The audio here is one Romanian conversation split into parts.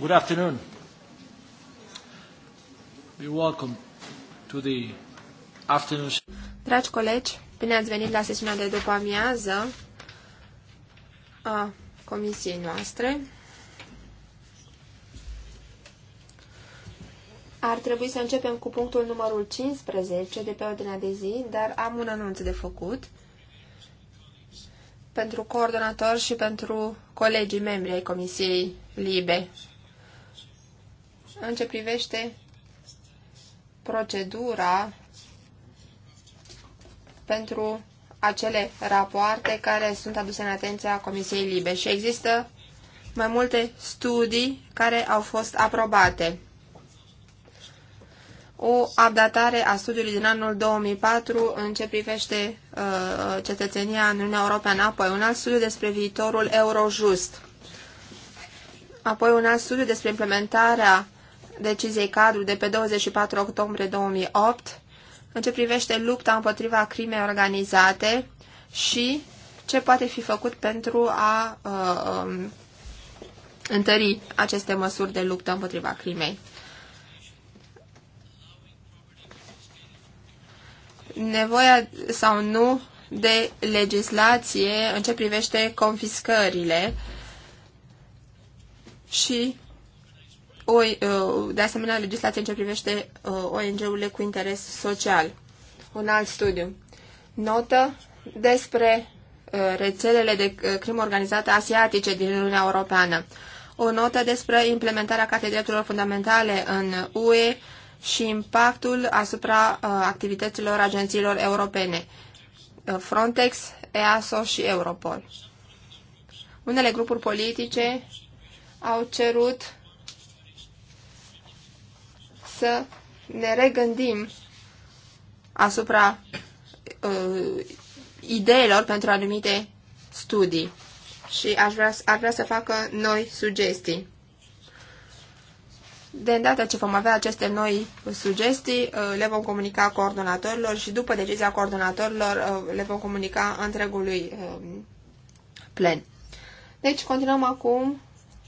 Good afternoon. You're welcome to the afternoon. Dragi colegi, bine ați venit la sesiunea de după amiază a comisiei noastre. Ar trebui să începem cu punctul numărul 15 de pe ordinea de zi, dar am un anunț de făcut pentru coordonator și pentru colegii membri ai Comisiei Libe în ce privește procedura pentru acele rapoarte care sunt aduse în atenția Comisiei Libe și există mai multe studii care au fost aprobate. O abdatare a studiului din anul 2004 în ce privește uh, cetățenia în Uniunea Europeană, apoi un alt studiu despre viitorul Eurojust, apoi un alt studiu despre implementarea deciziei cadru de pe 24 octombrie 2008 în ce privește lupta împotriva crimei organizate și ce poate fi făcut pentru a uh, um, întări aceste măsuri de luptă împotriva crimei. Nevoia sau nu de legislație în ce privește confiscările și o, uh, de asemenea, legislație în ce privește uh, ONG-urile cu interes social. Un alt studiu. Notă despre uh, rețelele de crimă organizată asiatice din Uniunea Europeană. O notă despre implementarea Cartei Drepturilor Fundamentale în UE și impactul asupra activităților agențiilor europene, Frontex, EASO și Europol. Unele grupuri politice au cerut să ne regândim asupra uh, ideilor pentru anumite studii și aș vrea, ar vrea să facă noi sugestii. De îndată ce vom avea aceste noi sugestii, uh, le vom comunica coordonatorilor și după decizia coordonatorilor uh, le vom comunica întregului uh, plen. Deci continuăm acum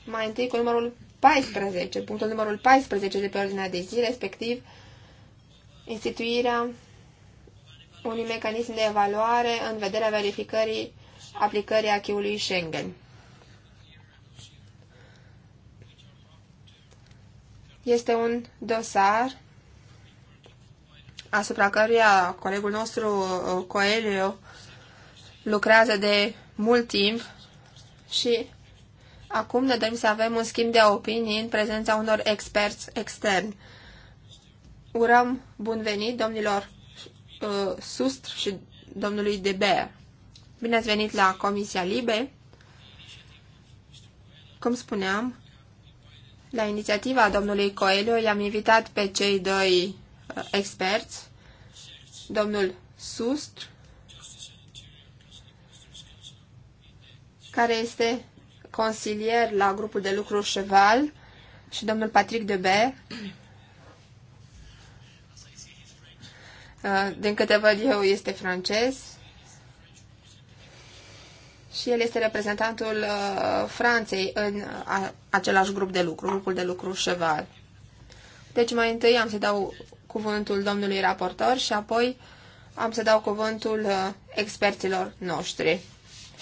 mai întâi cu numărul 14, punctul numărul 14 de pe ordinea de zi, respectiv instituirea unui mecanism de evaluare în vederea verificării aplicării acquis Schengen. Este un dosar asupra căruia colegul nostru uh, Coelio lucrează de mult timp și Acum ne dorim să avem un schimb de opinii în prezența unor experți externi. Urăm bun venit domnilor uh, Sustr și domnului Deber. Bine ați venit la Comisia Libe. Cum spuneam, la inițiativa domnului Coelho i-am invitat pe cei doi uh, experți, domnul Sustr, care este consilier la grupul de lucru Cheval și domnul Patrick Debe. Uh, din câte văd eu, este francez și el este reprezentantul uh, Franței în uh, același grup de lucru, grupul de lucru Cheval. Deci mai întâi am să dau cuvântul domnului raportor și apoi am să dau cuvântul experților noștri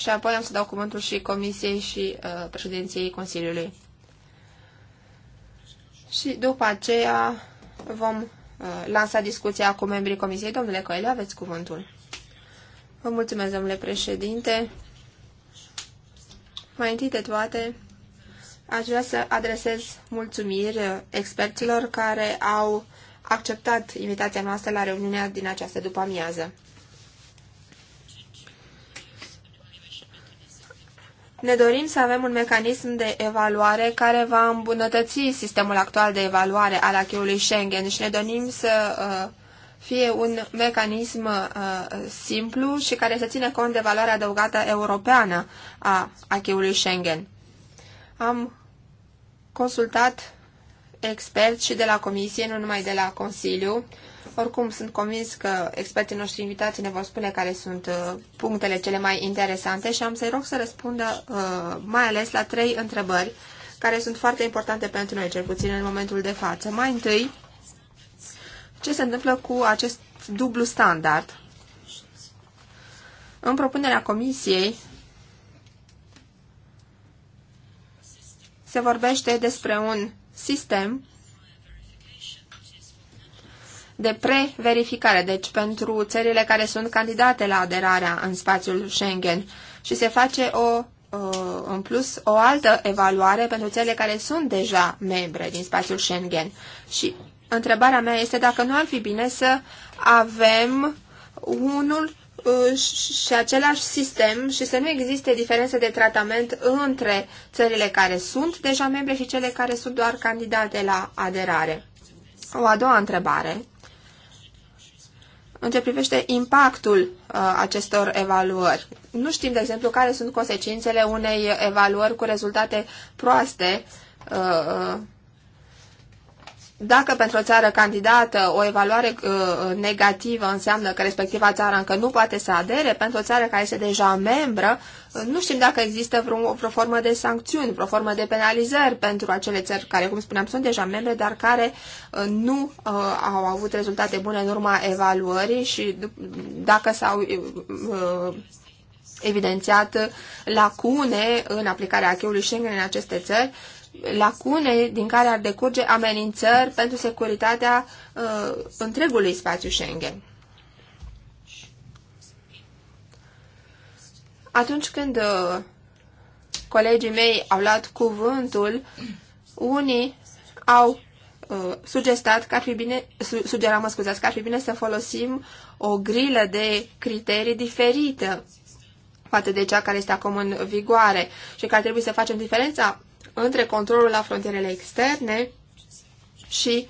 și apoi am să dau cuvântul și Comisiei și uh, președinției Consiliului. Și după aceea vom uh, lansa discuția cu membrii Comisiei. Domnule Coelho, aveți cuvântul. Vă mulțumesc, domnule președinte. Mai întâi de toate, aș vrea să adresez mulțumiri experților care au acceptat invitația noastră la reuniunea din această după-amiază. Ne dorim să avem un mecanism de evaluare care va îmbunătăți sistemul actual de evaluare al acheului Schengen și ne dorim să uh, fie un mecanism uh, simplu și care să ține cont de valoarea adăugată europeană a acheului Schengen. Am consultat experți și de la Comisie, nu numai de la Consiliu, oricum, sunt convins că experții noștri invitați ne vor spune care sunt uh, punctele cele mai interesante și am să-i rog să răspundă uh, mai ales la trei întrebări care sunt foarte importante pentru noi, cel puțin în momentul de față. Mai întâi, ce se întâmplă cu acest dublu standard? În propunerea comisiei se vorbește despre un sistem de preverificare, deci pentru țările care sunt candidate la aderarea în spațiul Schengen și se face o în plus o altă evaluare pentru țările care sunt deja membre din spațiul Schengen. Și întrebarea mea este dacă nu ar fi bine să avem unul uh, și același sistem și să nu existe diferențe de tratament între țările care sunt deja membre și cele care sunt doar candidate la aderare. O a doua întrebare în ce privește impactul uh, acestor evaluări. Nu știm, de exemplu, care sunt consecințele unei evaluări cu rezultate proaste uh, uh dacă pentru o țară candidată o evaluare uh, negativă înseamnă că respectiva țară încă nu poate să adere, pentru o țară care este deja membră, uh, nu știm dacă există vreo, vreo formă de sancțiuni, vreo formă de penalizări pentru acele țări care, cum spuneam, sunt deja membre, dar care uh, nu uh, au avut rezultate bune în urma evaluării și dacă s-au uh, uh, evidențiat lacune în aplicarea acheului Schengen în aceste țări, uh, lacune din care ar decurge amenințări pentru securitatea uh, întregului spațiu Schengen. Atunci când uh, colegii mei au luat cuvântul, unii au uh, sugestat că ar fi bine, su sugeram, scuzați, că ar fi bine să folosim o grilă de criterii diferită față de cea care este acum în vigoare și că ar trebui să facem diferența între controlul la frontierele externe și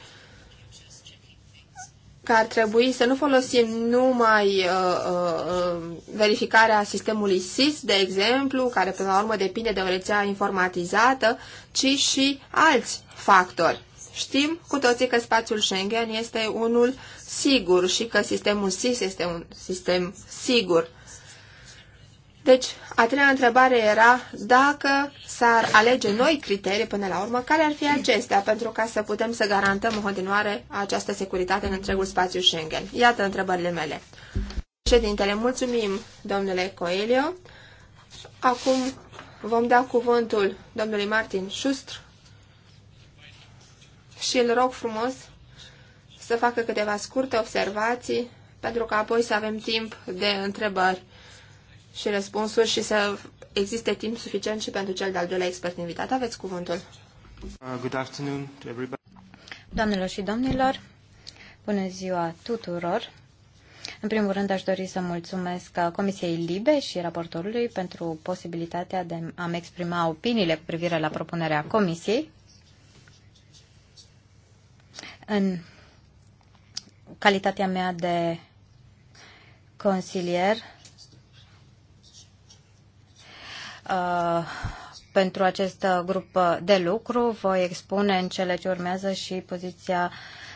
că ar trebui să nu folosim numai uh, uh, uh, verificarea sistemului SIS, de exemplu, care până la urmă depinde de o rețea informatizată, ci și alți factori. Știm cu toții că spațiul Schengen este unul sigur și că sistemul SIS este un sistem sigur. Deci, a treia întrebare era dacă s-ar alege noi criterii până la urmă, care ar fi acestea pentru ca să putem să garantăm în continuare această securitate în întregul spațiu Schengen. Iată întrebările mele. Președintele, mulțumim, domnule Coelio. Acum vom da cuvântul domnului Martin Șustr și îl rog frumos să facă câteva scurte observații pentru că apoi să avem timp de întrebări și răspunsuri și să existe timp suficient și pentru cel de-al doilea expert invitat. Aveți cuvântul. Uh, good afternoon to everybody. Doamnelor și domnilor, bună ziua tuturor! În primul rând aș dori să mulțumesc Comisiei Libe și raportorului pentru posibilitatea de a-mi exprima opiniile cu privire la propunerea Comisiei. În calitatea mea de consilier Uh, pentru acest uh, grup uh, de lucru. Voi expune în cele ce urmează și poziția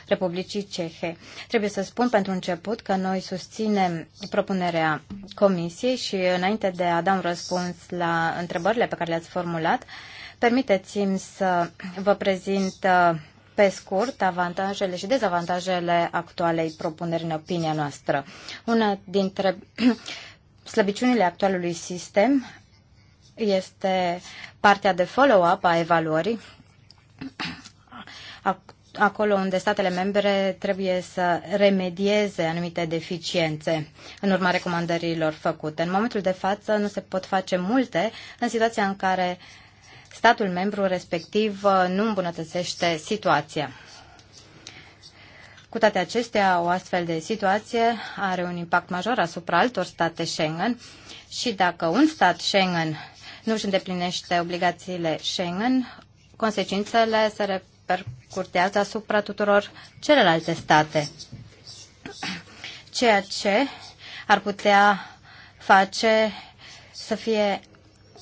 Republicii Cehe. Trebuie să spun pentru început că noi susținem propunerea Comisiei și înainte de a da un răspuns la întrebările pe care le-ați formulat, permiteți-mi să vă prezint pe scurt avantajele și dezavantajele actualei propuneri în opinia noastră. Una dintre slăbiciunile actualului sistem este partea de follow-up a evaluării, acolo unde statele membre trebuie să remedieze anumite deficiențe în urma recomandărilor făcute. În momentul de față nu se pot face multe în situația în care statul membru respectiv uh, nu îmbunătățește situația. Cu toate acestea, o astfel de situație are un impact major asupra altor state Schengen și dacă un stat Schengen nu își îndeplinește obligațiile Schengen, consecințele se repercutează asupra tuturor celelalte state, ceea ce ar putea face să fie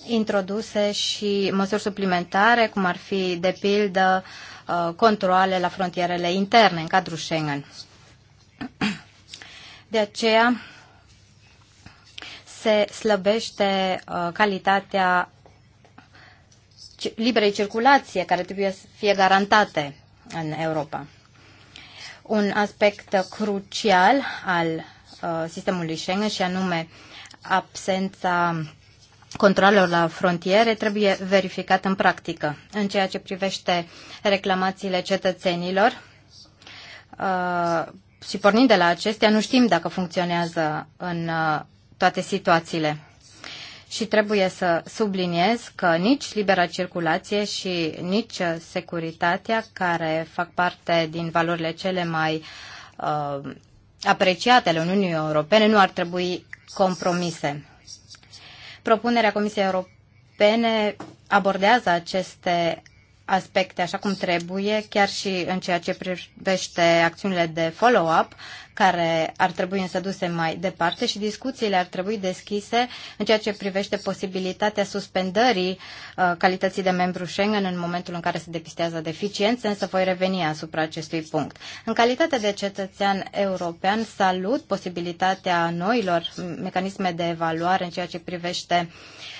introduse și măsuri suplimentare, cum ar fi, de pildă, uh, controle la frontierele interne în cadrul Schengen. De aceea, se slăbește uh, calitatea liberei circulație care trebuie să fie garantate în Europa. Un aspect crucial al uh, sistemului Schengen și anume absența controlelor la frontiere trebuie verificat în practică. În ceea ce privește reclamațiile cetățenilor uh, și pornind de la acestea, nu știm dacă funcționează în uh, toate situațiile. Și trebuie să subliniez că nici libera circulație și nici securitatea, care fac parte din valorile cele mai uh, apreciate ale Uniunii Europene, nu ar trebui compromise. Propunerea Comisiei Europene abordează aceste aspecte așa cum trebuie, chiar și în ceea ce privește acțiunile de follow-up, care ar trebui însă duse mai departe și discuțiile ar trebui deschise în ceea ce privește posibilitatea suspendării uh, calității de membru Schengen în momentul în care se depistează deficiențe, însă voi reveni asupra acestui punct. În calitate de cetățean european, salut posibilitatea noilor mecanisme de evaluare în ceea ce privește uh,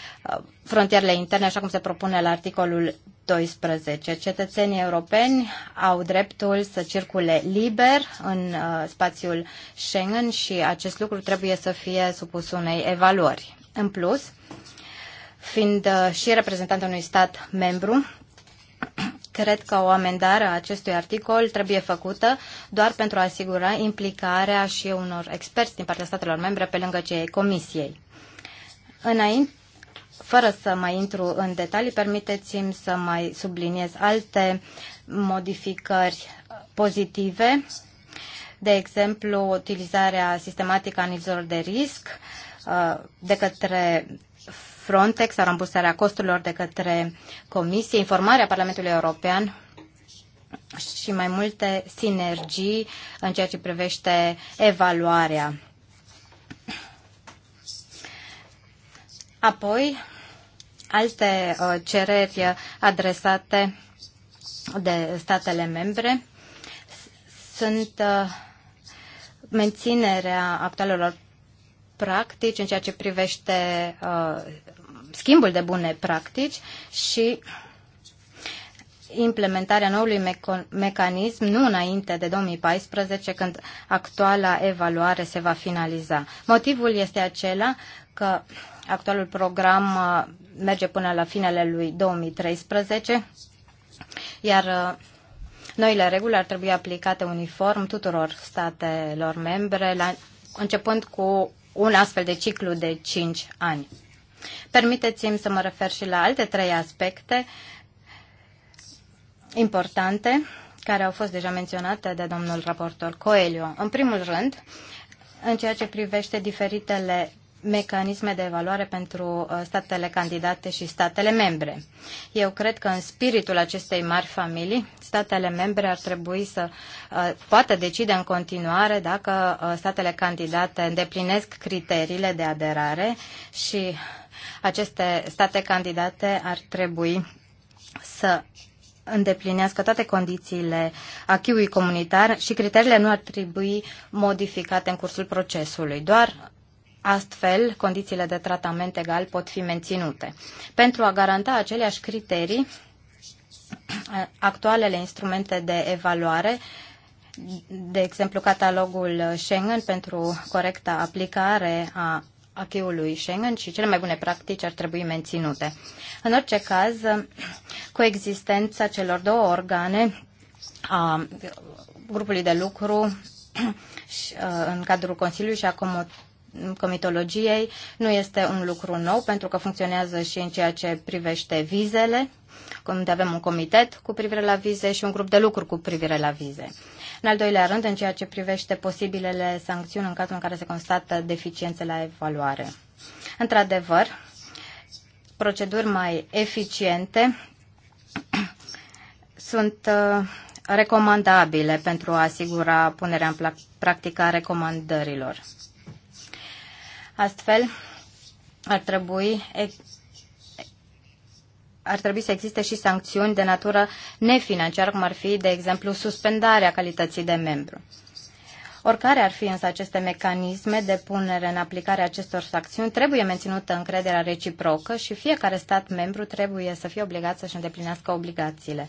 frontierele interne, așa cum se propune la articolul 12. Cetățenii europeni au dreptul să circule liber în uh, spațiul Schengen și acest lucru trebuie să fie supus unei evaluări. În plus, fiind uh, și reprezentantul unui stat membru, cred că o amendare a acestui articol trebuie făcută doar pentru a asigura implicarea și unor experți din partea statelor membre pe lângă cei comisiei. Înainte fără să mai intru în detalii, permiteți-mi să mai subliniez alte modificări pozitive, de exemplu, utilizarea sistematică a nivelor de risc uh, de către Frontex sau rambursarea costurilor de către Comisie, informarea Parlamentului European și mai multe sinergii în ceea ce privește evaluarea Apoi, alte uh, cereri adresate de statele membre sunt uh, menținerea actualelor practici în ceea ce privește uh, schimbul de bune practici și implementarea noului mecanism nu înainte de 2014, când actuala evaluare se va finaliza. Motivul este acela că Actualul program uh, merge până la finele lui 2013, iar uh, noile reguli ar trebui aplicate uniform tuturor statelor membre, la, începând cu un astfel de ciclu de 5 ani. Permiteți-mi să mă refer și la alte trei aspecte importante care au fost deja menționate de domnul raportor Coelho. În primul rând, în ceea ce privește diferitele mecanisme de evaluare pentru uh, statele candidate și statele membre. Eu cred că în spiritul acestei mari familii, statele membre ar trebui să uh, poată decide în continuare dacă uh, statele candidate îndeplinesc criteriile de aderare și aceste state candidate ar trebui să îndeplinească toate condițiile achiului comunitar și criteriile nu ar trebui modificate în cursul procesului. Doar Astfel, condițiile de tratament egal pot fi menținute. Pentru a garanta aceleași criterii, actualele instrumente de evaluare de exemplu catalogul Schengen pentru corecta aplicare a acquis Schengen și cele mai bune practici ar trebui menținute. În orice caz, coexistența celor două organe a grupului de lucru uh, în cadrul Consiliului și a comitologiei nu este un lucru nou, pentru că funcționează și în ceea ce privește vizele, unde avem un comitet cu privire la vize și un grup de lucru cu privire la vize. În al doilea rând, în ceea ce privește posibilele sancțiuni în cazul în care se constată deficiențe la evaluare. Într-adevăr, proceduri mai eficiente sunt uh, recomandabile pentru a asigura punerea în practică a recomandărilor. Astfel, ar trebui ar trebui să existe și sancțiuni de natură nefinanciară, cum ar fi, de exemplu, suspendarea calității de membru. Oricare ar fi însă aceste mecanisme de punere în aplicare acestor sancțiuni, trebuie menținută încrederea reciprocă și fiecare stat membru trebuie să fie obligat să-și îndeplinească obligațiile.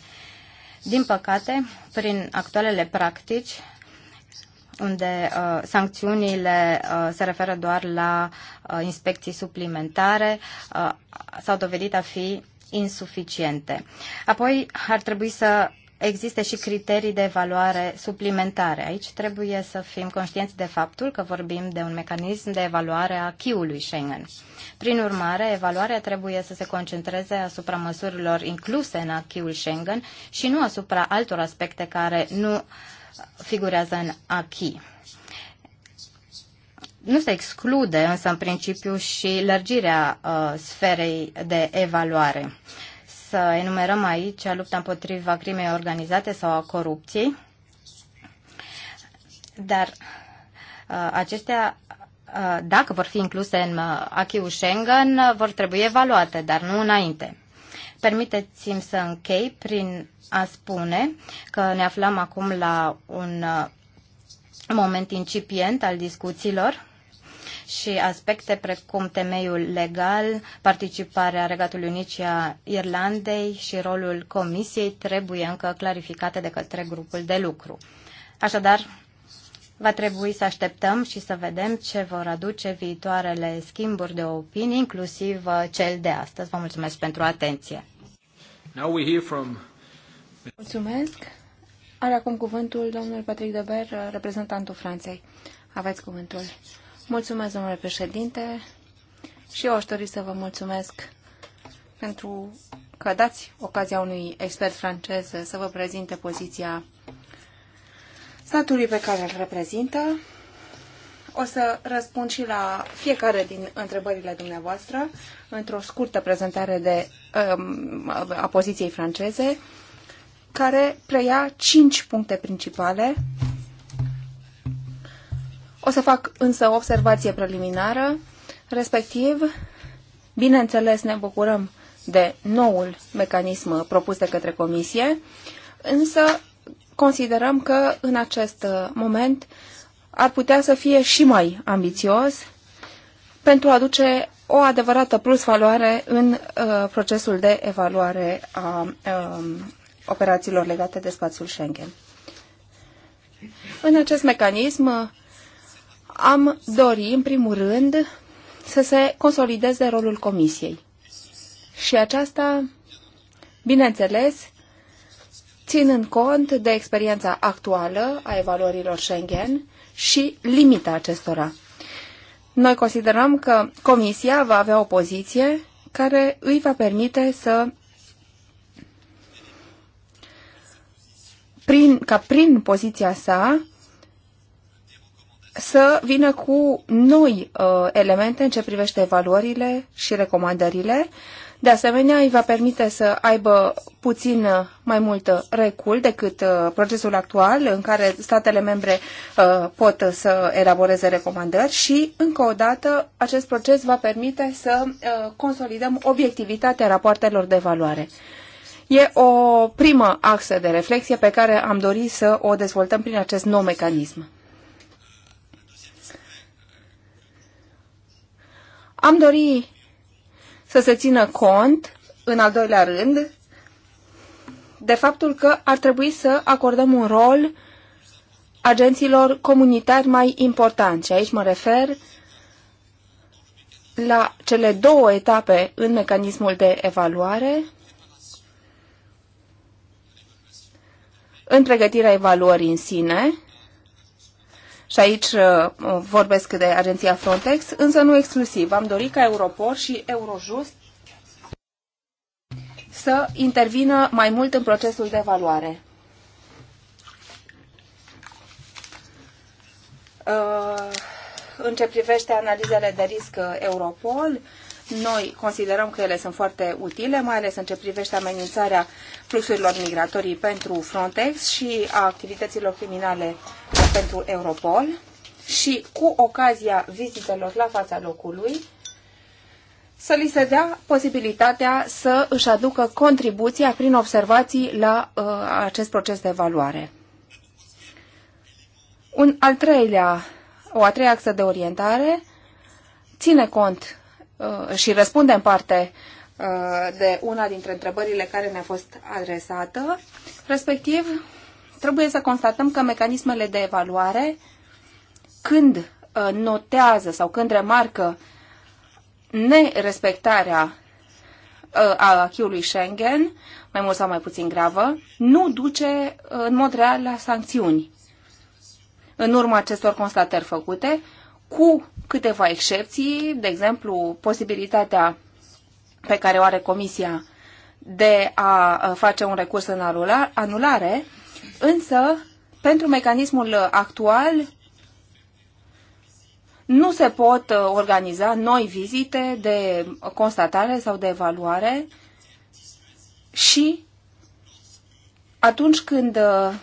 Din păcate, prin actualele practici, unde uh, sancțiunile uh, se referă doar la uh, inspecții suplimentare, uh, s-au dovedit a fi insuficiente. Apoi ar trebui să Există și criterii de evaluare suplimentare. Aici trebuie să fim conștienți de faptul că vorbim de un mecanism de evaluare a chiului Schengen. Prin urmare, evaluarea trebuie să se concentreze asupra măsurilor incluse în Chiul Schengen și nu asupra altor aspecte care nu figurează în achi. Nu se exclude însă în principiu și lărgirea uh, sferei de evaluare. Să enumerăm aici lupta împotriva crimei organizate sau a corupției, dar uh, acestea uh, dacă vor fi incluse în uh, achiul Schengen, uh, vor trebui evaluate, dar nu înainte. Permiteți-mi să închei prin a spune că ne aflăm acum la un uh, moment incipient al discuțiilor și aspecte precum temeiul legal, participarea Regatului Unit și a Irlandei și rolul Comisiei trebuie încă clarificate de către grupul de lucru. Așadar, va trebui să așteptăm și să vedem ce vor aduce viitoarele schimburi de opinii, inclusiv uh, cel de astăzi. Vă mulțumesc pentru atenție. Now we hear from... Mulțumesc. Are acum cuvântul domnul Patrick Deber, reprezentantul Franței. Aveți cuvântul. Mulțumesc, domnule președinte. Și eu aș dori să vă mulțumesc pentru că dați ocazia unui expert francez să vă prezinte poziția statului pe care îl reprezintă. O să răspund și la fiecare din întrebările dumneavoastră într-o scurtă prezentare de, um, a poziției franceze, care preia cinci puncte principale. O să fac însă o observație preliminară, respectiv, bineînțeles, ne bucurăm de noul mecanism propus de către Comisie, însă considerăm că în acest moment ar putea să fie și mai ambițios pentru a aduce o adevărată plus valoare în uh, procesul de evaluare a uh, operațiilor legate de spațiul Schengen. În acest mecanism uh, am dori, în primul rând, să se consolideze rolul Comisiei. Și aceasta, bineînțeles, ținând cont de experiența actuală a evaluărilor Schengen și limita acestora. Noi considerăm că Comisia va avea o poziție care îi va permite să prin, ca prin poziția sa să vină cu noi uh, elemente în ce privește evaluările și recomandările, de asemenea, îi va permite să aibă puțin uh, mai mult uh, recul decât uh, procesul actual în care statele membre pot să elaboreze recomandări și, încă o dată, acest proces va permite să consolidăm obiectivitatea rapoartelor de valoare. E o primă axă de reflexie pe care am dorit să o dezvoltăm prin acest nou mecanism. Am dorit să se țină cont, în al doilea rând, de faptul că ar trebui să acordăm un rol agenților comunitari mai important. Și aici mă refer la cele două etape în mecanismul de evaluare, în pregătirea evaluării în sine și aici uh, vorbesc de agenția Frontex, însă nu exclusiv. Am dorit ca Europol și Eurojust să intervină mai mult în procesul de evaluare. Uh, în ce privește analizele de risc uh, Europol, noi considerăm că ele sunt foarte utile, mai ales în ce privește amenințarea fluxurilor migratorii pentru Frontex și a activităților criminale pentru Europol și cu ocazia vizitelor la fața locului să li se dea posibilitatea să își aducă contribuția prin observații la uh, acest proces de evaluare. Un al treilea, o a treia axă de orientare ține cont uh, și răspunde în parte Uh, de una dintre întrebările care ne-a fost adresată, respectiv trebuie să constatăm că mecanismele de evaluare, când uh, notează sau când remarcă nerespectarea uh, a acquis Schengen, mai mult sau mai puțin gravă, nu duce în mod real la sancțiuni. În urma acestor constatări făcute, cu câteva excepții, de exemplu, posibilitatea pe care o are Comisia de a face un recurs în anulare, însă pentru mecanismul actual nu se pot uh, organiza noi vizite de constatare sau de evaluare și atunci când uh,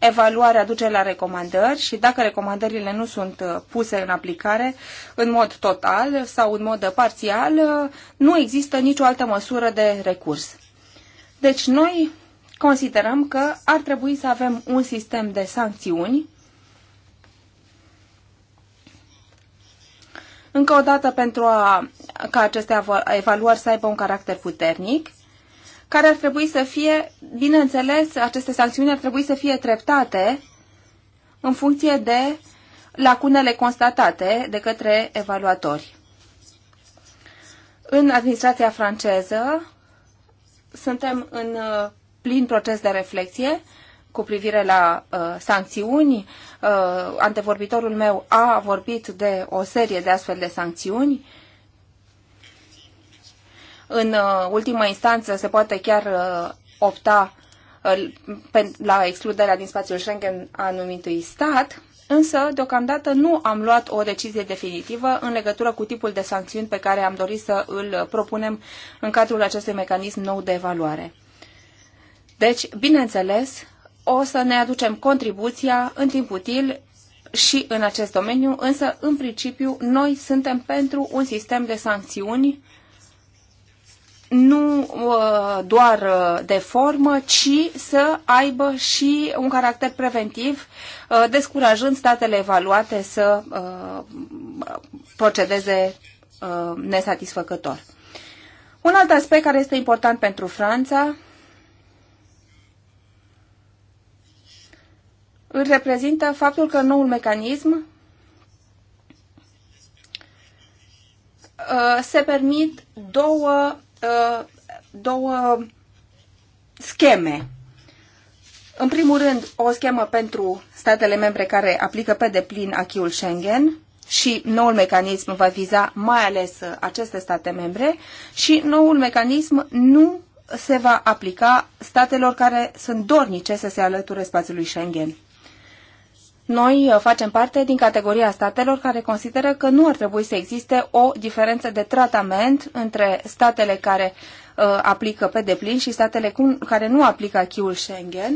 evaluarea duce la recomandări și dacă recomandările nu sunt uh, puse în aplicare în mod total sau în mod uh, parțial, uh, nu există nicio altă măsură de recurs. Deci noi considerăm că ar trebui să avem un sistem de sancțiuni încă o dată pentru a, ca aceste evaluări să aibă un caracter puternic care ar trebui să fie, bineînțeles, aceste sancțiuni ar trebui să fie treptate în funcție de lacunele constatate de către evaluatori. În administrația franceză suntem în uh, plin proces de reflexie cu privire la uh, sancțiuni. Uh, antevorbitorul meu a vorbit de o serie de astfel de sancțiuni. În uh, ultima instanță se poate chiar uh, opta uh, la excluderea din spațiul Schengen a anumitui stat, însă deocamdată nu am luat o decizie definitivă în legătură cu tipul de sancțiuni pe care am dorit să îl propunem în cadrul acestui mecanism nou de evaluare. Deci, bineînțeles, o să ne aducem contribuția în timp util și în acest domeniu, însă, în principiu, noi suntem pentru un sistem de sancțiuni nu uh, doar uh, de formă, ci să aibă și un caracter preventiv, uh, descurajând statele evaluate să procedeze nesatisfăcător. Un alt aspect care este important pentru Franța îl reprezintă faptul că noul mecanism se permit două Uh, două scheme. În primul rând, o schemă pentru statele membre care aplică pe deplin achiul Schengen și noul mecanism va viza mai ales aceste state membre și noul mecanism nu se va aplica statelor care sunt dornice să se alăture spațiului Schengen. Noi uh, facem parte din categoria statelor care consideră că nu ar trebui să existe o diferență de tratament între statele care uh, aplică pe deplin și statele cum, care nu aplică acquis Schengen,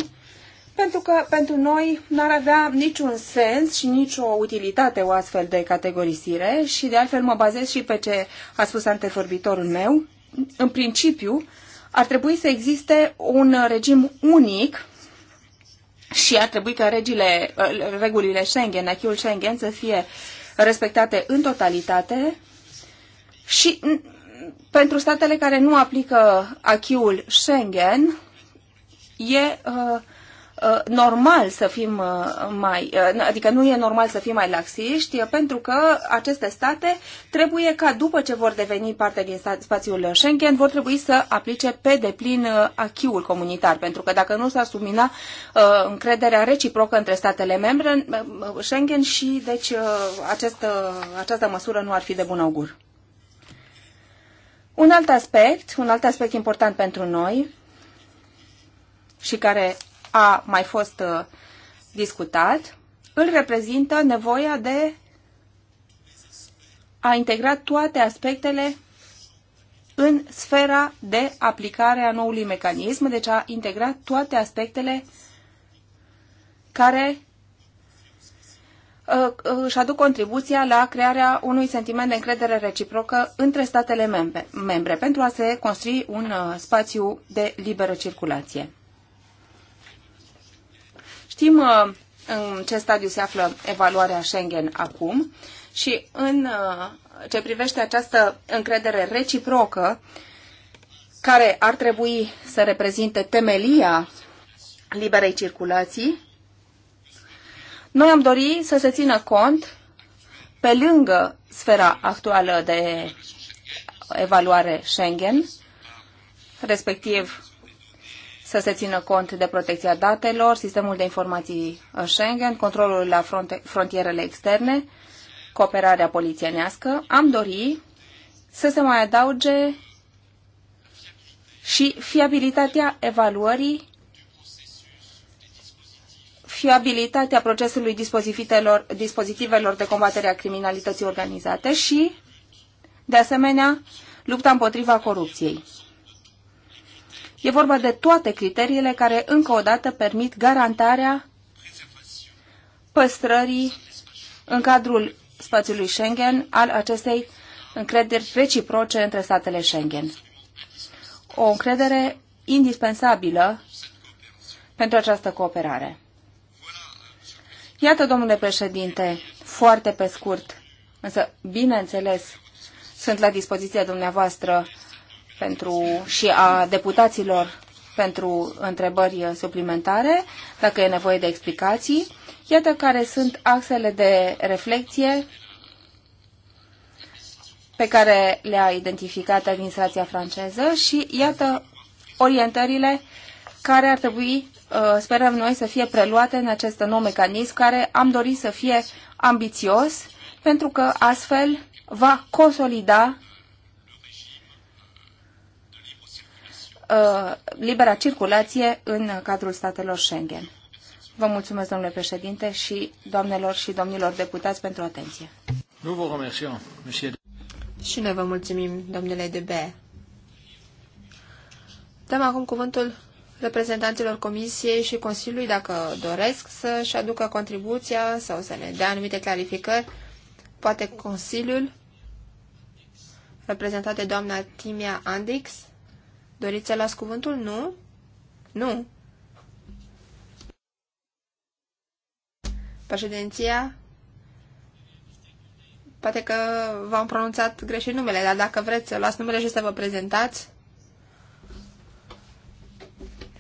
pentru că pentru noi n-ar avea niciun sens și nicio utilitate o astfel de categorisire și de altfel mă bazez și pe ce a spus antevorbitorul meu. În principiu, ar trebui să existe un regim unic și ar trebui ca regile, uh, regulile Schengen, acquis Schengen să fie respectate în totalitate și pentru statele care nu aplică acquis Schengen e uh, Uh, normal să fim uh, mai, uh, adică nu e normal să fim mai laxiști, pentru că aceste state trebuie ca după ce vor deveni parte din spațiul Schengen, vor trebui să aplice pe deplin achiul comunitar, pentru că dacă nu s-ar submina încrederea reciprocă între statele membre Schengen și deci această, această măsură nu ar fi de bun augur. Un alt aspect, un alt aspect important pentru noi și care a mai fost uh, discutat, îl reprezintă nevoia de a integra toate aspectele în sfera de aplicare a noului mecanism, deci a integra toate aspectele care uh, își aduc contribuția la crearea unui sentiment de încredere reciprocă între statele membre, membre pentru a se construi un uh, spațiu de liberă circulație. Știm uh, în ce stadiu se află evaluarea Schengen acum și în uh, ce privește această încredere reciprocă, care ar trebui să reprezinte temelia liberei circulații, noi am dorit să se țină cont, pe lângă sfera actuală de evaluare Schengen, respectiv să se țină cont de protecția datelor, sistemul de informații uh, Schengen, controlul la fronte, frontierele externe, cooperarea polițienească, am dori să se mai adauge și fiabilitatea evaluării, fiabilitatea procesului dispozitivelor, dispozitivelor de combatere a criminalității organizate și, de asemenea, lupta împotriva corupției. E vorba de toate criteriile care, încă o dată, permit garantarea păstrării în cadrul spațiului Schengen al acestei încrederi reciproce între statele Schengen. O încredere indispensabilă pentru această cooperare. Iată, domnule președinte, foarte pe scurt, însă, bineînțeles, sunt la dispoziția dumneavoastră pentru, și a deputaților pentru întrebări suplimentare, dacă e nevoie de explicații. Iată care sunt axele de reflexie pe care le-a identificat administrația franceză și iată orientările care ar trebui, uh, sperăm noi, să fie preluate în acest nou mecanism care am dorit să fie ambițios pentru că astfel va consolida Uh, libera circulație în cadrul statelor Schengen. Vă mulțumesc, domnule președinte, și doamnelor și domnilor deputați pentru atenție. Nu Și noi vă mulțumim, domnule DB. Dăm acum cuvântul reprezentanților Comisiei și Consiliului, dacă doresc să-și aducă contribuția sau să ne dea anumite clarificări. Poate Consiliul, reprezentat de doamna Timia Andix. Doriți să las cuvântul? Nu? Nu. Președinția? Poate că v-am pronunțat greșit numele, dar dacă vreți să luați numele și să vă prezentați,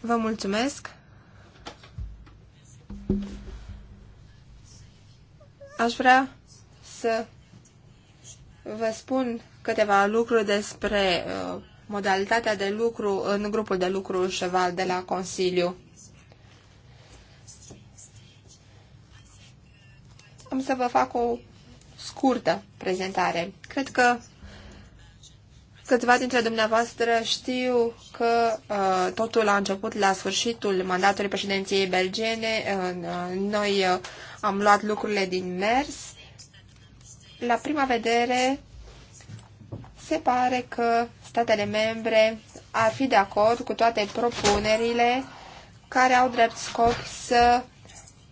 vă mulțumesc. Aș vrea să vă spun câteva lucruri despre uh, modalitatea de lucru în grupul de lucru Cheval de la Consiliu. Am să vă fac o scurtă prezentare. Cred că câțiva dintre dumneavoastră știu că uh, totul a început la sfârșitul mandatului președinției belgene. Uh, noi uh, am luat lucrurile din mers. La prima vedere, se pare că statele membre ar fi de acord cu toate propunerile care au drept scop să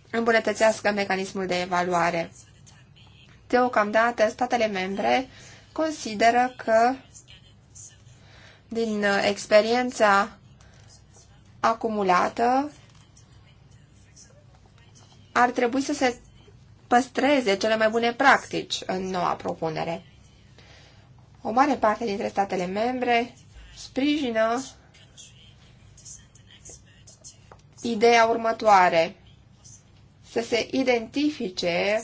îmbunătățească mecanismul de evaluare. Deocamdată, statele membre consideră că, din uh, experiența acumulată, ar trebui să se păstreze cele mai bune practici în noua propunere. O mare parte dintre statele membre sprijină ideea următoare, să se identifice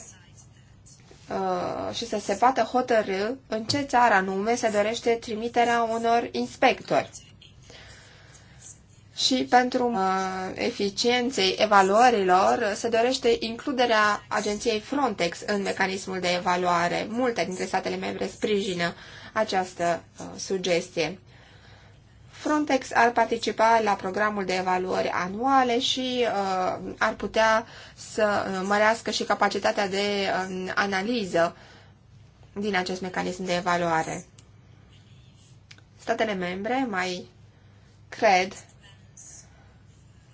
uh, și să se poată hotărâ în ce țară anume se dorește trimiterea unor inspectori. Și pentru uh, eficienței evaluărilor se dorește includerea agenției Frontex în mecanismul de evaluare. Multe dintre statele membre sprijină uh, această uh, sugestie. Frontex ar participa la programul de evaluări anuale și uh, ar putea să uh, mărească și capacitatea de uh, analiză din acest mecanism de evaluare. Statele membre mai cred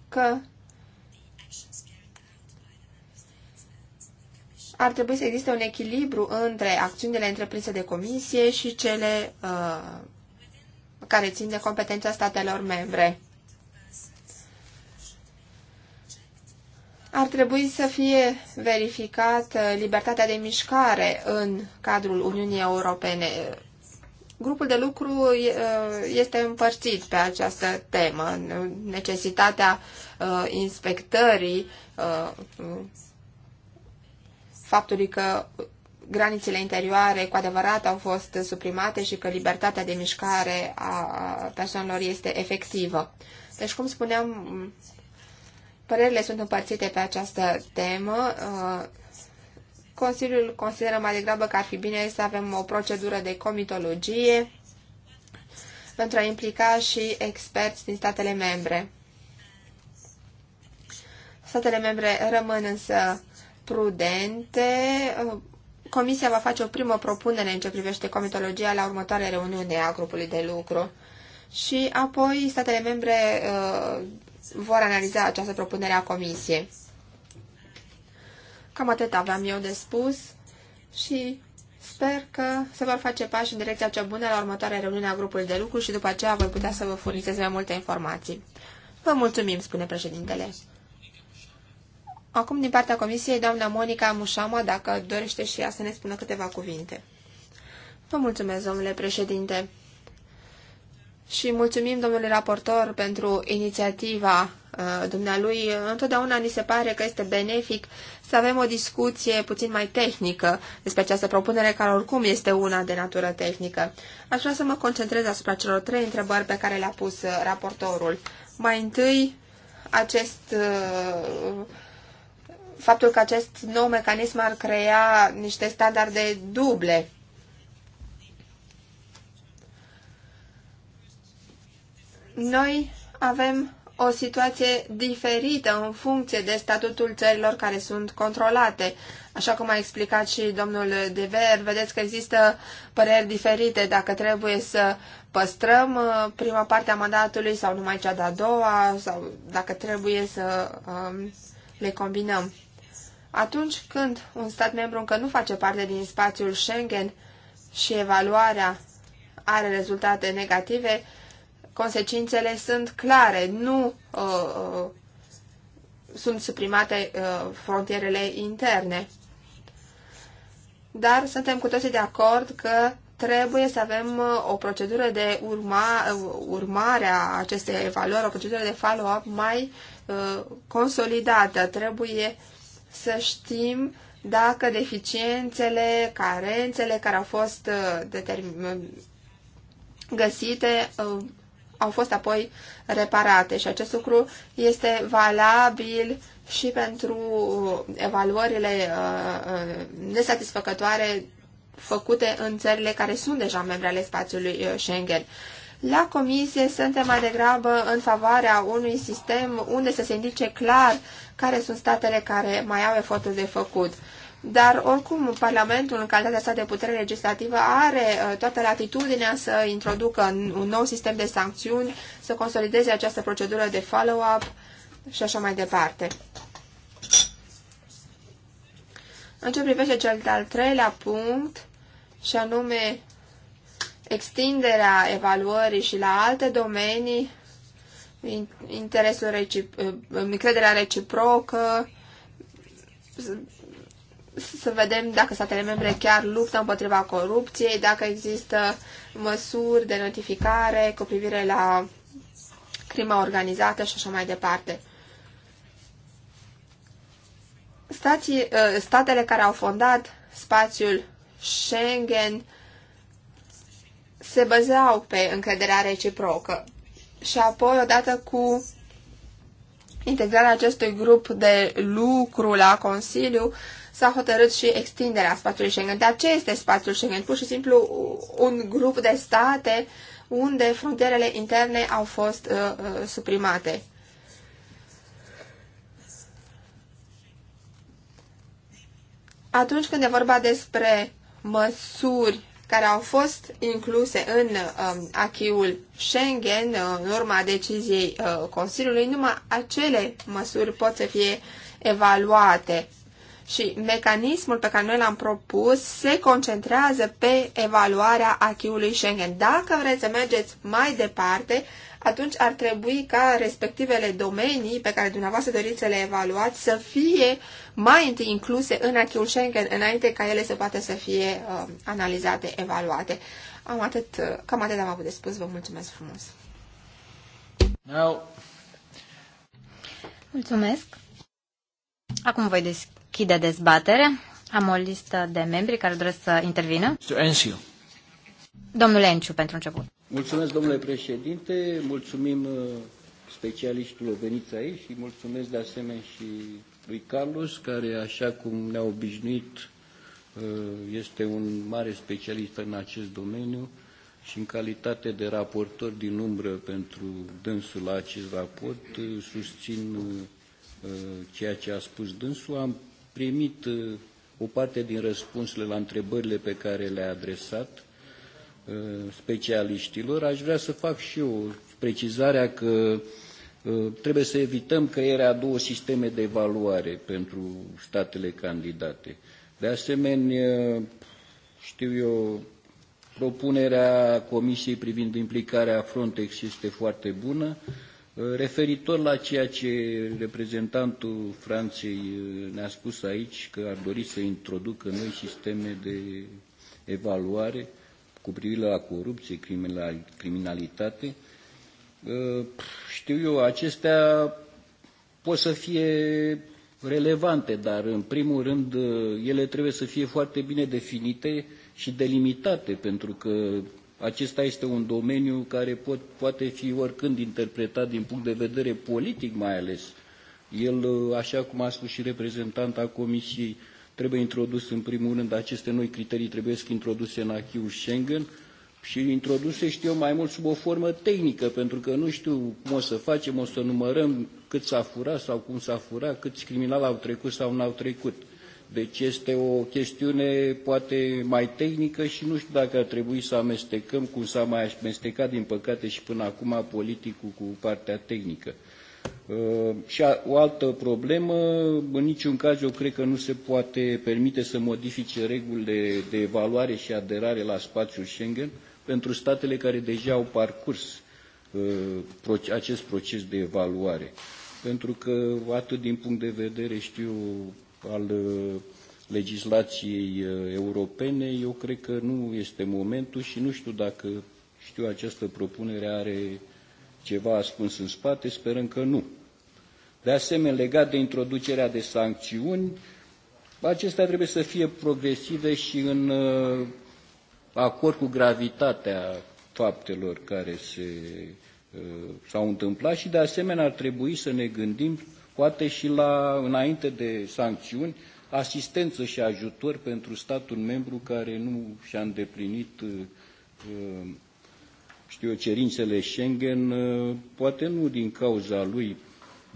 că ar trebui să existe un echilibru între acțiunile întreprinse de comisie și cele uh, care țin de competența statelor membre. Ar trebui să fie verificată uh, libertatea de mișcare în cadrul Uniunii Europene. Grupul de lucru uh, este împărțit pe această temă, necesitatea uh, inspectării faptului că granițele interioare cu adevărat au fost suprimate și că libertatea de mișcare a persoanelor este efectivă. Deci, cum spuneam, părerile sunt împărțite pe această temă. Uh, Consiliul consideră mai degrabă că ar fi bine să avem o procedură de comitologie pentru a implica și experți din statele membre. Statele membre rămân însă prudente. Uh, Comisia va face o primă propunere în ce privește comitologia la următoarea reuniune a grupului de lucru și apoi statele membre uh, vor analiza această propunere a comisiei. Cam atât aveam eu de spus și sper că se vor face pași în direcția cea bună la următoarea reuniune a grupului de lucru și după aceea voi putea să vă furnizez mai multe informații. Vă mulțumim, spune președintele. Acum, din partea comisiei, doamna Monica Mușama, dacă dorește și ea să ne spună câteva cuvinte. Vă mulțumesc, domnule președinte. Și mulțumim, domnule raportor, pentru inițiativa uh, dumnealui. Întotdeauna ni se pare că este benefic să avem o discuție puțin mai tehnică despre această propunere, care oricum este una de natură tehnică. Aș vrea să mă concentrez asupra celor trei întrebări pe care le-a pus uh, raportorul. Mai întâi, acest uh, faptul că acest nou mecanism ar crea niște standarde duble. Noi avem o situație diferită în funcție de statutul țărilor care sunt controlate. Așa cum a explicat și domnul Dever, vedeți că există păreri diferite dacă trebuie să păstrăm uh, prima parte a mandatului sau numai cea de-a doua sau dacă trebuie să um, le combinăm. Atunci când un stat membru încă nu face parte din spațiul Schengen și evaluarea are rezultate negative, consecințele sunt clare, nu uh, uh, sunt suprimate uh, frontierele interne. Dar suntem cu toții de acord că trebuie să avem uh, o procedură de urma, uh, urmare a acestei evaluări, o procedură de follow-up mai uh, consolidată. Trebuie uh, să știm dacă deficiențele, carențele care au fost uh, găsite uh, au fost apoi reparate și acest lucru este valabil și pentru uh, evaluările nesatisfăcătoare făcute în țările care sunt deja membre ale spațiului Schengen. La comisie suntem mai degrabă în favoarea unui sistem unde să se indice clar care sunt statele care mai au efortul de făcut. Dar, oricum, Parlamentul, în calitatea sa de putere legislativă, are uh, toată latitudinea să introducă un nou sistem de sancțiuni, să consolideze această procedură de follow-up și așa mai departe. În ce privește cel de-al treilea punct, și anume extinderea evaluării și la alte domenii, interesul recipro- uh, uh, încrederea reciprocă, să vedem dacă statele membre chiar luptă împotriva corupției, dacă există măsuri de notificare cu privire la crima organizată și așa mai departe. Stații, uh, statele care au fondat spațiul Schengen se băzeau pe încrederea reciprocă și apoi odată cu integrarea acestui grup de lucru la Consiliu s-a hotărât și extinderea spațiului Schengen. Dar ce este spațiul Schengen? Pur și simplu un grup de state unde frontierele interne au fost uh, uh, suprimate. Atunci când e vorba despre măsuri care au fost incluse în um, achiul Schengen, uh, în urma deciziei uh, Consiliului, numai acele măsuri pot să fie evaluate. Și mecanismul pe care noi l-am propus se concentrează pe evaluarea achiului Schengen. Dacă vreți să mergeți mai departe, atunci ar trebui ca respectivele domenii pe care dumneavoastră doriți să le evaluați să fie mai întâi incluse în acquis Schengen înainte ca ele să poată să fie uh, analizate, evaluate. Am atât, cam atât am avut de spus. Vă mulțumesc frumos. No. Mulțumesc. Acum voi deschide dezbatere. Am o listă de membri care doresc să intervină. Domnul Enciu, pentru început. Mulțumesc, domnule președinte, mulțumim uh, specialiștilor veniți aici și mulțumesc de asemenea și lui Carlos, care, așa cum ne-a obișnuit, uh, este un mare specialist în acest domeniu și în calitate de raportor din umbră pentru dânsul la acest raport, uh, susțin ceea ce a spus dânsul. Am primit o parte din răspunsurile la întrebările pe care le-a adresat Uh, specialiștilor, aș vrea să fac și eu precizarea că uh, trebuie să evităm crearea a două sisteme de evaluare pentru statele candidate. De asemenea, știu eu, propunerea Comisiei privind implicarea Frontex este foarte bună. Uh, referitor la ceea ce reprezentantul Franței ne-a spus aici, că ar dori să introducă noi sisteme de evaluare, cu privire la corupție, criminalitate, ă, știu eu, acestea pot să fie relevante, dar în primul rând ă, ele trebuie să fie foarte bine definite și delimitate, pentru că acesta este un domeniu care pot, poate fi oricând interpretat din punct de vedere politic mai ales. El, ă, așa cum a spus și reprezentanta Comisiei, uh, Trebuie introdus în primul rând aceste noi criterii, trebuie să introduse în achiul Schengen și introduse, știu mai mult, sub o formă tehnică, pentru că nu știu cum o să facem, o să numărăm cât s-a furat sau cum s-a furat, câți criminali au trecut sau nu au trecut. Deci este o chestiune poate mai tehnică și nu știu dacă ar trebui să amestecăm, cum s-a mai amestecat din păcate și până acum politicul cu partea tehnică. Uh, și o altă problemă, în niciun caz eu cred că nu se poate permite să modifice regulile de evaluare și aderare la spațiul Schengen pentru statele care deja au parcurs uh, acest proces de evaluare. Pentru că atât din punct de vedere, știu, al uh, legislației europene, eu cred că nu este momentul și nu știu dacă știu această propunere are ceva ascuns în spate, sperăm că nu. De asemenea, legat de introducerea de sancțiuni, acestea trebuie să fie progresive și în uh, acord cu gravitatea faptelor care uh, s-au întâmplat și de asemenea ar trebui să ne gândim poate și la, înainte de sancțiuni, asistență și ajutor pentru statul membru care nu și-a îndeplinit uh, știu eu, cerințele Schengen, poate nu din cauza lui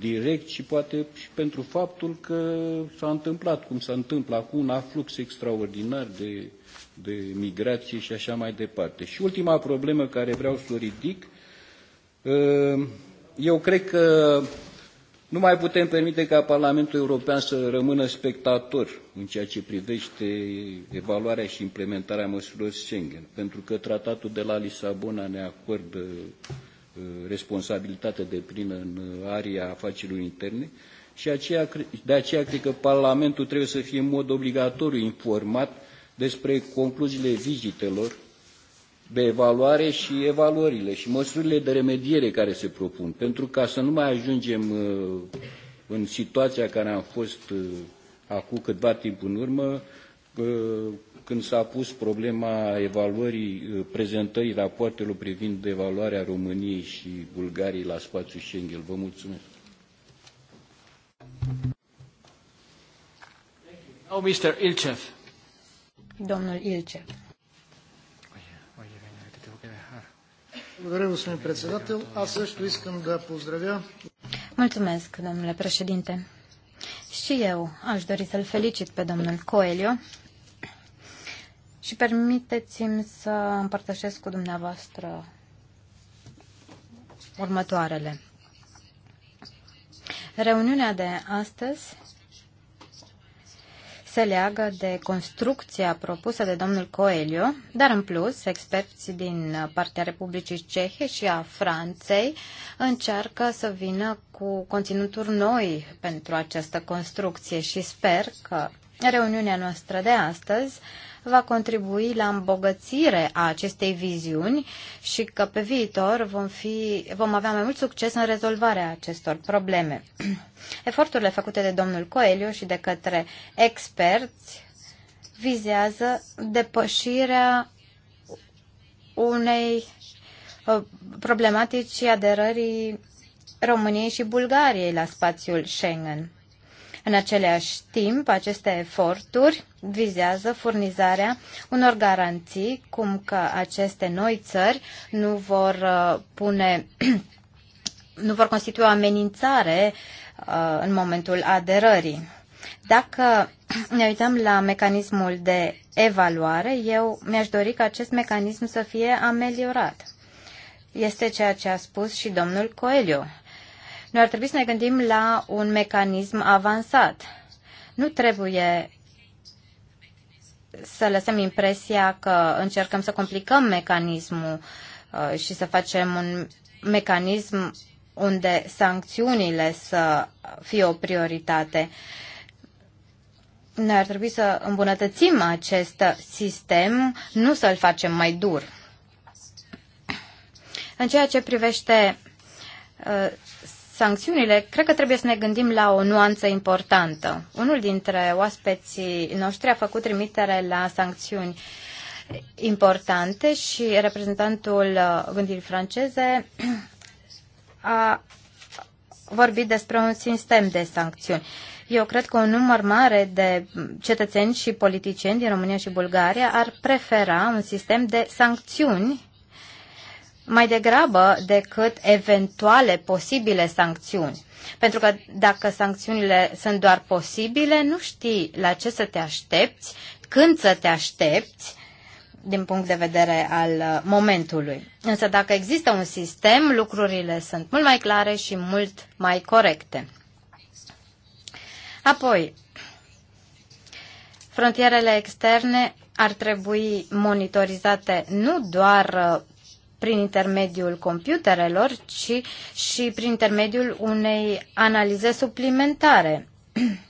direct și poate și pentru faptul că s-a întâmplat cum s-a întâmplat acum un aflux extraordinar de, de migrație și așa mai departe. Și ultima problemă care vreau să o ridic, ă, eu cred că nu mai putem permite ca Parlamentul European să rămână spectator în ceea ce privește evaluarea și implementarea măsurilor Schengen, pentru că tratatul de la Lisabona ne acordă Uh, responsabilitate de plină în aria afacerilor interne și aceea, de aceea cred că Parlamentul trebuie să fie în mod obligatoriu informat despre concluziile vizitelor de evaluare și evaluările și măsurile de remediere care se propun, pentru ca să nu mai ajungem uh, în situația care am fost uh, acum câtva timp în urmă, când s-a pus problema evaluării, uh, prezentării rapoartelor privind evaluarea României și Bulgariei la spațiul Schengen. Vă mulțumesc. Oh, Mr. Ilchev. Domnul Ilchev. Благодаря, господин председател. Аз също искам да поздравя. Mulțumesc, domnule președinte. Și eu aș dori să-l felicit pe domnul Coelho și permiteți-mi să împărtășesc cu dumneavoastră următoarele. Reuniunea de astăzi se leagă de construcția propusă de domnul Coelio, dar în plus, experți din partea Republicii Cehe și a Franței încearcă să vină cu conținuturi noi pentru această construcție și sper că reuniunea noastră de astăzi va contribui la îmbogățire a acestei viziuni și că pe viitor vom, fi, vom avea mai mult succes în rezolvarea acestor probleme. Eforturile făcute de domnul Coelho și de către experți vizează depășirea unei uh, problematici aderării României și Bulgariei la spațiul Schengen. În același timp, aceste eforturi vizează furnizarea unor garanții cum că aceste noi țări nu vor uh, pune nu vor constitui o amenințare uh, în momentul aderării. Dacă ne uităm la mecanismul de evaluare, eu mi-aș dori ca acest mecanism să fie ameliorat. Este ceea ce a spus și domnul Coelho noi ar trebui să ne gândim la un mecanism avansat. Nu trebuie să lăsăm impresia că încercăm să complicăm mecanismul uh, și să facem un mecanism unde sancțiunile să fie o prioritate. Noi ar trebui să îmbunătățim acest sistem, nu să-l facem mai dur. În ceea ce privește uh, sancțiunile, cred că trebuie să ne gândim la o nuanță importantă. Unul dintre oaspeții noștri a făcut trimitere la sancțiuni importante și reprezentantul uh, gândirii franceze a vorbit despre un sistem de sancțiuni. Eu cred că un număr mare de cetățeni și politicieni din România și Bulgaria ar prefera un sistem de sancțiuni mai degrabă decât eventuale posibile sancțiuni. Pentru că dacă sancțiunile sunt doar posibile, nu știi la ce să te aștepți, când să te aștepți din punct de vedere al uh, momentului. Însă dacă există un sistem, lucrurile sunt mult mai clare și mult mai corecte. Apoi, frontierele externe ar trebui monitorizate nu doar uh, prin intermediul computerelor, ci și prin intermediul unei analize suplimentare.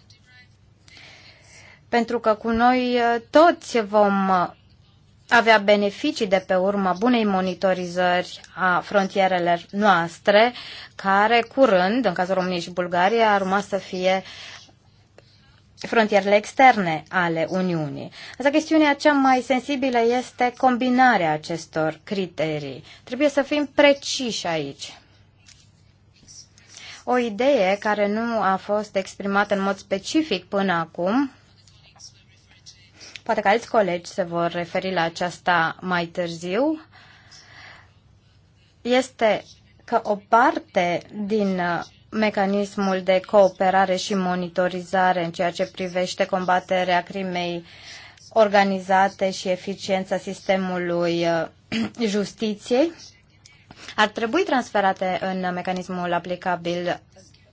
Pentru că cu noi uh, toți vom uh, avea beneficii de pe urma bunei monitorizări a frontierelor noastre, care curând, în cazul României și Bulgariei, ar urma să fie frontierele externe ale Uniunii. Asta chestiunea cea mai sensibilă este combinarea acestor criterii. Trebuie să fim preciși aici. O idee care nu a fost exprimată în mod specific până acum, poate că alți colegi se vor referi la aceasta mai târziu, este că o parte din mecanismul de cooperare și monitorizare în ceea ce privește combaterea crimei organizate și eficiența sistemului uh, justiției ar trebui transferate în mecanismul aplicabil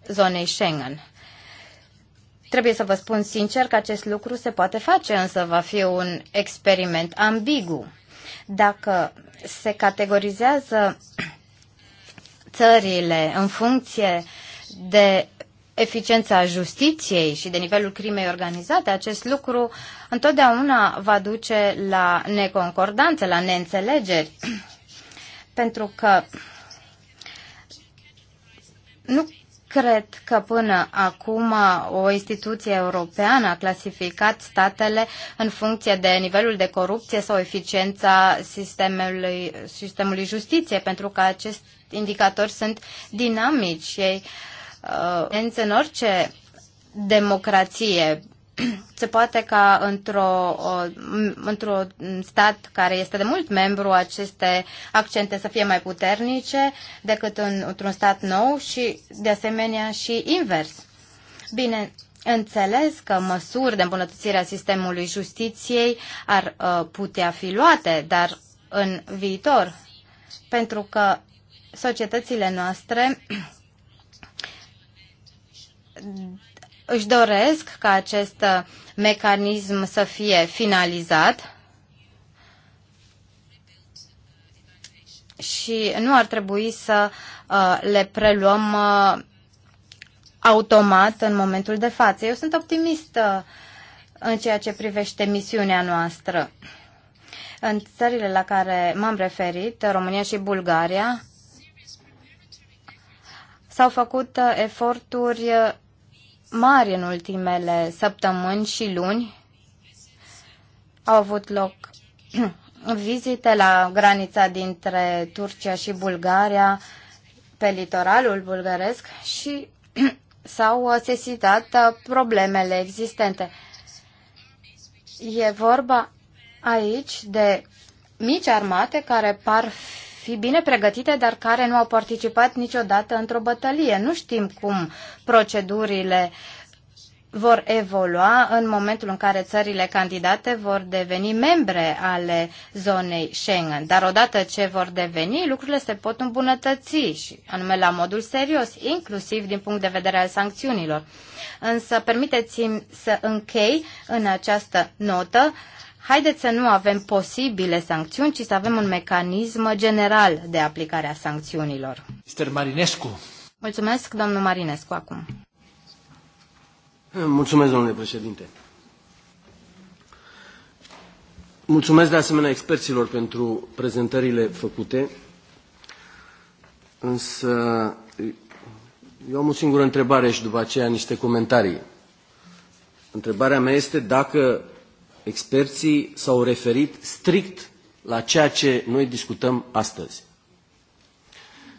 zonei Schengen. Trebuie să vă spun sincer că acest lucru se poate face, însă va fi un experiment ambigu. Dacă se categorizează țările în funcție de eficiența justiției și de nivelul crimei organizate, acest lucru întotdeauna va duce la neconcordanțe, la neînțelegeri, pentru că nu cred că până acum o instituție europeană a clasificat statele în funcție de nivelul de corupție sau eficiența sistemului, sistemului justiție, pentru că acești indicatori sunt dinamici. Ei uh, uh, în orice democrație se poate ca într-o, într-un stat care este de mult membru, aceste accente să fie mai puternice decât în, într-un stat nou și, de asemenea, și invers. Bine, înțeles că măsuri de îmbunătățire a sistemului justiției ar uh, putea fi luate, dar în viitor, pentru că societățile noastre își doresc ca acest mecanism să fie finalizat și nu ar trebui să uh, le preluăm uh, automat în momentul de față. Eu sunt optimistă uh, în ceea ce privește misiunea noastră. În țările la care m-am referit, România și Bulgaria, s-au făcut eforturi mari în ultimele săptămâni și luni. Au avut loc vizite la granița dintre Turcia și Bulgaria, pe litoralul bulgaresc și s-au sesizat uh, problemele existente. E vorba aici de mici armate care par fi bine pregătite, dar care nu au participat niciodată într-o bătălie. Nu știm cum procedurile vor evolua în momentul în care țările candidate vor deveni membre ale zonei Schengen. Dar odată ce vor deveni, lucrurile se pot îmbunătăți și anume la modul serios, inclusiv din punct de vedere al sancțiunilor. Însă permiteți-mi să închei în această notă uh, haideți să nu avem posibile sancțiuni, ci să avem un mecanism general de aplicare a sancțiunilor. Mr. Marinescu. Mulțumesc, domnul Marinescu, acum. Mulțumesc, domnule președinte. Mulțumesc de asemenea experților pentru prezentările făcute, însă eu am o singură întrebare și după aceea niște comentarii. Întrebarea mea este dacă experții s-au referit strict la ceea ce noi discutăm astăzi.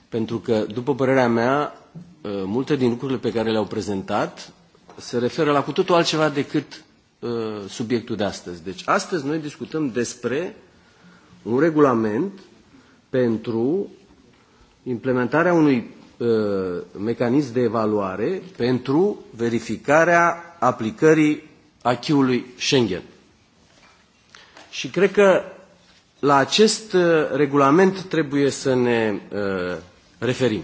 Pentru că, după părerea mea, ă, multe din lucrurile pe care le-au prezentat se referă la cu totul altceva decât ă, subiectul de astăzi. Deci, astăzi noi discutăm despre un regulament pentru implementarea unui ă, mecanism de evaluare pentru verificarea aplicării acquis Schengen. Și cred că la acest uh, regulament trebuie să ne uh, referim.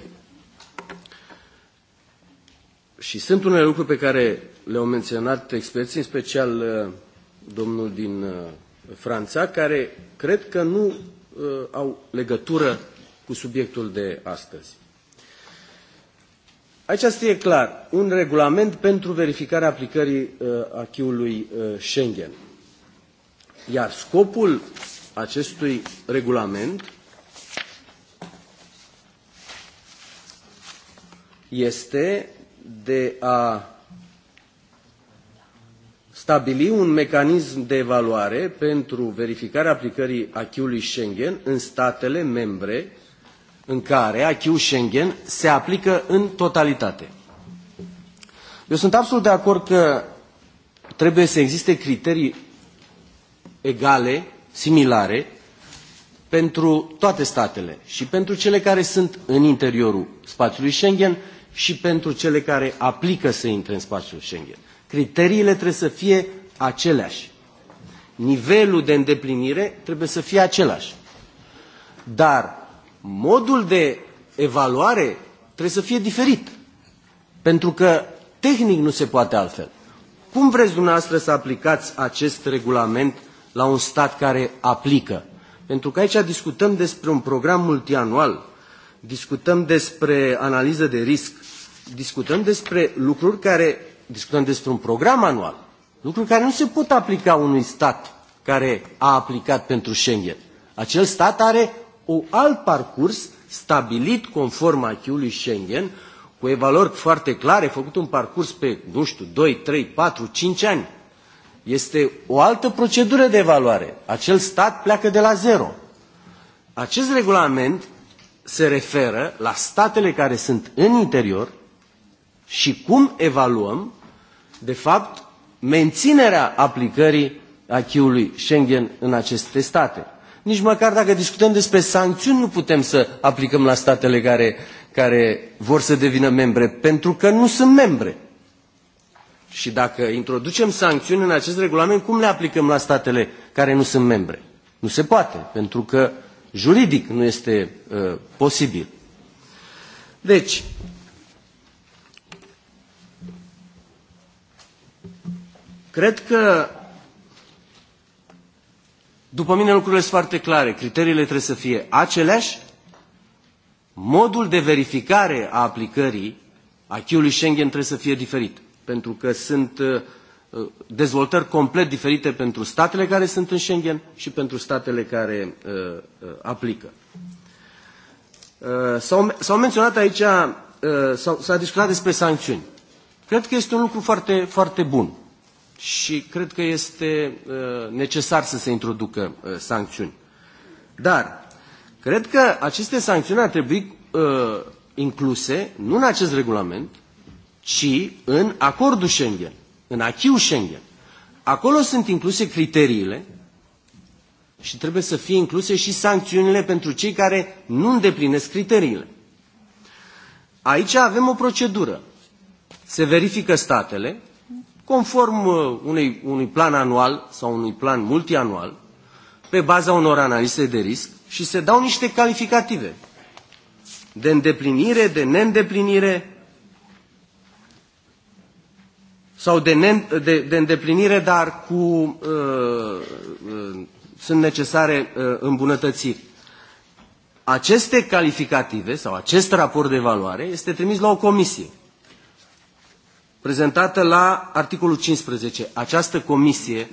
Și sunt unele lucruri pe care le-au menționat experții, în special uh, domnul din Franța, care cred că nu au legătură cu subiectul de astăzi. Aici este clar un regulament pentru verificarea aplicării uh, acquis uh, Schengen. Iar scopul acestui regulament este de a stabili un mecanism de evaluare pentru verificarea aplicării acquis-ului Schengen în statele membre în care acquis Schengen se aplică în totalitate. Eu sunt absolut de acord că trebuie să existe criterii egale, similare, pentru toate statele și pentru cele care sunt în interiorul spațiului Schengen și pentru cele care aplică să intre în spațiul Schengen. Criteriile trebuie să fie aceleași. Nivelul de îndeplinire trebuie să fie același. Dar modul de evaluare trebuie să fie diferit. Pentru că tehnic nu se poate altfel. Cum vreți dumneavoastră să aplicați acest regulament la un stat care aplică. Pentru că aici discutăm despre un program multianual, discutăm despre analiză de risc, discutăm despre lucruri care, discutăm despre un program anual, lucruri care nu se pot aplica unui stat care a aplicat pentru Schengen. Acel stat are un alt parcurs stabilit conform acquis Schengen, cu evaluări foarte clare, făcut un parcurs pe, nu știu, 2, 3, 4, 5 ani. Este o altă procedură de evaluare. Acel stat pleacă de la zero. Acest regulament se referă la statele care sunt în interior și cum evaluăm, de fapt, menținerea aplicării acquis Schengen în aceste state. Nici măcar dacă discutăm despre sancțiuni nu putem să aplicăm la statele care, care vor să devină membre, pentru că nu sunt membre. Și dacă introducem sancțiuni în acest regulament, cum le aplicăm la statele care nu sunt membre? Nu se poate, pentru că juridic nu este uh, posibil. Deci, cred că după mine lucrurile sunt foarte clare. Criteriile trebuie să fie aceleași. Modul de verificare a aplicării acquis Schengen trebuie să fie diferit pentru că sunt uh, dezvoltări complet diferite pentru statele care sunt în Schengen și pentru statele care uh, uh, aplică. S-au menționat aici, s-a discutat despre sancțiuni. Cred că este un lucru foarte, foarte bun și cred că este necesar să se introducă sancțiuni. Dar cred că aceste sancțiuni ar trebui incluse, nu în acest regulament, ci în acordul Schengen, în achiul Schengen. Acolo sunt incluse criteriile și trebuie să fie incluse și sancțiunile pentru cei care nu îndeplinesc criteriile. Aici avem o procedură. Se verifică statele, conform uh, unei, unui plan anual sau unui plan multianual, pe baza unor analize de risc și se dau niște calificative de îndeplinire, de neîndeplinire, sau de, ne, de, de îndeplinire, dar cu, uh, uh, sunt necesare uh, îmbunătățiri. Aceste calificative sau acest raport de evaluare este trimis la o comisie prezentată la articolul 15. Această comisie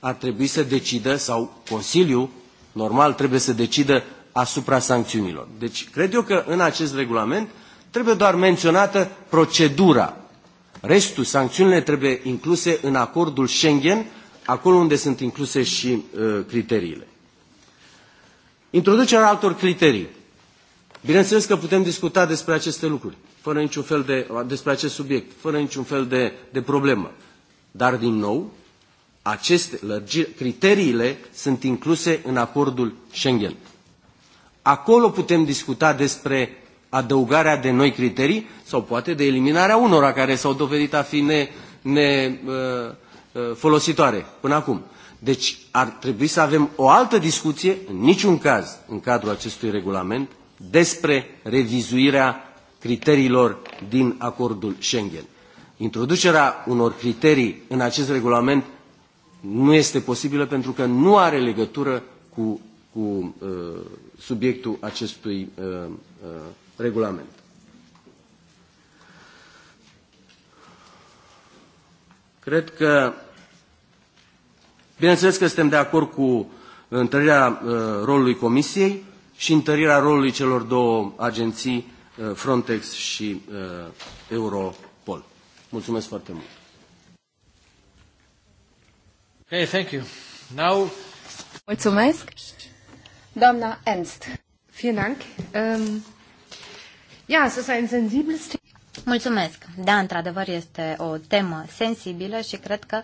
ar trebui să decidă, sau Consiliul, normal, trebuie să decidă asupra sancțiunilor. Deci, cred eu că în acest regulament trebuie doar menționată procedura Restul, sancțiunile trebuie incluse în acordul Schengen, acolo unde sunt incluse și uh, criteriile. Introducerea altor criterii. Bineînțeles că putem discuta despre aceste lucruri, fără niciun fel de, despre acest subiect, fără niciun fel de, de problemă. Dar, din nou, aceste lărgiri, criteriile sunt incluse în acordul Schengen. Acolo putem discuta despre adăugarea de noi criterii sau poate de eliminarea unora care s-au dovedit a fi nefolositoare ne, uh, uh până acum. Deci ar trebui să avem o altă discuție, în niciun caz în cadrul acestui regulament, despre revizuirea criteriilor din acordul Schengen. Introducerea unor criterii în acest regulament nu este posibilă pentru că nu are legătură cu, cu uh, subiectul acestui uh, uh, regulament. Cred că, bineînțeles că suntem de acord cu întărirea uh, rolului Comisiei și întărirea rolului celor două agenții, uh, Frontex și uh, Europol. Mulțumesc foarte mult. Okay, thank you. Now... Mulțumesc. Doamna Ernst. Vielen Dank. Um... Mulțumesc. Da, într-adevăr, este o temă sensibilă și cred că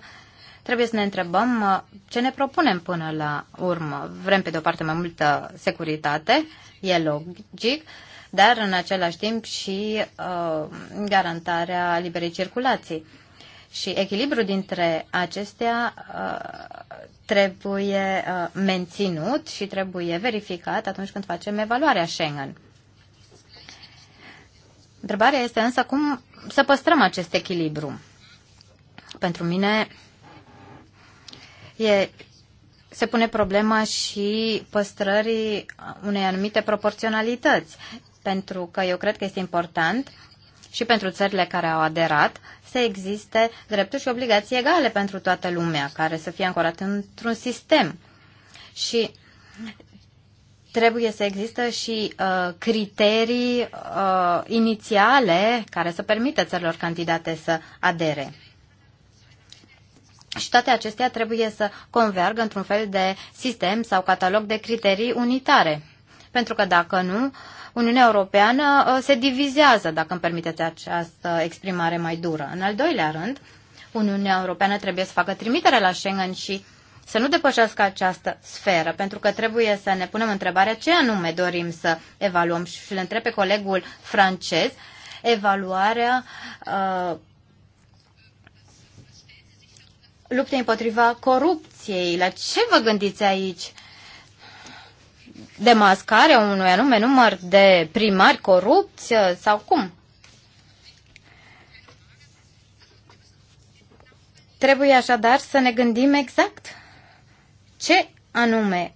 trebuie să ne întrebăm uh, ce ne propunem până la urmă. Vrem, pe de o parte, mai multă securitate, e logic, dar în același timp și uh, garantarea liberei circulații. Și echilibrul dintre acestea uh, trebuie uh, menținut și trebuie verificat atunci când facem evaluarea Schengen. Întrebarea este însă cum să păstrăm acest echilibru. Pentru mine e, se pune problema și păstrării unei anumite proporționalități, pentru că eu cred că este important și pentru țările care au aderat să existe drepturi și obligații egale pentru toată lumea, care să fie ancorate într-un sistem. Și trebuie să există și uh, criterii uh, inițiale care să permită țărilor candidate să adere. Și toate acestea trebuie să convergă într-un fel de sistem sau catalog de criterii unitare. Pentru că dacă nu, Uniunea Europeană uh, se divizează, dacă îmi permiteți această exprimare mai dură. În al doilea rând, Uniunea Europeană trebuie să facă trimitere la Schengen și uh, să nu depășească această sferă, pentru că trebuie să ne punem întrebarea ce anume dorim să evaluăm și îl întreb pe colegul francez evaluarea uh, luptei împotriva corupției. La ce vă gândiți aici? Demascarea unui anume număr de primari corupți uh, sau cum? Trebuie așadar să ne gândim exact ce anume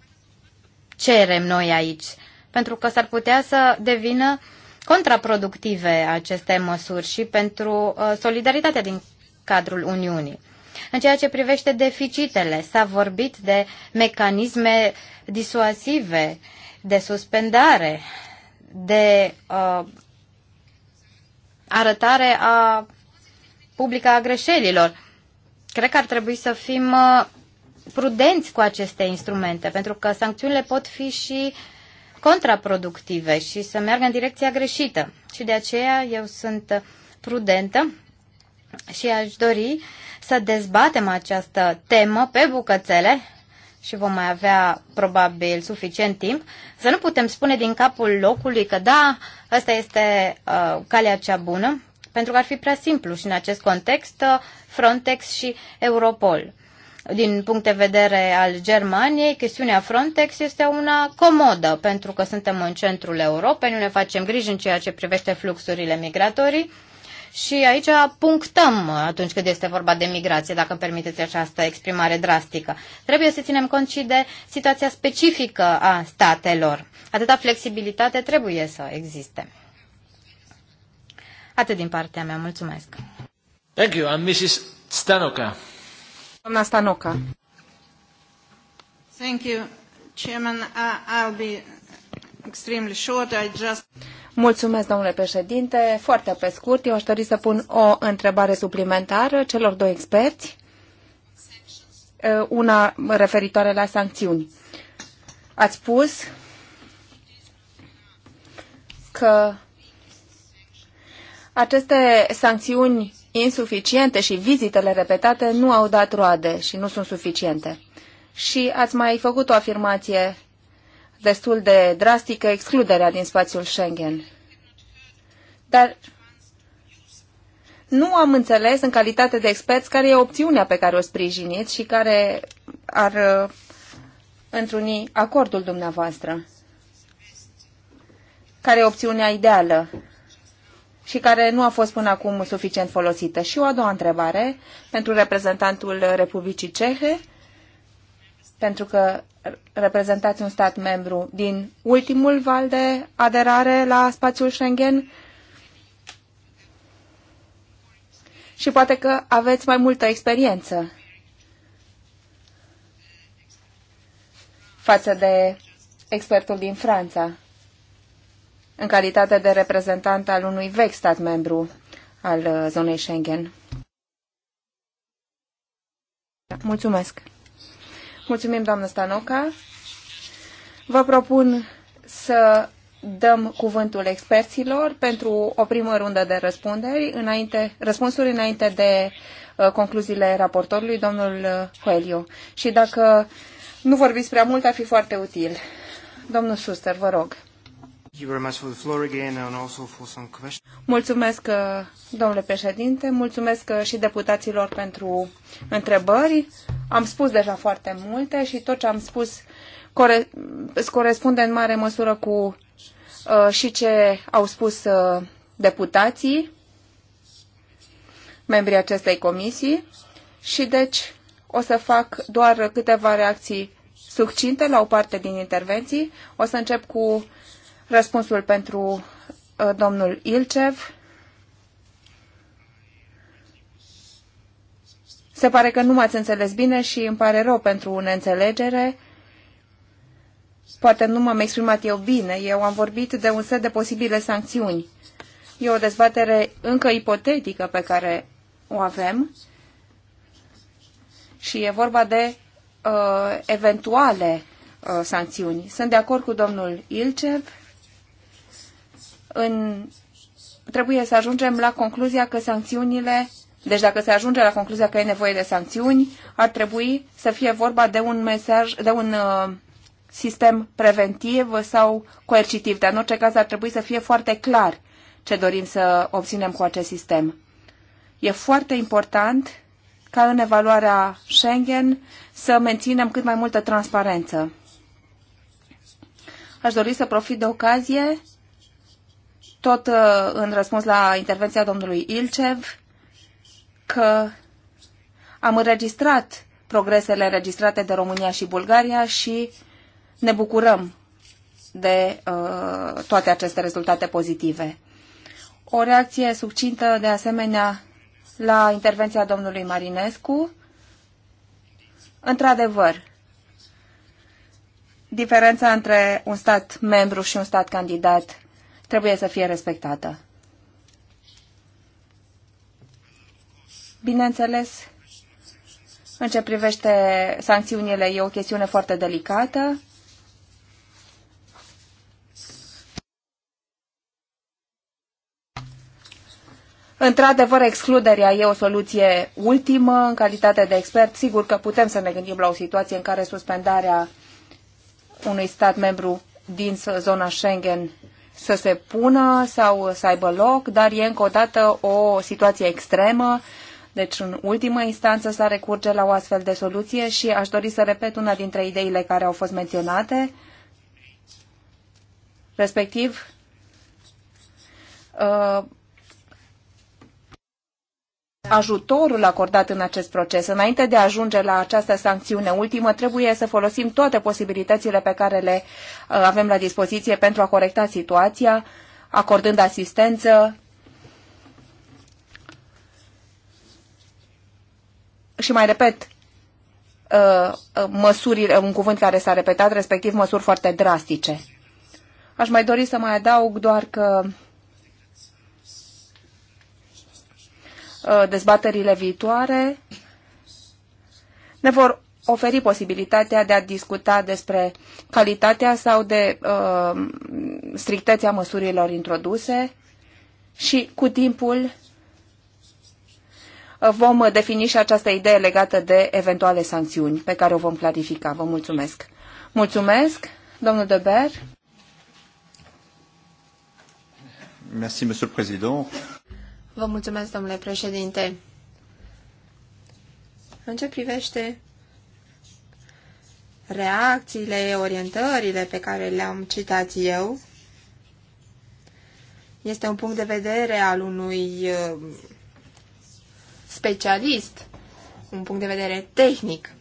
cerem noi aici? Pentru că s-ar putea să devină contraproductive aceste măsuri și pentru uh, solidaritatea din cadrul Uniunii. În ceea ce privește deficitele, s-a vorbit de mecanisme disuasive, de suspendare, de uh, arătare a publică a greșelilor. Cred că ar trebui să fim uh, prudenți cu aceste instrumente, pentru că sancțiunile pot fi și contraproductive și să meargă în direcția greșită. Și de aceea eu sunt prudentă și aș dori să dezbatem această temă pe bucățele și vom mai avea probabil suficient timp, să nu putem spune din capul locului că da, asta este uh, calea cea bună, pentru că ar fi prea simplu și în acest context uh, Frontex și Europol din punct de vedere al Germaniei, chestiunea Frontex este una comodă, pentru că suntem în centrul Europei, nu ne facem griji în ceea ce privește fluxurile migratorii și aici punctăm atunci când este vorba de migrație, dacă îmi permiteți această exprimare drastică. Trebuie să ținem cont și de situația specifică a statelor. Atâta flexibilitate trebuie să existe. Atât din partea mea. Mulțumesc. Thank you. I'm Mrs. Stanoka. Doamna Stanoca. Thank you, Chairman. I'll be extremely short. I just... Mulțumesc, domnule președinte. Foarte pe scurt, eu aș dori să pun o întrebare suplimentară celor doi experți, uh, una referitoare la sancțiuni. Ați spus că aceste sancțiuni insuficiente și vizitele repetate nu au dat roade și nu sunt suficiente. Și ați mai făcut o afirmație destul de drastică, excluderea din spațiul Schengen. Dar nu am înțeles în calitate de experți care e opțiunea pe care o sprijiniți și care ar uh, întruni acordul dumneavoastră. Care e opțiunea ideală? și care nu a fost până acum suficient folosită. Și o a doua întrebare pentru reprezentantul Republicii Cehe, pentru că reprezentați un stat membru din ultimul val de aderare la spațiul Schengen și poate că aveți mai multă experiență față de expertul din Franța în calitate de reprezentant al unui vechi stat membru al uh, zonei Schengen. Mulțumesc! Mulțumim, doamnă Stanoca. Vă propun să dăm cuvântul experților pentru o primă rundă de răspunderi, înainte, răspunsuri înainte de uh, concluziile raportorului, domnul uh, Coelio. Și dacă nu vorbiți prea mult, ar fi foarte util. Domnul Suster, vă rog. Mulțumesc, domnule președinte, mulțumesc uh, și deputaților pentru întrebări. Am spus deja foarte multe și tot ce am spus core- corespunde în mare măsură cu uh, și ce au spus uh, deputații, membrii acestei comisii și deci o să fac doar câteva reacții succinte la o parte din intervenții. O să încep cu Răspunsul pentru uh, domnul Ilcev. Se pare că nu m-ați înțeles bine și îmi pare rău pentru neînțelegere. Poate nu m-am exprimat eu bine. Eu am vorbit de un set de posibile sancțiuni. E o dezbatere încă ipotetică pe care o avem și e vorba de uh, eventuale uh, sancțiuni. Sunt de acord cu domnul Ilcev în, trebuie să ajungem la concluzia că sancțiunile, deci dacă se ajunge la concluzia că e nevoie de sancțiuni, ar trebui să fie vorba de un mesaj, de un uh, sistem preventiv sau coercitiv, dar în orice caz ar trebui să fie foarte clar ce dorim să obținem cu acest sistem. E foarte important ca în evaluarea Schengen să menținem cât mai multă transparență. Aș dori să profit de ocazie tot uh, în răspuns la intervenția domnului Ilcev, că am înregistrat progresele înregistrate de România și Bulgaria și ne bucurăm de uh, toate aceste rezultate pozitive. O reacție succintă, de asemenea, la intervenția domnului Marinescu. Într-adevăr, diferența între un stat membru și un stat candidat trebuie să fie respectată. Bineînțeles, în ce privește sancțiunile, e o chestiune foarte delicată. Într-adevăr, excluderea e o soluție ultimă. În calitate de expert, sigur că putem să ne gândim la o situație în care suspendarea unui stat membru din zona Schengen să se pună sau să aibă loc, dar e încă o dată o situație extremă. Deci, în ultimă instanță, s-a recurge la o astfel de soluție și aș dori să repet una dintre ideile care au fost menționate, respectiv uh, ajutorul acordat în acest proces. Înainte de a ajunge la această sancțiune ultimă, trebuie să folosim toate posibilitățile pe care le uh, avem la dispoziție pentru a corecta situația, acordând asistență și mai repet, uh, uh, măsuri, un cuvânt care s-a repetat, respectiv măsuri foarte drastice. Aș mai dori să mai adaug doar că Uh, dezbaterile viitoare ne vor oferi posibilitatea de a discuta despre calitatea sau de uh, strictețea măsurilor introduse și cu timpul uh, vom defini și această idee legată de eventuale sancțiuni pe care o vom clarifica. Vă mulțumesc. Mulțumesc, domnul Deber. Merci, monsieur le président. Vă mulțumesc, domnule președinte. În ce privește reacțiile, orientările pe care le-am citat eu, este un punct de vedere al unui uh, specialist, un punct de vedere tehnic.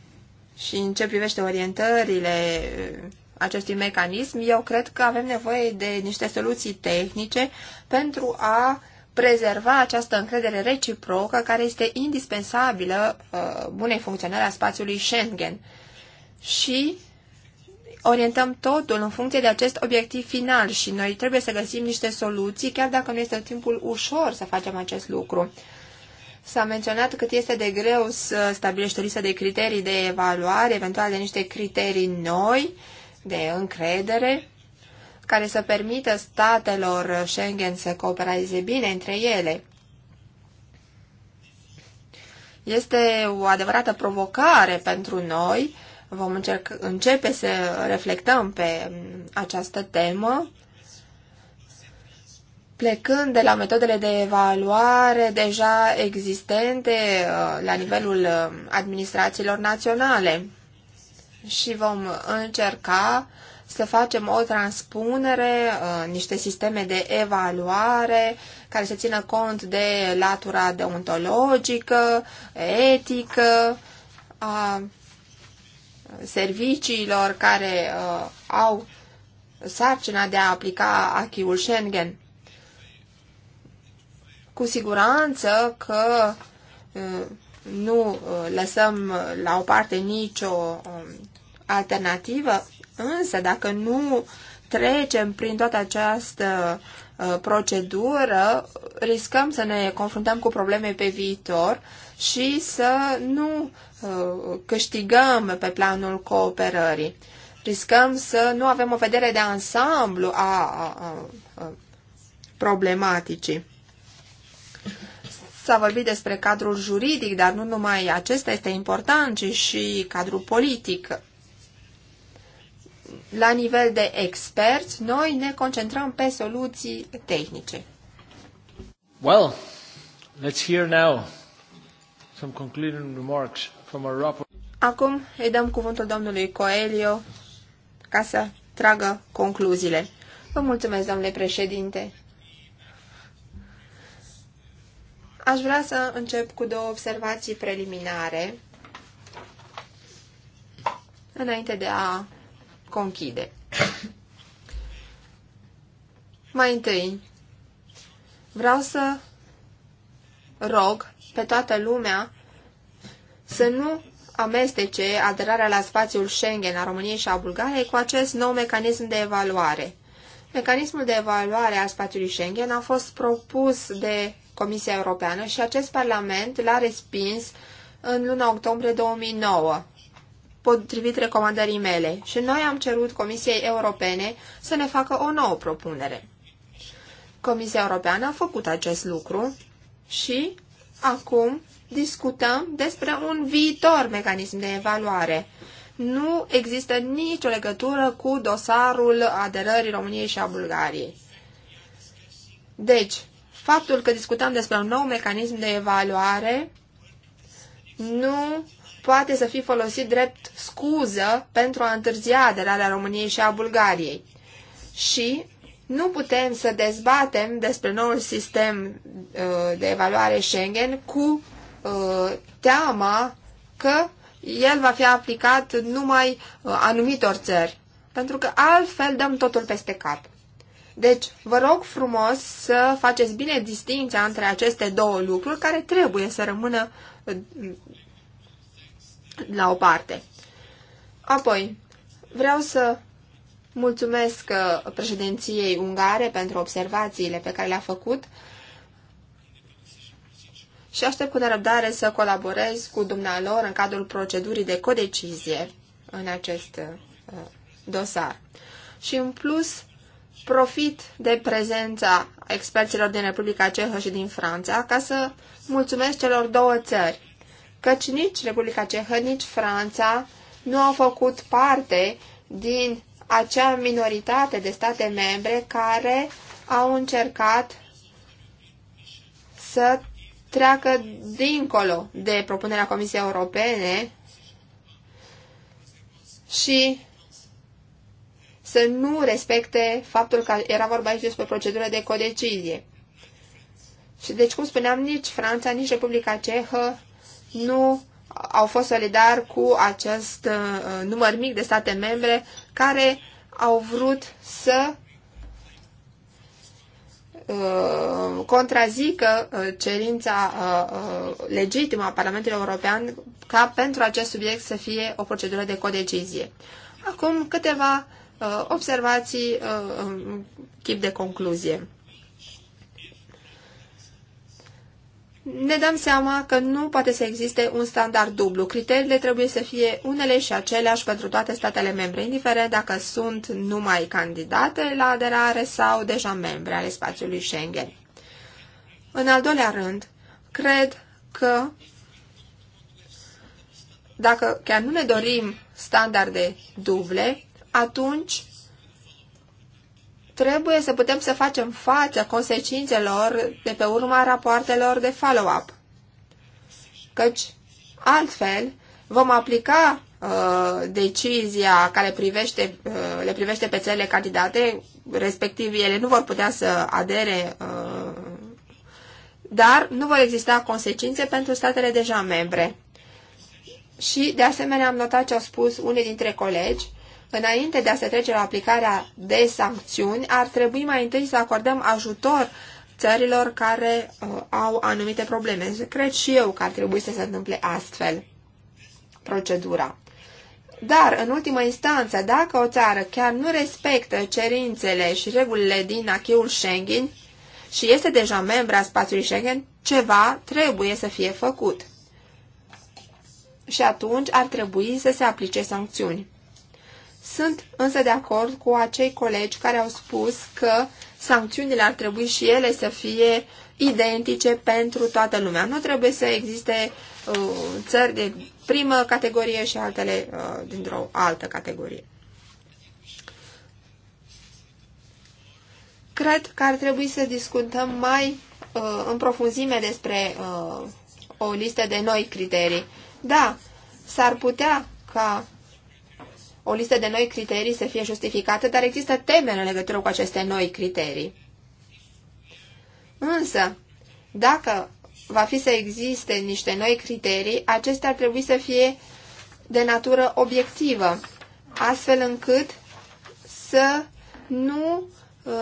Și în ce privește orientările uh, acestui mecanism, eu cred că avem nevoie de niște soluții tehnice pentru a prezerva această încredere reciprocă care este indispensabilă uh, bunei funcționări a spațiului Schengen. Și orientăm totul în funcție de acest obiectiv final și noi trebuie să găsim niște soluții, chiar dacă nu este timpul ușor să facem acest lucru. S-a menționat cât este de greu să stabilești o listă de criterii de evaluare, eventual de niște criterii noi de încredere, care să permită statelor Schengen să coopereze bine între ele. Este o adevărată provocare pentru noi. Vom încerc, începe să reflectăm pe această temă, plecând de la metodele de evaluare deja existente uh, la nivelul uh, administrațiilor naționale și vom încerca uh, să facem o transpunere, uh, niște sisteme de evaluare care să țină cont de latura deontologică, etică, a serviciilor care uh, au sarcina de a aplica achiul Schengen. Cu siguranță că uh, nu lăsăm la o parte nicio um, alternativă, Însă, dacă nu trecem prin toată această uh, procedură, riscăm să ne confruntăm cu probleme pe viitor și să nu uh, câștigăm pe planul cooperării. Riscăm să nu avem o vedere de ansamblu a, a, a problematicii. S-a vorbit despre cadrul juridic, dar nu numai acesta este important, ci și cadrul politic la nivel de experți, noi ne concentrăm pe soluții tehnice. Well, let's hear now some concluding remarks from our rapport. Acum îi dăm cuvântul domnului Coelio ca să tragă concluziile. Vă mulțumesc, domnule președinte. Aș vrea să încep cu două observații preliminare înainte de a conchide. Mai întâi, vreau să rog pe toată lumea să nu amestece aderarea la spațiul Schengen a României și a Bulgariei cu acest nou mecanism de evaluare. Mecanismul de evaluare a spațiului Schengen a fost propus de Comisia Europeană și acest Parlament l-a respins în luna octombrie 2009 potrivit recomandării mele și noi am cerut Comisiei Europene să ne facă o nouă propunere. Comisia Europeană a făcut acest lucru și acum discutăm despre un viitor mecanism de evaluare. Nu există nicio legătură cu dosarul aderării României și a Bulgariei. Deci, faptul că discutăm despre un nou mecanism de evaluare nu poate să fie folosit drept scuză pentru a întârzia aderarea României și a Bulgariei. Și nu putem să dezbatem despre noul sistem uh, de evaluare Schengen cu uh, teama că el va fi aplicat numai uh, anumitor țări, pentru că altfel dăm totul peste cap. Deci, vă rog frumos să faceți bine distinția între aceste două lucruri care trebuie să rămână la o parte. Apoi, vreau să mulțumesc uh, președinției ungare pentru observațiile pe care le-a făcut și aștept cu nerăbdare să colaborez cu dumnealor în cadrul procedurii de codecizie în acest uh, dosar. Și în plus, profit de prezența experților din Republica Cehă și din Franța ca să mulțumesc celor două țări căci nici Republica Cehă, nici Franța nu au făcut parte din acea minoritate de state membre care au încercat să treacă dincolo de propunerea Comisiei Europene și să nu respecte faptul că era vorba aici despre procedură de codecizie. Și deci, cum spuneam, nici Franța, nici Republica Cehă nu au fost solidari cu acest uh, număr mic de state membre care au vrut să uh, contrazică uh, cerința uh, legitimă a Parlamentului European ca pentru acest subiect să fie o procedură de codecizie. Acum câteva observații în chip de concluzie. ne dăm seama că nu poate să existe un standard dublu. Criteriile trebuie să fie unele și aceleași pentru toate statele membre, indiferent dacă sunt numai candidate la aderare sau deja membre ale spațiului Schengen. În al doilea rând, cred că dacă chiar nu ne dorim standarde duble, atunci Trebuie să putem să facem față consecințelor de pe urma rapoartelor de follow-up. Căci, altfel, vom aplica uh, decizia care privește, uh, le privește pe țările candidate, respectiv ele nu vor putea să adere uh, dar nu vor exista consecințe pentru statele deja membre. Și, de asemenea, am notat ce au spus unii dintre colegi Înainte de a se trece la aplicarea de sancțiuni, ar trebui mai întâi să acordăm ajutor țărilor care uh, au anumite probleme. Cred și eu că ar trebui să se întâmple astfel procedura. Dar, în ultimă instanță, dacă o țară chiar nu respectă cerințele și regulile din acheul Schengen și este deja membra spațiului Schengen, ceva trebuie să fie făcut. Și atunci ar trebui să se aplice sancțiuni. Sunt însă de acord cu acei colegi care au spus că sancțiunile ar trebui și ele să fie identice pentru toată lumea. Nu trebuie să existe uh, țări de primă categorie și altele uh, dintr-o altă categorie. Cred că ar trebui să discutăm mai uh, în profunzime despre uh, o listă de noi criterii. Da, s-ar putea ca o listă de noi criterii să fie justificată, dar există temeri, în legătură cu aceste noi criterii. Însă, dacă va fi să existe niște noi criterii, acestea ar trebui să fie de natură obiectivă, astfel încât să nu uh,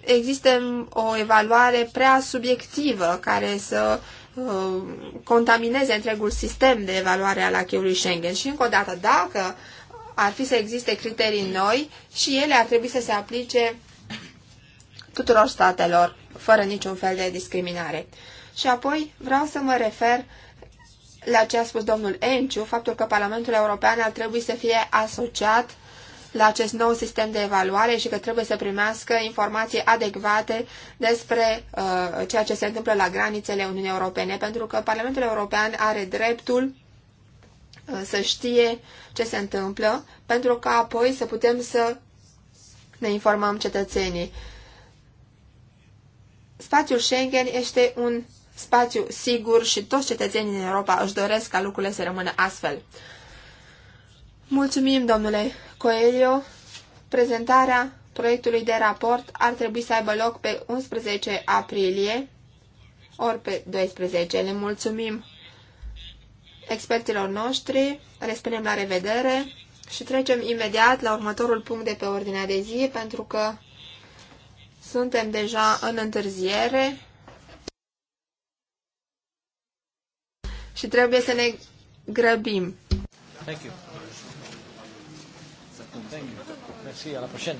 există o evaluare prea subiectivă care să uh, contamineze întregul sistem de evaluare al acheului Schengen. Și încă o dată, dacă ar fi să existe criterii noi și ele ar trebui să se aplice tuturor statelor, fără niciun fel de discriminare. Și apoi vreau să mă refer la ce a spus domnul Enciu, faptul că Parlamentul European ar trebui să fie asociat la acest nou sistem de evaluare și că trebuie să primească informații adecvate despre uh, ceea ce se întâmplă la granițele Uniunii Europene, pentru că Parlamentul European are dreptul Uh, să știe ce se întâmplă, pentru ca apoi să putem să ne informăm cetățenii. Spațiul Schengen este un spațiu sigur și toți cetățenii din Europa își doresc ca lucrurile să rămână astfel. Mulțumim, domnule Coelio. Prezentarea proiectului de raport ar trebui să aibă loc pe 11 aprilie, ori pe 12. Le mulțumim experților noștri, le spunem la revedere și trecem imediat la următorul punct de pe ordinea de zi, pentru că suntem deja în întârziere și trebuie să ne grăbim. Thank you. Thank you. Merci,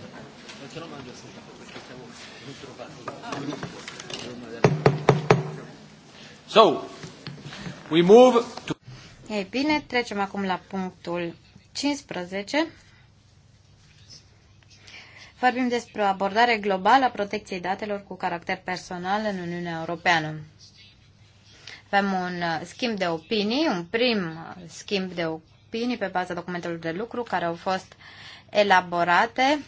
So, we move to ei bine, trecem acum la punctul 15. Vorbim despre o abordare globală a protecției datelor cu caracter personal în Uniunea Europeană. Avem un schimb de opinii, un prim schimb de opinii pe baza documentelor de lucru care au fost elaborate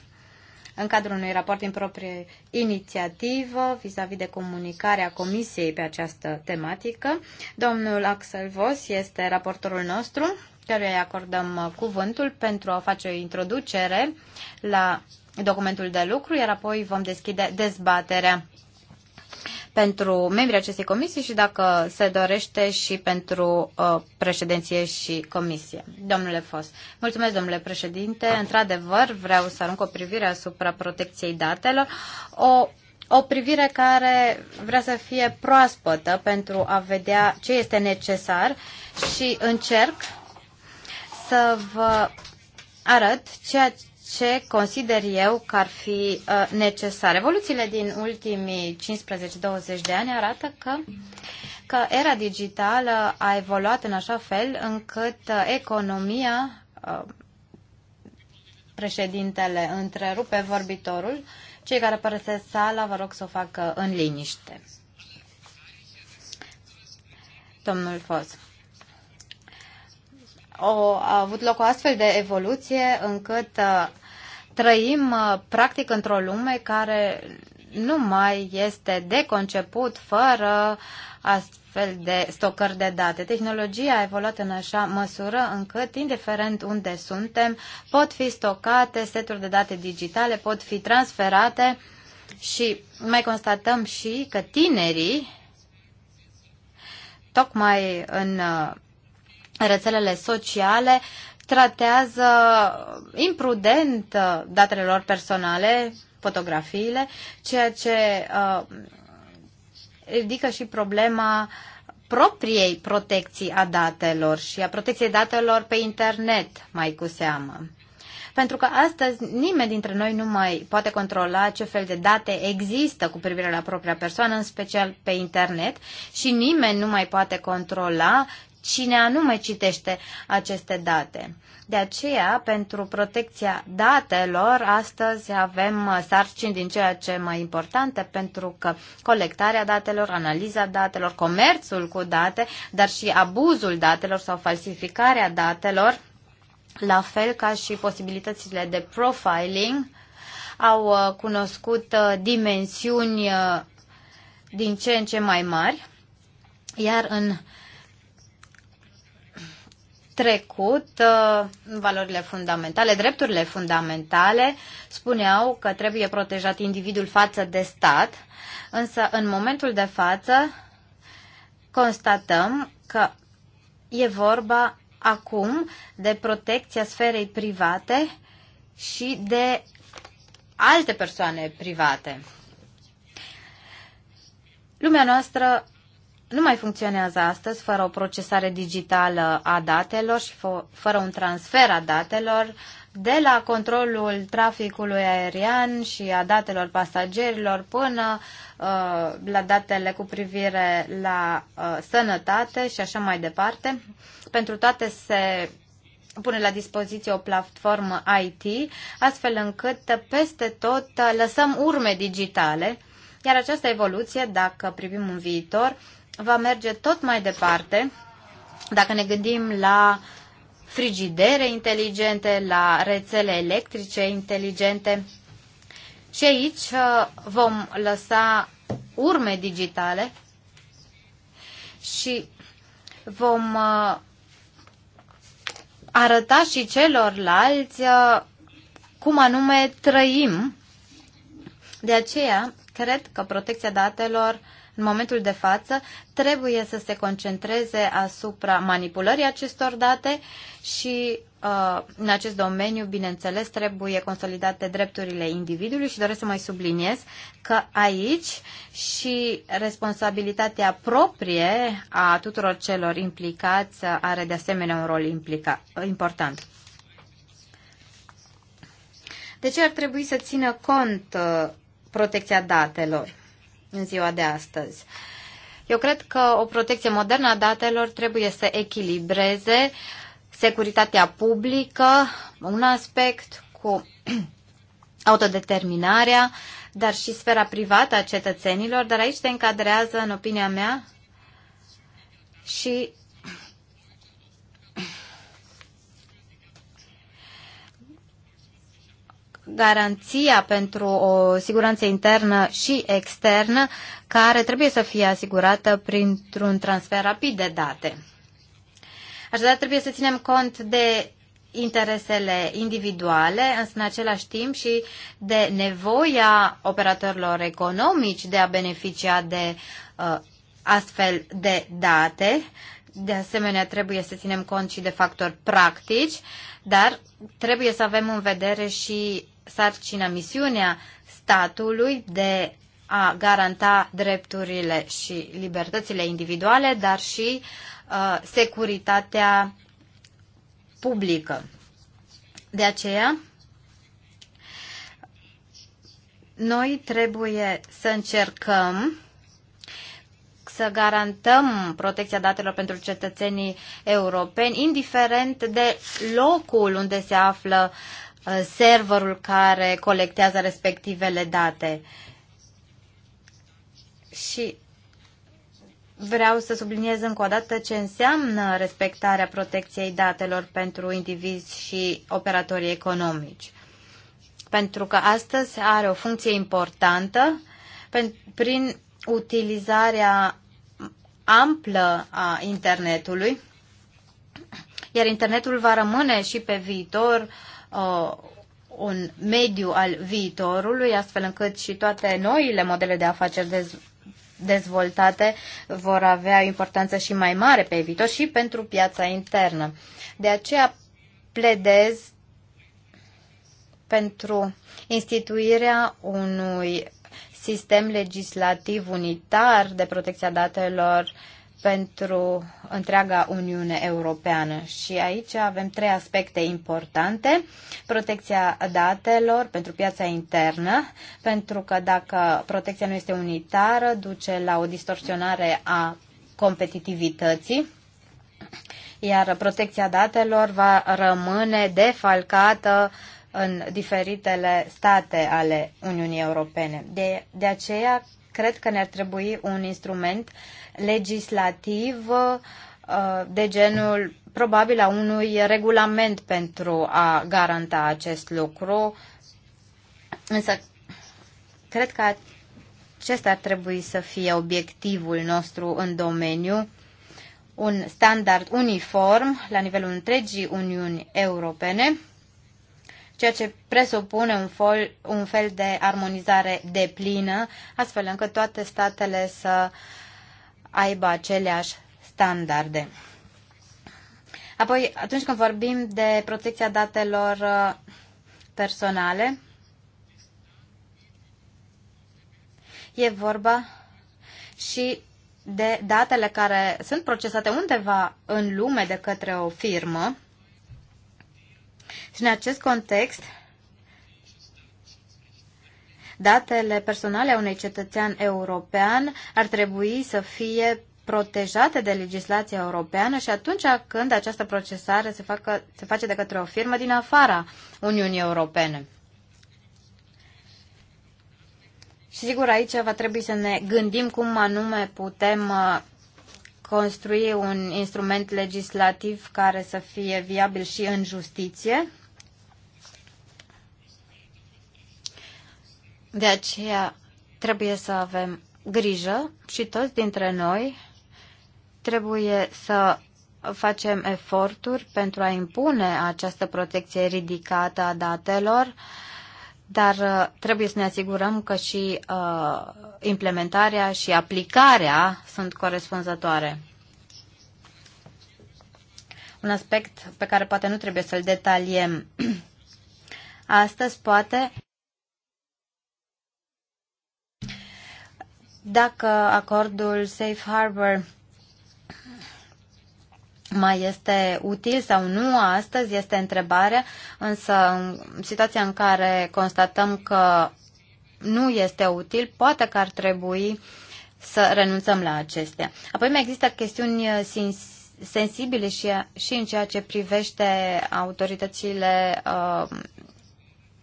în cadrul unui raport din proprie inițiativă vis-a-vis -vis de comunicarea Comisiei pe această tematică. Domnul Axel Vos este raportorul nostru, căruia îi acordăm cuvântul pentru a face o introducere la documentul de lucru, iar apoi vom deschide dezbaterea pentru membrii acestei comisii și dacă se dorește și pentru uh, președinție și comisie. Domnule Fos, mulțumesc domnule președinte. Într-adevăr, vreau să arunc o privire asupra protecției datelor. O o privire care vrea să fie proaspătă pentru a vedea ce este necesar și încerc să vă arăt ceea ce ce consider eu că ar fi uh, necesar. Evoluțiile din ultimii 15-20 de ani arată că, că era digitală a evoluat în așa fel încât uh, economia, uh, președintele întrerupe vorbitorul, cei care părăsesc sala vă rog să o facă în liniște. Domnul Fos o, a avut loc o astfel de evoluție încât uh, trăim uh, practic într-o lume care nu mai este de conceput fără astfel de stocări de date. Tehnologia a evoluat în așa măsură încât, indiferent unde suntem, pot fi stocate seturi de date digitale, pot fi transferate și mai constatăm și că tinerii, tocmai în uh, rețelele sociale tratează imprudent uh, datele lor personale, fotografiile, ceea ce uh, ridică și problema propriei protecții a datelor și a protecției datelor pe internet, mai cu seamă. Pentru că astăzi nimeni dintre noi nu mai poate controla ce fel de date există cu privire la propria persoană, în special pe internet, și nimeni nu mai poate controla cine anume citește aceste date. De aceea, pentru protecția datelor, astăzi avem uh, sarcini din ceea ce mai importante, pentru că colectarea datelor, analiza datelor, comerțul cu date, dar și abuzul datelor sau falsificarea datelor, la fel ca și posibilitățile de profiling, au uh, cunoscut uh, dimensiuni din ce în ce mai mari, iar în trecut, uh, valorile fundamentale, drepturile fundamentale spuneau că trebuie protejat individul față de stat, însă în momentul de față constatăm că e vorba acum de protecția sferei private și de alte persoane private. Lumea noastră nu mai funcționează astăzi fără o procesare digitală a datelor și fără un transfer a datelor de la controlul traficului aerian și a datelor pasagerilor până uh, la datele cu privire la uh, sănătate și așa mai departe. Pentru toate se pune la dispoziție o platformă IT, astfel încât peste tot uh, lăsăm urme digitale, iar această evoluție, dacă privim în viitor, va merge tot mai departe dacă ne gândim la frigidere inteligente, la rețele electrice inteligente. Și aici uh, vom lăsa urme digitale și vom uh, arăta și celorlalți uh, cum anume trăim. De aceea, cred că protecția datelor în momentul de față trebuie să se concentreze asupra manipulării acestor date și uh, în acest domeniu, bineînțeles, trebuie consolidate drepturile individului și doresc să mai subliniez că aici și responsabilitatea proprie a tuturor celor implicați are de asemenea un rol implica, important. De deci ce ar trebui să țină cont uh, protecția datelor? în ziua de astăzi. Eu cred că o protecție modernă a datelor trebuie să echilibreze securitatea publică, un aspect cu autodeterminarea, dar și sfera privată a cetățenilor, dar aici se încadrează, în opinia mea, și garanția pentru o siguranță internă și externă care trebuie să fie asigurată printr-un transfer rapid de date. Așadar, trebuie să ținem cont de interesele individuale, însă în același timp și de nevoia operatorilor economici de a beneficia de uh, astfel de date. De asemenea, trebuie să ținem cont și de factori practici, dar trebuie să avem în vedere și sarcina, misiunea statului de a garanta drepturile și libertățile individuale, dar și uh, securitatea publică. De aceea, noi trebuie să încercăm să garantăm protecția datelor pentru cetățenii europeni, indiferent de locul unde se află uh, serverul care colectează respectivele date. Și vreau să subliniez încă o dată ce înseamnă respectarea protecției datelor pentru indivizi și operatorii economici. Pentru că astăzi are o funcție importantă prin utilizarea amplă a internetului, iar internetul va rămâne și pe viitor uh, un mediu al viitorului, astfel încât și toate noile modele de afaceri dez- dezvoltate vor avea importanță și mai mare pe viitor și pentru piața internă. De aceea pledez pentru instituirea unui sistem legislativ unitar de protecția datelor uh, pentru întreaga Uniune Europeană. Și aici avem trei aspecte importante. Protecția datelor pentru piața internă, pentru că dacă protecția nu este unitară, duce la o distorsionare a competitivității iar protecția datelor va rămâne defalcată în diferitele state ale Uniunii Europene. De, de aceea, cred că ne-ar trebui un instrument uh, legislativ uh, de genul probabil a unui regulament pentru a garanta acest lucru, însă cred că acesta ar trebui să fie obiectivul nostru în domeniu, un standard uniform la nivelul întregii Uniuni Europene, ceea ce presupune un, fol, un fel de armonizare deplină, astfel încât toate statele să uh, aibă aceleași standarde. Apoi, atunci când vorbim de protecția datelor uh, personale, e vorba și de datele care sunt procesate undeva în lume de către o firmă. Și în acest context, datele personale a unui cetățean european ar trebui să fie protejate de legislația europeană și atunci când această procesare se, facă, se face de către o firmă din afara Uniunii Europene. Și sigur aici va trebui să ne gândim cum anume putem uh, construi un instrument legislativ care să fie viabil și în justiție. De aceea trebuie să avem grijă și toți dintre noi trebuie să facem eforturi pentru a impune această protecție ridicată a datelor, dar uh, trebuie să ne asigurăm că și uh, implementarea și aplicarea sunt corespunzătoare. Un aspect pe care poate nu trebuie să-l detaliem astăzi, poate dacă acordul Safe Harbor mai este util sau nu astăzi este întrebarea, însă în situația în care constatăm că nu este util, poate că ar trebui să renunțăm la acestea. Apoi mai există chestiuni sensibile și, și în ceea ce privește autoritățile uh,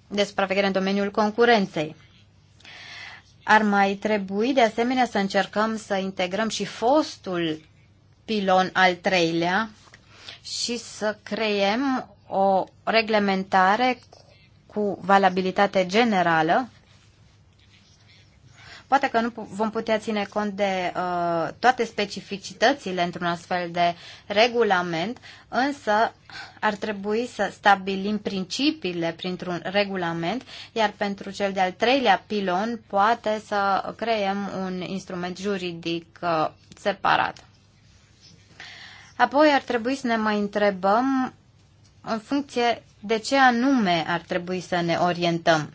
de supraveghere în domeniul concurenței. Ar mai trebui, de asemenea, să încercăm să integrăm și fostul pilon al treilea și să creem o reglementare cu valabilitate generală Poate că nu vom putea ține cont de uh, toate specificitățile într-un astfel de regulament, însă ar trebui să stabilim principiile printr-un regulament, iar pentru cel de-al treilea pilon poate să creăm un instrument juridic uh, separat. Apoi ar trebui să ne mai întrebăm în funcție de ce anume ar trebui să ne orientăm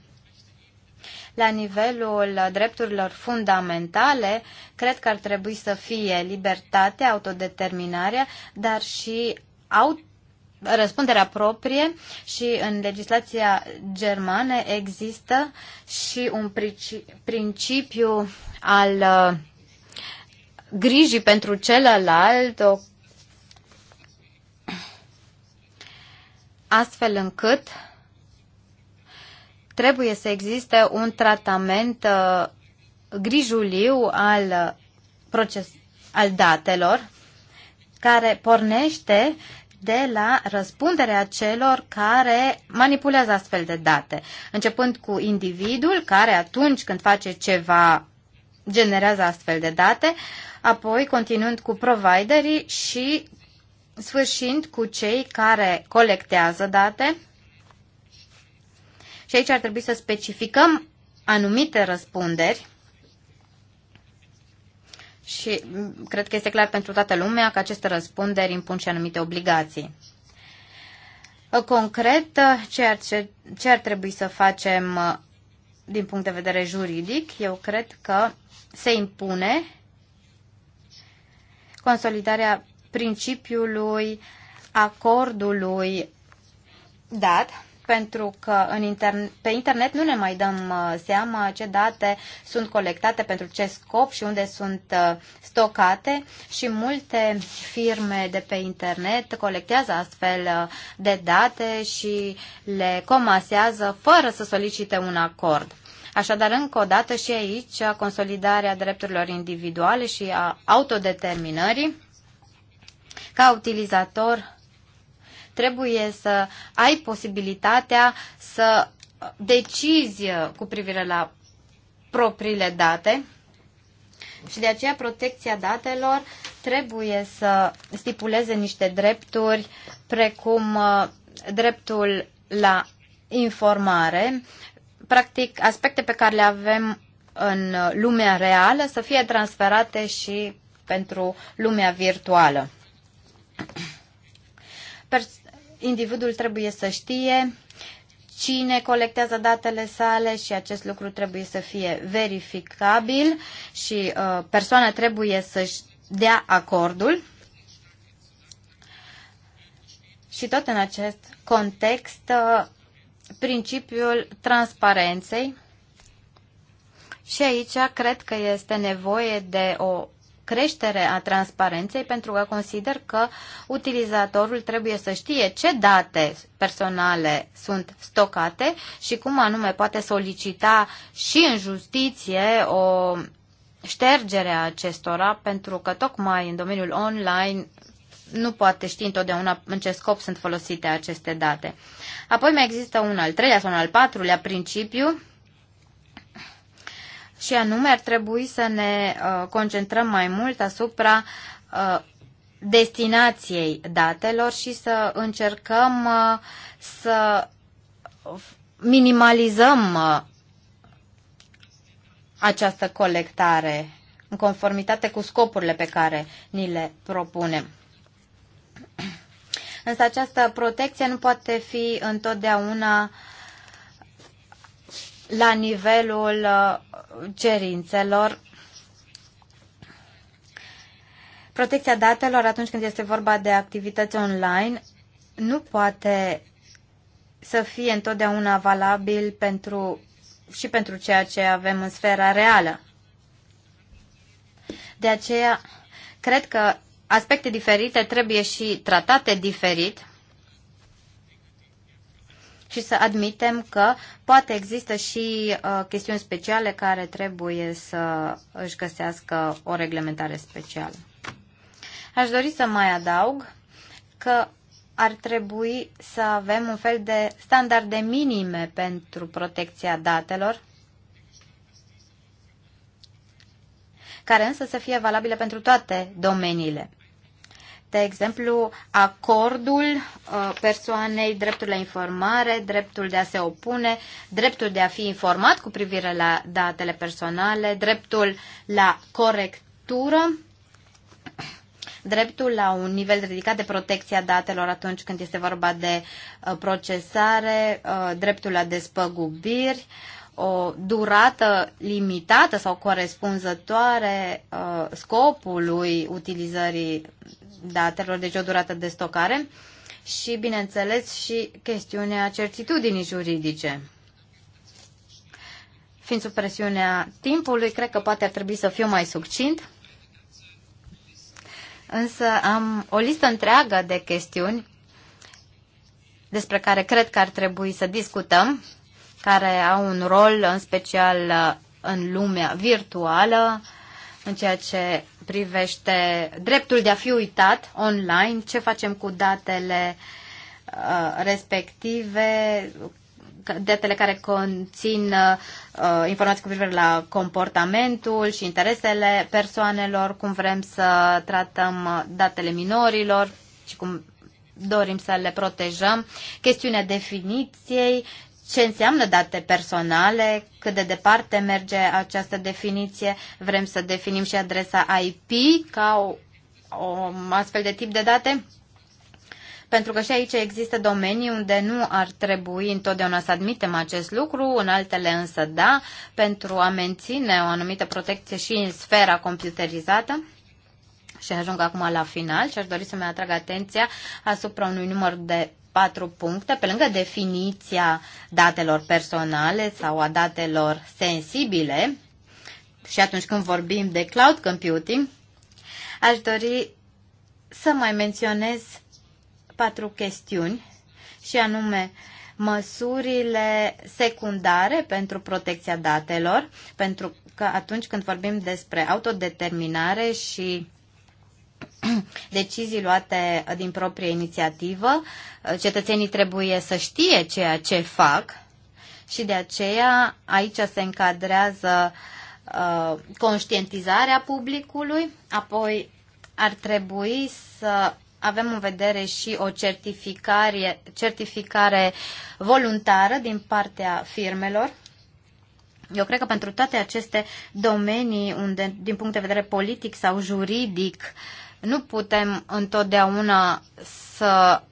la nivelul drepturilor fundamentale, cred că ar trebui să fie libertate, autodeterminarea, dar și aut- răspunderea proprie și în legislația germană există și un principiu al uh, grijii pentru celălalt, o astfel încât trebuie să existe un tratament uh, grijuliu al, uh, proces, al datelor care pornește de la răspunderea celor care manipulează astfel de date, începând cu individul care atunci când face ceva generează astfel de date, apoi continuând cu providerii și sfârșind cu cei care colectează date și aici ar trebui să specificăm anumite răspunderi și cred că este clar pentru toată lumea că aceste răspunderi impun și anumite obligații. Concret, ce ar, ce, ce ar trebui să facem din punct de vedere juridic? Eu cred că se impune consolidarea principiului acordului dat pentru că în interne- pe internet nu ne mai dăm uh, seama ce date sunt colectate, pentru ce scop și unde sunt uh, stocate și multe firme de pe internet colectează astfel uh, de date și le comasează fără să solicite un acord. Așadar, încă o dată și aici, consolidarea drepturilor individuale și a autodeterminării ca utilizator trebuie să ai posibilitatea să decizi cu privire la propriile date și de aceea protecția datelor trebuie să stipuleze niște drepturi precum uh, dreptul la informare, practic aspecte pe care le avem în lumea reală să fie transferate și pentru lumea virtuală. Pers- individul trebuie să știe cine colectează datele sale și acest lucru trebuie să fie verificabil și uh, persoana trebuie să-și dea acordul. Și tot în acest context, uh, principiul transparenței. Și aici cred că este nevoie de o creștere a transparenței pentru că consider că utilizatorul trebuie să știe ce date personale sunt stocate și cum anume poate solicita și în justiție o ștergere a acestora pentru că tocmai în domeniul online nu poate ști întotdeauna în ce scop sunt folosite aceste date. Apoi mai există un al treilea sau un al patrulea principiu și anume ar trebui să ne uh, concentrăm mai mult asupra uh, destinației datelor și să încercăm uh, să minimalizăm această colectare în conformitate cu scopurile pe care ni le propunem. Însă această protecție nu poate fi întotdeauna la nivelul cerințelor protecția datelor atunci când este vorba de activități online nu poate să fie întotdeauna valabil pentru, și pentru ceea ce avem în sfera reală. De aceea, cred că aspecte diferite trebuie și tratate diferit și să admitem că poate există și uh, chestiuni speciale care trebuie să își găsească o reglementare specială. Aș dori să mai adaug că ar trebui să avem un fel de standarde minime pentru protecția datelor, care însă să fie valabile pentru toate domeniile de exemplu, acordul uh, persoanei, dreptul la informare, dreptul de a se opune, dreptul de a fi informat cu privire la datele personale, dreptul la corectură, dreptul la un nivel ridicat de protecție a datelor atunci când este vorba de uh, procesare, uh, dreptul la despăgubiri, o durată limitată sau corespunzătoare uh, scopului utilizării datelor, deci o durată de stocare și, bineînțeles, și chestiunea certitudinii juridice. Fiind sub presiunea timpului, cred că poate ar trebui să fiu mai succint, însă am o listă întreagă de chestiuni despre care cred că ar trebui să discutăm care au un rol în special în lumea virtuală, în ceea ce privește dreptul de a fi uitat online, ce facem cu datele uh, respective, datele care conțin uh, informații cu privire la comportamentul și interesele persoanelor, cum vrem să tratăm datele minorilor și cum dorim să le protejăm, chestiunea definiției ce înseamnă date personale, cât de departe merge această definiție. Vrem să definim și adresa IP ca o, o astfel de tip de date? Pentru că și aici există domenii unde nu ar trebui întotdeauna să admitem acest lucru, în altele însă da, pentru a menține o anumită protecție și în sfera computerizată. Și ajung acum la final și aș dori să-mi atrag atenția asupra unui număr de patru puncte, pe lângă definiția datelor personale sau a datelor sensibile, și atunci când vorbim de cloud computing, aș dori să mai menționez patru chestiuni, și anume măsurile secundare pentru protecția datelor, pentru că atunci când vorbim despre autodeterminare și decizii luate din proprie inițiativă. Cetățenii trebuie să știe ceea ce fac și de aceea aici se încadrează uh, conștientizarea publicului, apoi ar trebui să avem în vedere și o certificare, certificare voluntară din partea firmelor. Eu cred că pentru toate aceste domenii unde, din punct de vedere politic sau juridic, uh, nu putem întotdeauna să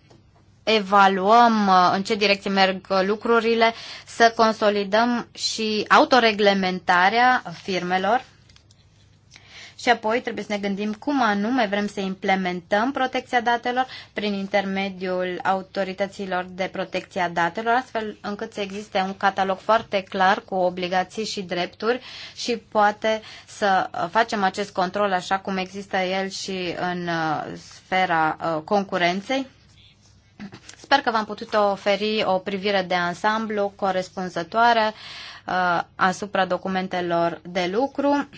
evaluăm uh, în ce direcție merg uh, lucrurile, să consolidăm și autoreglementarea firmelor și apoi trebuie să ne gândim cum anume vrem să implementăm protecția datelor prin intermediul autorităților de protecție a datelor, astfel încât să existe un catalog foarte clar cu obligații și drepturi și poate să facem acest control așa cum există el și în uh, sfera uh, concurenței. Sper că v-am putut oferi o privire de ansamblu corespunzătoare uh, asupra documentelor de lucru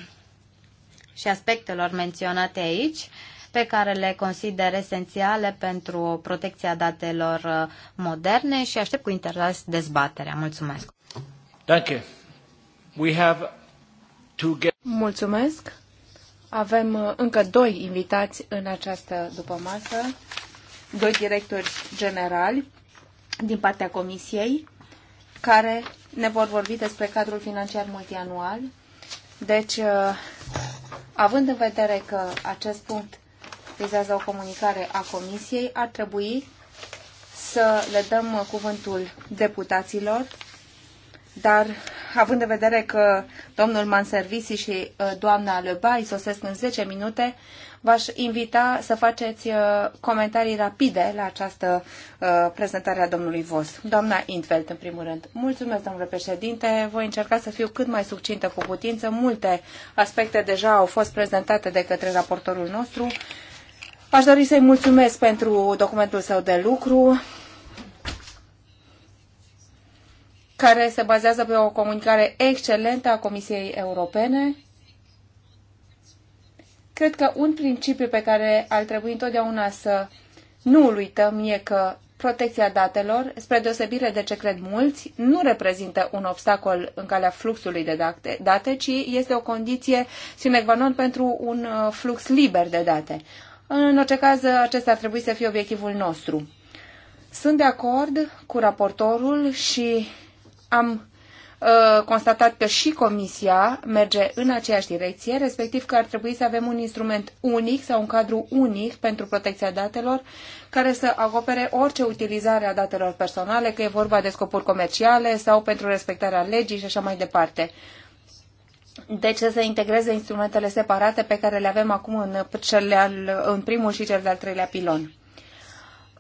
și aspectelor menționate aici, pe care le consider esențiale pentru protecția datelor uh, moderne și aștept cu interes dezbaterea. Mulțumesc! Danke. We have to get... Mulțumesc! Avem uh, încă doi invitați în această dupămasă, doi directori generali din partea Comisiei, care ne vor vorbi despre cadrul financiar multianual deci, uh, având în vedere că acest punct vizează o comunicare a Comisiei, ar trebui să le dăm cuvântul deputaților dar având în vedere că domnul Manservisi și uh, doamna Lebai sosesc în 10 minute, v-aș invita să faceți uh, comentarii rapide la această uh, prezentare a domnului Vos. Doamna Intveld, în primul rând. Mulțumesc, domnule președinte. Voi încerca să fiu cât mai succintă cu putință. Multe aspecte deja au fost prezentate de către raportorul nostru. Aș dori să-i mulțumesc pentru documentul său de lucru. care se bazează pe o comunicare excelentă a Comisiei Europene. Cred că un principiu pe care ar trebui întotdeauna să nu îl uităm e că protecția datelor, spre deosebire de ce cred mulți, nu reprezintă un obstacol în calea fluxului de date, ci este o condiție sine qua non pentru un uh, flux liber de date. În orice caz, acesta ar trebui să fie obiectivul nostru. Sunt de acord cu raportorul și am uh, constatat că și Comisia merge în aceeași direcție, respectiv că ar trebui să avem un instrument unic sau un cadru unic pentru protecția datelor care să acopere orice utilizare a datelor personale, că e vorba de scopuri comerciale sau pentru respectarea legii și așa mai departe. Deci să se integreze instrumentele separate pe care le avem acum în, cel în primul și cel de-al treilea pilon.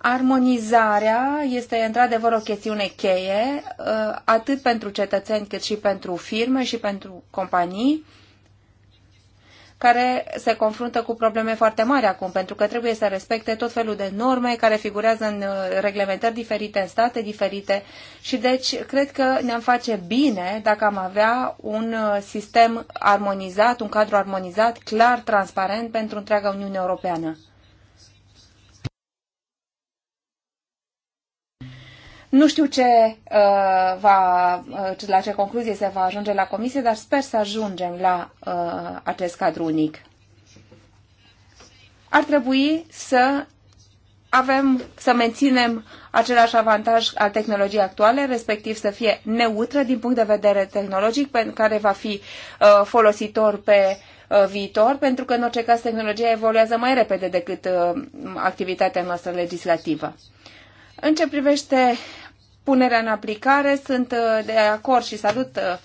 Armonizarea este într-adevăr o chestiune cheie, uh, atât pentru cetățeni cât și pentru firme și pentru companii care se confruntă cu probleme foarte mari acum, pentru că trebuie să respecte tot felul de norme care figurează în uh, reglementări diferite, în state diferite și deci cred că ne-am face bine dacă am avea un uh, sistem armonizat, un cadru armonizat, clar, transparent pentru întreaga Uniune Europeană. Nu știu ce, uh, va, uh, la ce concluzie se va ajunge la comisie, dar sper să ajungem la uh, acest cadru unic. Ar trebui să avem să menținem același avantaj al tehnologiei actuale, respectiv să fie neutră din punct de vedere tehnologic, pentru care va fi uh, folositor pe uh, viitor, pentru că în orice caz tehnologia evoluează mai repede decât uh, activitatea noastră legislativă. În ce privește punerea în aplicare. Sunt uh, de acord și salut uh,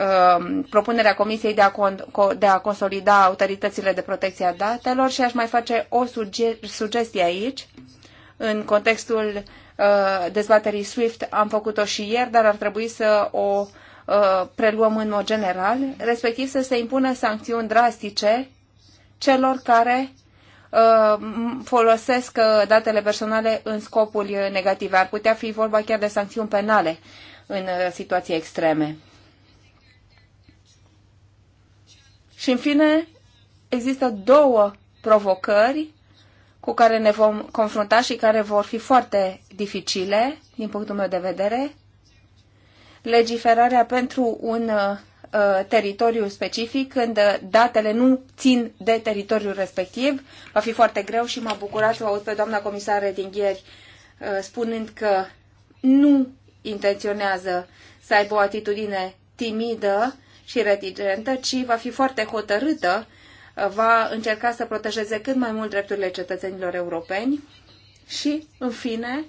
uh, propunerea Comisiei de a, con- de a consolida autoritățile de protecție a datelor și aș mai face o suge- sugestie aici. În contextul dezbaterii SWIFT am făcut-o și ieri, dar ar trebui să o preluăm în mod general, respectiv să se impună sancțiuni drastice celor care Uh, folosesc uh, datele personale în scopuri uh, negative. Ar putea fi vorba chiar de sancțiuni penale în situații extreme. Și în fine, există două provocări cu care ne vom confrunta și care vor fi foarte dificile din punctul meu de vedere. Legiferarea pentru un Uh, teritoriu specific când uh, datele nu țin de teritoriul respectiv. Va fi foarte greu și m-a bucurat să aud pe doamna Comisară din ieri uh, spunând că nu intenționează să aibă o atitudine timidă și retigentă, ci va fi foarte hotărâtă, va încerca să protejeze cât mai mult drepturile cetățenilor europeni și, în fine,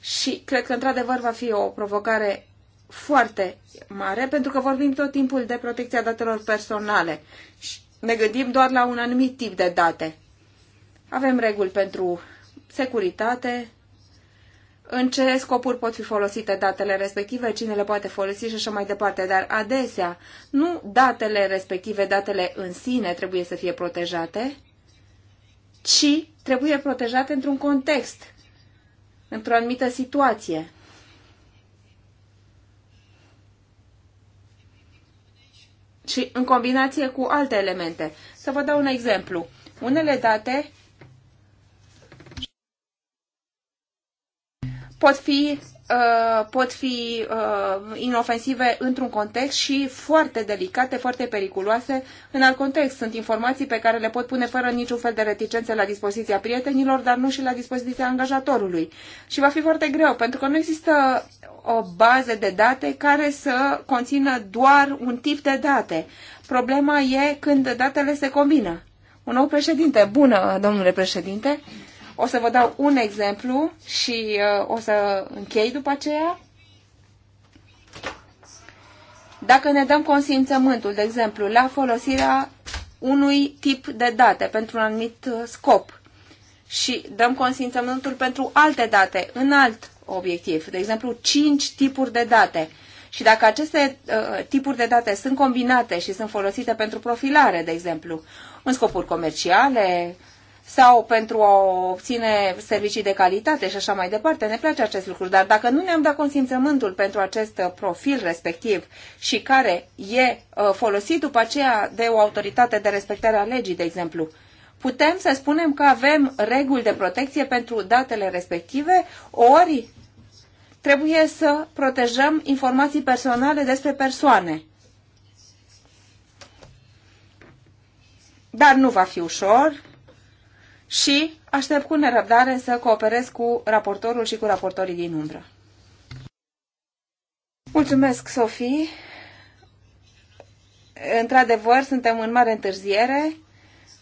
și cred că într-adevăr va fi o provocare foarte mare, pentru că vorbim tot timpul de protecția datelor personale și ne gândim doar la un anumit tip de date. Avem reguli pentru securitate, în ce scopuri pot fi folosite datele respective, cine le poate folosi și așa mai departe, dar adesea nu datele respective, datele în sine trebuie să fie protejate, ci trebuie protejate într-un context, într-o anumită situație. ci în combinație cu alte elemente. Să vă dau un exemplu. Unele date pot fi Uh, pot fi uh, inofensive într-un context și foarte delicate, foarte periculoase în alt context. Sunt informații pe care le pot pune fără niciun fel de reticențe la dispoziția prietenilor, dar nu și la dispoziția angajatorului. Și va fi foarte greu, pentru că nu există o bază de date care să conțină doar un tip de date. Problema e când datele se combină. Un nou președinte. Bună, domnule președinte. O să vă dau un exemplu și uh, o să închei după aceea. Dacă ne dăm consimțământul, de exemplu, la folosirea unui tip de date pentru un anumit uh, scop și dăm consimțământul pentru alte date, în alt obiectiv, de exemplu, cinci tipuri de date, și dacă aceste uh, tipuri de date sunt combinate și sunt folosite pentru profilare, de exemplu, în scopuri comerciale, sau pentru a obține servicii de calitate și așa mai departe. Ne place acest lucru, dar dacă nu ne-am dat consimțământul pentru acest uh, profil respectiv și care e uh, folosit după aceea de o autoritate de respectare a legii, de exemplu, putem să spunem că avem reguli de protecție pentru datele respective, ori trebuie să protejăm informații personale despre persoane. Dar nu va fi ușor, și aștept cu nerăbdare să cooperez cu raportorul și cu raportorii din umbră. Mulțumesc, Sofie! Într-adevăr, suntem în mare întârziere,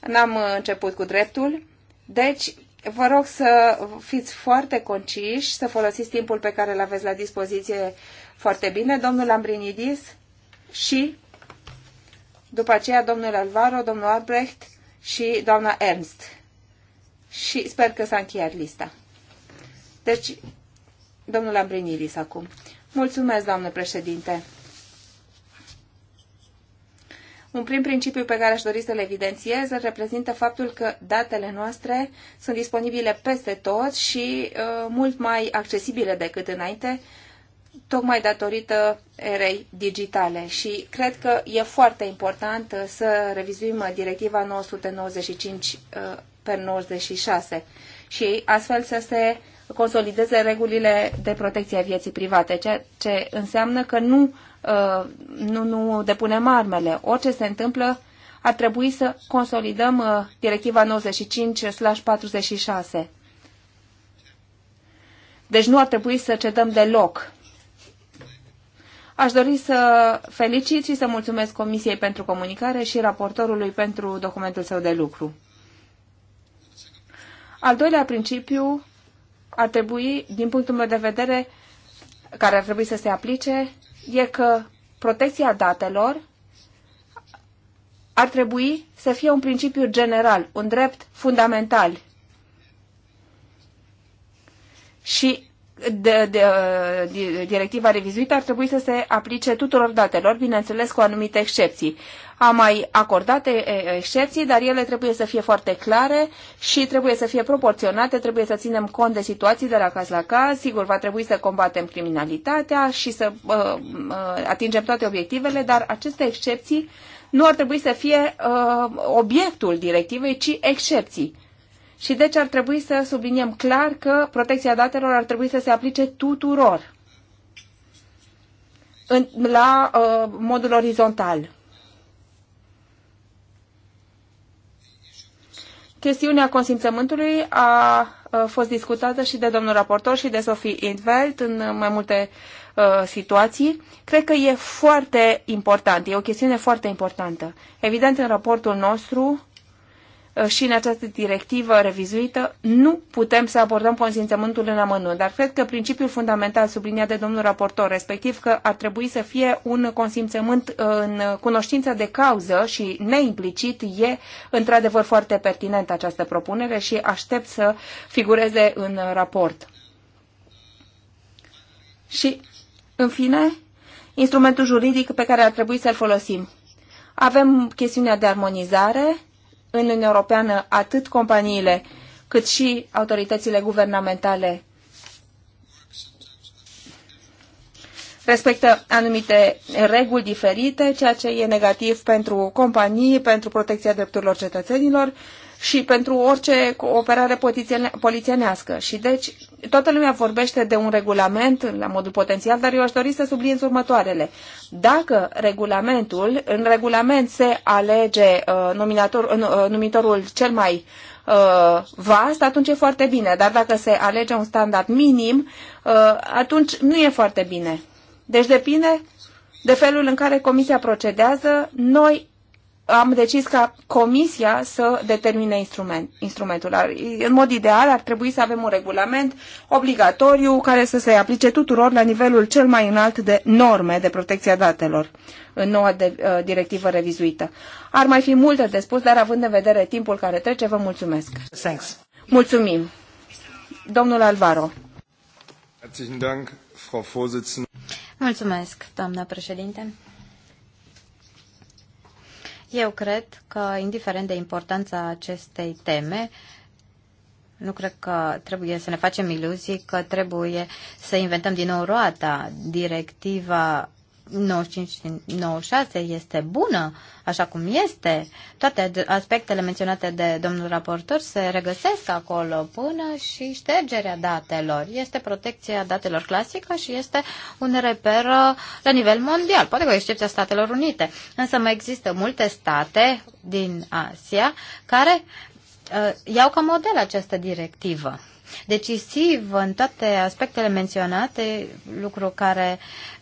n-am început cu dreptul, deci vă rog să fiți foarte conciși, să folosiți timpul pe care îl aveți la dispoziție foarte bine, domnul Ambrinidis și după aceea domnul Alvaro, domnul Albrecht și doamna Ernst și sper că s-a încheiat lista. Deci, domnul Ambriniris acum. Mulțumesc, doamnă președinte. Un prim principiu pe care aș dori să-l evidențiez îl reprezintă faptul că datele noastre sunt disponibile peste tot și uh, mult mai accesibile decât înainte, tocmai datorită erei digitale. Și cred că e foarte important uh, să revizuim directiva 995 pe 96 și astfel să se consolideze regulile de protecție a vieții private, ceea ce înseamnă că nu, uh, nu, nu depunem armele. Orice se întâmplă, ar trebui să consolidăm uh, directiva 95-46. Deci nu ar trebui să cedăm deloc. Aș dori să felicit și să mulțumesc Comisiei pentru comunicare și raportorului pentru documentul său de lucru. Al doilea principiu ar trebui, din punctul meu de vedere, care ar trebui să se aplice, e că protecția datelor ar trebui să fie un principiu general, un drept fundamental. Și de, de, de, directiva revizuită ar trebui să se aplice tuturor datelor, bineînțeles cu anumite excepții. Am mai acordat excepții, dar ele trebuie să fie foarte clare și trebuie să fie proporționate, trebuie să ținem cont de situații de la caz la caz. Sigur, va trebui să combatem criminalitatea și să uh, uh atingem toate obiectivele, dar aceste excepții nu ar trebui să fie uh, obiectul directivei, ci excepții și deci ar trebui să subliniem clar că protecția datelor ar trebui să se aplice tuturor în, la uh, modul orizontal. Chestiunea consimțământului a uh, fost discutată și de domnul raportor și de Sophie Intveld în mai multe uh, situații. Cred că e foarte important, e o chestiune foarte importantă. Evident, în raportul nostru Uh, și în această directivă revizuită nu putem să abordăm consimțământul în amănunt, dar cred că principiul fundamental subliniat de domnul raportor, respectiv că ar trebui să fie un consimțământ uh, în cunoștință de cauză și neimplicit, e într-adevăr foarte pertinent această propunere și aștept să figureze în raport. Și, în fine, instrumentul juridic pe care ar trebui să-l folosim. Avem chestiunea de armonizare, în Uniunea Europeană atât companiile cât și autoritățile guvernamentale respectă anumite reguli diferite, ceea ce e negativ pentru companii, pentru protecția drepturilor cetățenilor și pentru orice operare polițienească. Și deci toată lumea vorbește de un regulament la modul potențial, dar eu aș dori să subliniez următoarele. Dacă regulamentul, în regulament se alege uh, nominator, uh, numitorul cel mai uh, vast, atunci e foarte bine. Dar dacă se alege un standard minim, uh, atunci nu e foarte bine. Deci depinde de felul în care comisia procedează, noi am decis ca comisia să determine instrument, instrumentul. Ar, în mod ideal ar trebui să avem un regulament obligatoriu care să se aplice tuturor la nivelul cel mai înalt de norme de protecția datelor în noua de, uh, directivă revizuită. Ar mai fi multe de spus, dar având în vedere timpul care trece, vă mulțumesc. Thanks. Mulțumim. Domnul Alvaro. Mulțumesc, doamna președinte. Eu cred că, indiferent de importanța acestei teme, nu cred că trebuie să ne facem iluzii că trebuie să inventăm din nou roata. Directiva 95-96 este bună, așa cum este. Toate aspectele menționate de domnul raportor se regăsesc acolo până și ștergerea datelor. Este protecția datelor clasică și este un reper uh, la nivel mondial, poate cu excepția Statelor Unite. Însă mai există multe state din Asia care uh, iau ca model această directivă decisiv în toate aspectele menționate, lucru care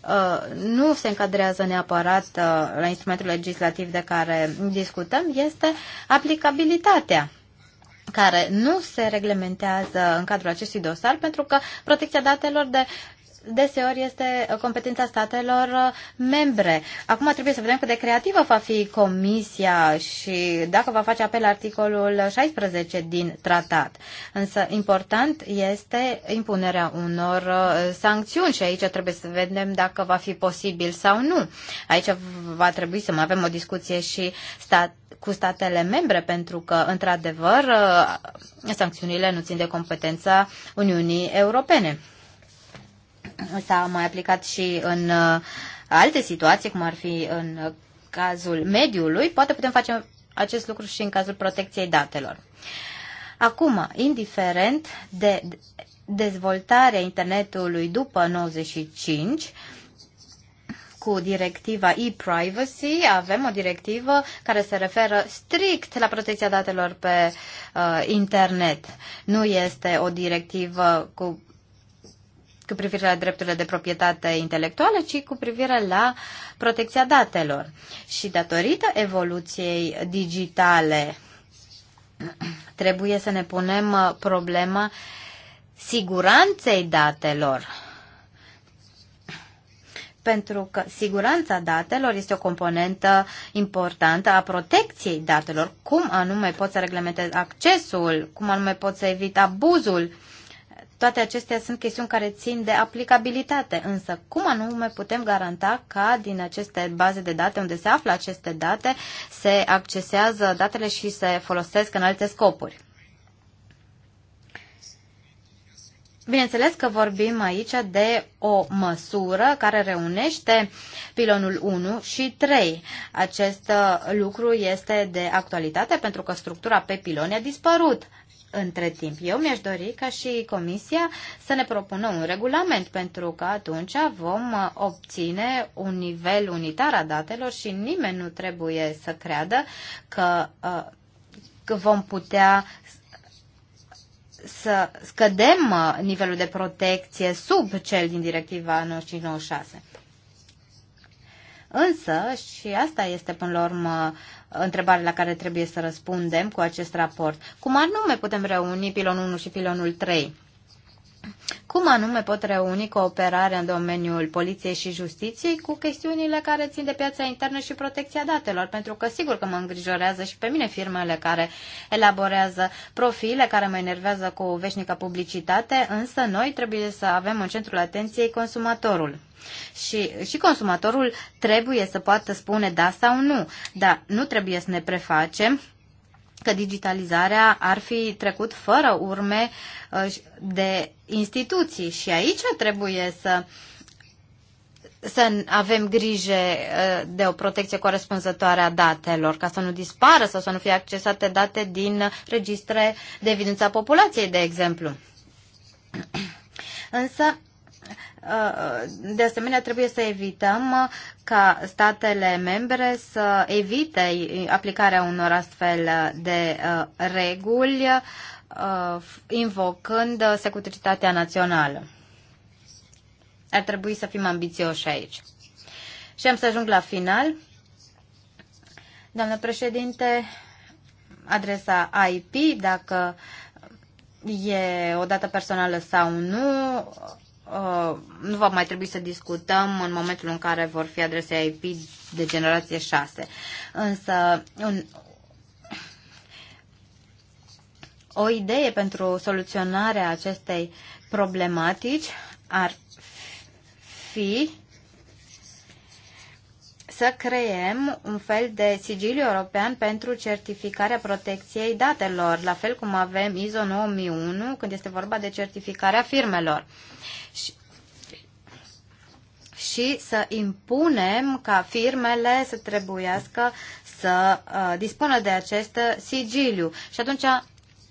uh, nu se încadrează neapărat uh, la instrumentul legislativ de care discutăm, este aplicabilitatea care nu se reglementează în cadrul acestui dosar pentru că protecția datelor de deseori este competența statelor membre. Acum trebuie să vedem cât de creativă va fi Comisia și dacă va face apel articolul 16 din tratat. Însă important este impunerea unor uh, sancțiuni și aici trebuie să vedem dacă va fi posibil sau nu. Aici va trebui să mai avem o discuție și stat, cu statele membre, pentru că, într-adevăr, uh, sancțiunile nu țin de competența Uniunii Europene s-a mai aplicat și în uh, alte situații, cum ar fi în uh, cazul mediului, poate putem face acest lucru și în cazul protecției datelor. Acum, indiferent de dezvoltarea internetului după 95, cu directiva e-privacy, avem o directivă care se referă strict la protecția datelor pe uh, internet. Nu este o directivă cu cu privire la drepturile de proprietate intelectuală, ci cu privire la protecția datelor. Și datorită evoluției digitale trebuie să ne punem uh, problema siguranței datelor. Pentru că siguranța datelor este o componentă importantă a protecției datelor. Cum anume poți să reglementezi accesul, cum anume poți să eviti abuzul uh, toate acestea sunt chestiuni care țin de aplicabilitate, însă cum anume putem garanta ca din aceste baze de date, unde se află aceste date, se accesează datele și se folosesc în alte scopuri? Bineînțeles că vorbim aici de o măsură care reunește pilonul 1 și 3. Acest lucru este de actualitate pentru că structura pe pilon a dispărut între timp. Eu mi-aș dori ca și Comisia să ne propună un regulament, pentru că atunci vom uh, obține un nivel unitar a datelor și nimeni nu trebuie să creadă că, uh, că vom putea să scădem uh, nivelul de protecție sub cel din directiva 9596. Însă, și asta este până la urmă întrebarea la care trebuie să răspundem cu acest raport, cum anume putem reuni pilonul 1 și pilonul 3? cum anume pot reuni cooperarea în domeniul poliției și justiției cu chestiunile care țin de piața internă și protecția datelor, pentru că sigur că mă îngrijorează și pe mine firmele care elaborează profile care mă enervează cu veșnică publicitate, însă noi trebuie să avem în centrul atenției consumatorul. Și, și consumatorul trebuie să poată spune da sau nu, dar nu trebuie să ne prefacem că digitalizarea ar fi trecut fără urme uh, de instituții și aici trebuie să să avem grijă uh, de o protecție corespunzătoare a datelor, ca să nu dispară sau să nu fie accesate date din registre de evidență a populației, de exemplu. Însă, Uh, de asemenea, trebuie să evităm uh, ca statele membre să evite aplicarea unor astfel uh, de reguli, invocând securitatea națională. Ar trebui să fim ambițioși aici. Și am să ajung la final. Doamnă președinte, adresa IP, dacă e o dată personală sau nu, Uh, nu va mai trebui să discutăm în momentul în care vor fi adrese IP de generație 6. Însă un, o idee pentru soluționarea acestei problematici ar fi să creem un fel de sigiliu european pentru certificarea protecției datelor, la fel cum avem ISO 9001 când este vorba de certificarea firmelor. Și, și să impunem ca firmele să trebuiască să uh, dispună de acest sigiliu. Și atunci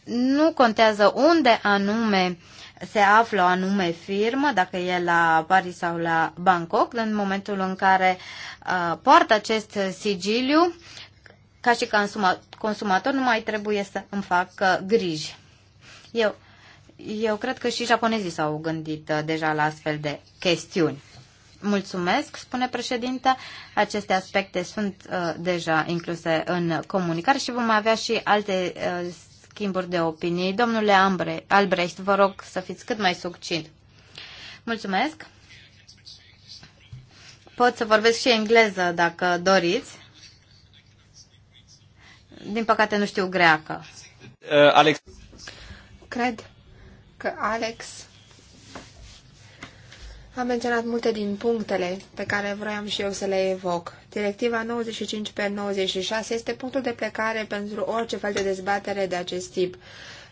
nu contează unde anume uh, se află o anume firmă, dacă e la Paris sau la Bangkok, în momentul în care uh, poartă acest sigiliu, ca și ca consumator, nu mai trebuie să îmi fac uh, griji. Eu, eu cred că și japonezii s-au gândit uh, deja la astfel de chestiuni. Mulțumesc, spune președinte. Aceste aspecte sunt uh, deja incluse în comunicare și vom avea și alte uh, schimburi de opinii. Domnule Ambre, Albrecht, vă rog să fiți cât mai succint. Mulțumesc. Pot să vorbesc și engleză dacă doriți. Din păcate nu știu greacă. Uh, Alex. Cred că Alex am menționat multe din punctele pe care vroiam și eu să le evoc. Directiva 95 pe 96 este punctul de plecare pentru orice fel de dezbatere de acest tip.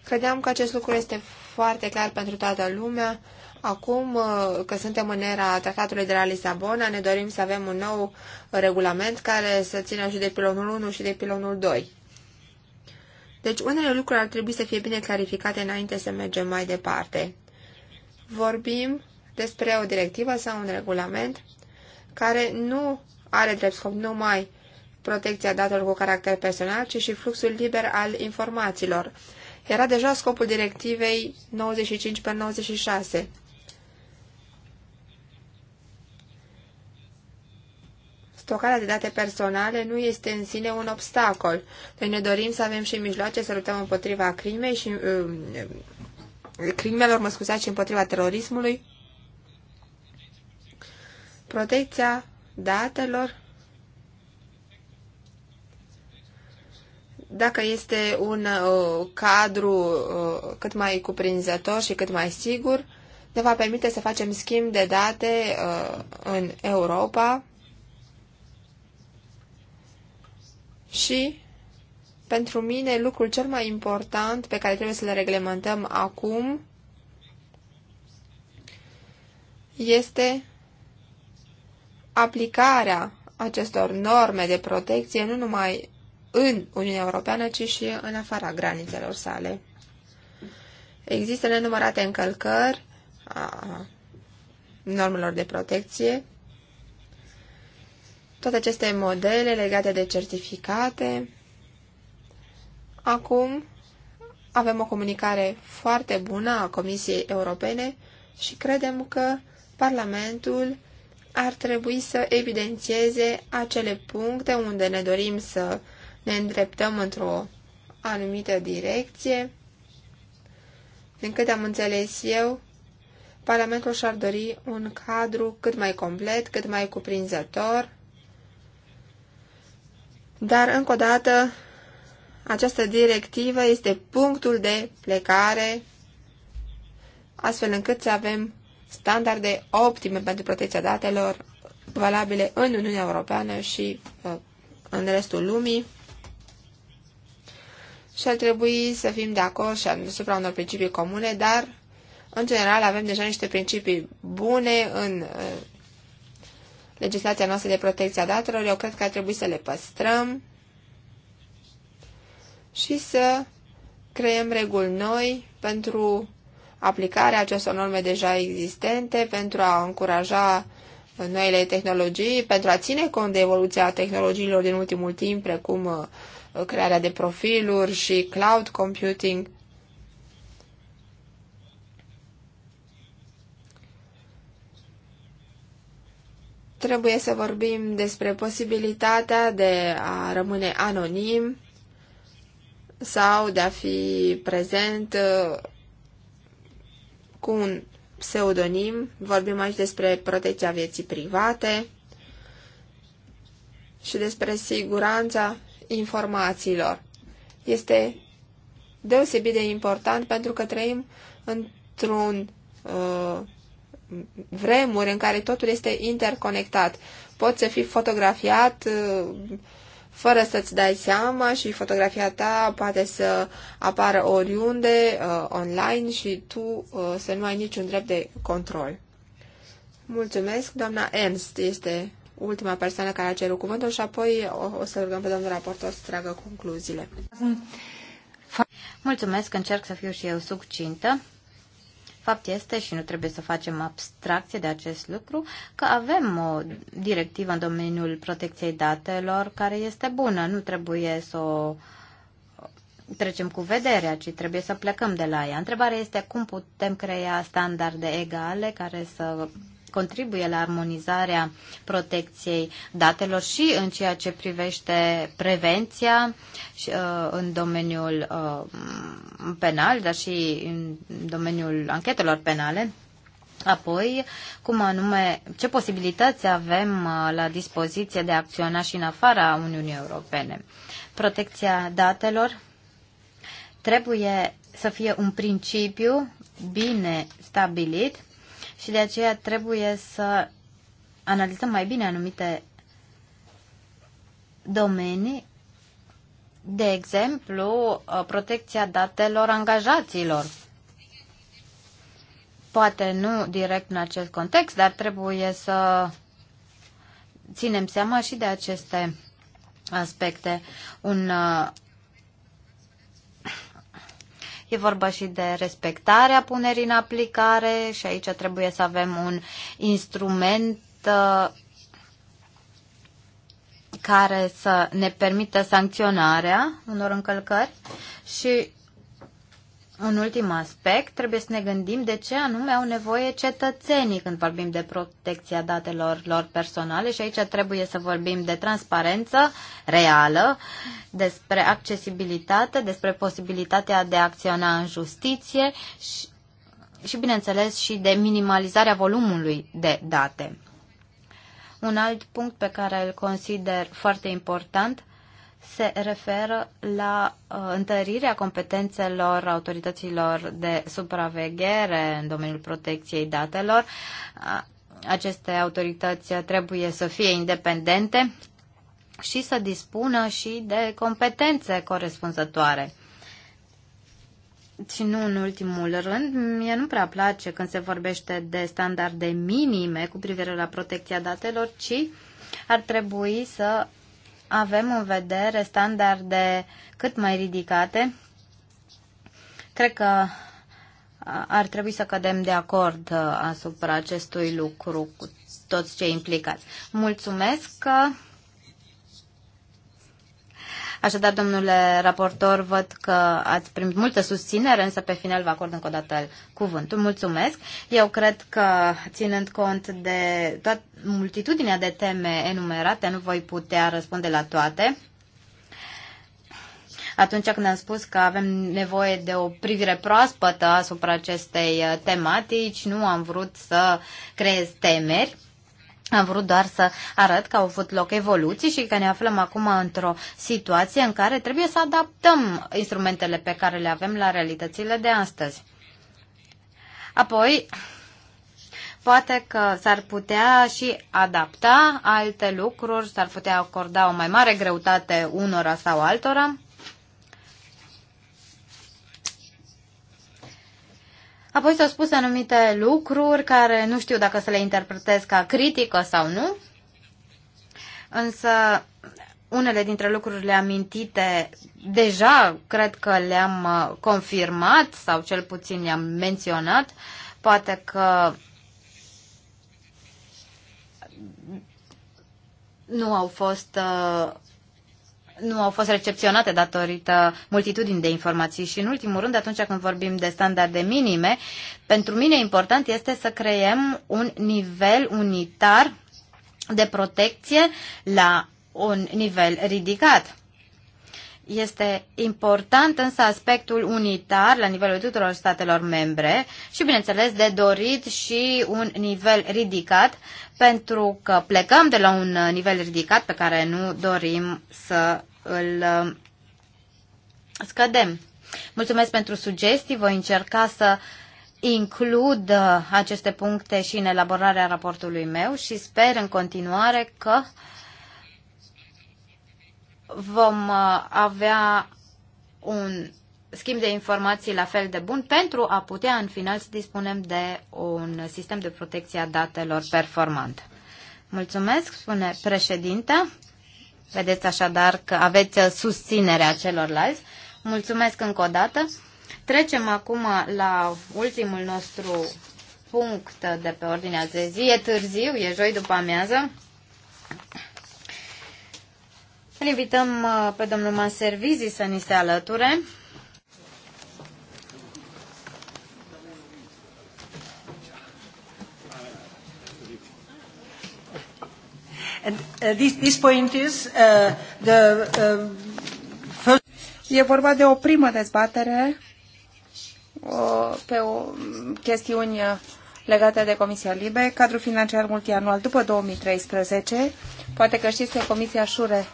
Credeam că acest lucru este foarte clar pentru toată lumea. Acum uh, că suntem în era tratatului de la Lisabona, ne dorim să avem un nou regulament care să țină și de pilonul 1 și de pilonul 2. Deci unele lucruri ar trebui să fie bine clarificate înainte să mergem mai departe. Vorbim despre o directivă sau un regulament care nu are drept scop numai protecția datelor cu caracter personal, ci și fluxul liber al informațiilor. Era deja scopul directivei 95 pe 96. Stocarea de date personale nu este în sine un obstacol. Noi ne dorim să avem și mijloace să luptăm împotriva crimei și uh, crimelor, mă scuzați, și împotriva terorismului, protecția datelor, dacă este un uh, cadru uh, cât mai cuprinzător și cât mai sigur, ne va permite să facem schimb de date uh, în Europa și pentru mine lucrul cel mai important pe care trebuie să le reglementăm acum este aplicarea acestor norme de protecție nu numai în Uniunea Europeană, ci și în afara granițelor sale. Există nenumărate încălcări a normelor de protecție, toate aceste modele legate de certificate. Acum avem o comunicare foarte bună a Comisiei Europene și credem că Parlamentul ar trebui să evidențieze acele puncte unde ne dorim să ne îndreptăm într-o anumită direcție. Din câte am înțeles eu, Parlamentul și-ar dori un cadru cât mai complet, cât mai cuprinzător, dar, încă o dată, această directivă este punctul de plecare, astfel încât să avem standarde optime pentru protecția datelor valabile în Uniunea Europeană și uh, în restul lumii și ar trebui să fim de acord și asupra unor principii comune, dar în general avem deja niște principii bune în uh, legislația noastră de protecție a datelor. Eu cred că ar trebui să le păstrăm și să creăm reguli noi pentru aplicarea acestor norme deja existente pentru a încuraja noile tehnologii, pentru a ține cont de evoluția tehnologiilor din ultimul timp, precum uh, crearea de profiluri și cloud computing. Trebuie să vorbim despre posibilitatea de a rămâne anonim sau de a fi prezent uh, cu un pseudonim, vorbim aici despre protecția vieții private și despre siguranța informațiilor. Este deosebit de important pentru că trăim într-un uh, vremuri în care totul este interconectat. Poți să fii fotografiat uh, fără să-ți dai seama și fotografia ta poate să apară oriunde, uh, online și tu uh, să nu ai niciun drept de control. Mulțumesc, doamna Ernst este ultima persoană care a cerut cuvântul și apoi o, o să rugăm pe domnul raportor să tragă concluziile. Mulțumesc, încerc să fiu și eu succintă. Fapt este, și nu trebuie să facem abstracție de acest lucru, că avem o directivă în domeniul protecției datelor care este bună. Nu trebuie să o trecem cu vederea, ci trebuie să plecăm de la ea. Întrebarea este cum putem crea standarde egale care să contribuie la armonizarea protecției datelor și în ceea ce privește prevenția uh, în domeniul uh, penal, dar și în domeniul anchetelor penale. Apoi, cum anume, ce posibilități avem uh, la dispoziție de a acționa și în afara Uniunii Europene? Protecția datelor trebuie să fie un principiu bine stabilit și de aceea trebuie să analizăm mai bine anumite domenii, de exemplu, uh, protecția datelor angajaților. Poate nu direct în acest context, dar trebuie să ținem seama și de aceste aspecte. Un uh, E vorba și de respectarea punerii în aplicare și aici trebuie să avem un instrument uh, care să ne permită sancționarea unor încălcări și un ultim aspect, trebuie să ne gândim de ce anume au nevoie cetățenii când vorbim de protecția datelor lor personale și aici trebuie să vorbim de transparență reală, despre accesibilitate, despre posibilitatea de a acționa în justiție și, și bineînțeles și de minimalizarea volumului de date. Un alt punct pe care îl consider foarte important se referă la uh, întărirea competențelor autorităților de supraveghere în domeniul protecției datelor. Aceste autorități trebuie să fie independente și să dispună și de competențe corespunzătoare. Și nu în ultimul rând, mie nu prea place când se vorbește de standarde minime cu privire la protecția datelor, ci ar trebui să avem în vedere standarde cât mai ridicate, cred că ar trebui să cădem de acord asupra acestui lucru cu toți cei implicați. Mulțumesc! Că Așadar, domnule raportor, văd că ați primit multă susținere, însă pe final vă acord încă o dată cuvântul. Mulțumesc. Eu cred că, ținând cont de toată multitudinea de teme enumerate, nu voi putea răspunde la toate atunci când am spus că avem nevoie de o privire proaspătă asupra acestei tematici, nu am vrut să creez temeri. Am vrut doar să arăt că au avut loc evoluții și că ne aflăm acum într-o situație în care trebuie să adaptăm instrumentele pe care le avem la realitățile de astăzi. Apoi, poate că s-ar putea și adapta alte lucruri, s-ar putea acorda o mai mare greutate unora sau altora. Apoi s-au spus anumite lucruri care nu știu dacă să le interpretez ca critică sau nu, însă unele dintre lucrurile amintite deja cred că le-am uh, confirmat sau cel puțin le-am menționat. Poate că nu au fost uh, nu au fost recepționate datorită multitudinii de informații și, în ultimul rând, atunci când vorbim de standarde minime, pentru mine important este să creăm un nivel unitar de protecție la un nivel ridicat. Este important însă aspectul unitar la nivelul tuturor statelor membre și, bineînțeles, de dorit și un nivel ridicat pentru că plecăm de la un uh, nivel ridicat pe care nu dorim să îl uh, scădem. Mulțumesc pentru sugestii, voi încerca să includ uh, aceste puncte și în elaborarea raportului meu și sper în continuare că vom avea un schimb de informații la fel de bun pentru a putea în final să dispunem de un sistem de protecție a datelor performant. Mulțumesc, spune președinta. Vedeți așadar că aveți susținerea celorlalți. Mulțumesc încă o dată. Trecem acum la ultimul nostru punct de pe ordinea de zi. E târziu, e joi după amiază. Îl invităm uh, pe domnul Maservizi să ni se alăture. And, uh, this, this point is, uh, the, uh, first... E vorba de o primă dezbatere o, pe o, chestiuni uh, legate de Comisia Libe, cadrul financiar multianual după 2013. Poate că știți că Comisia Șure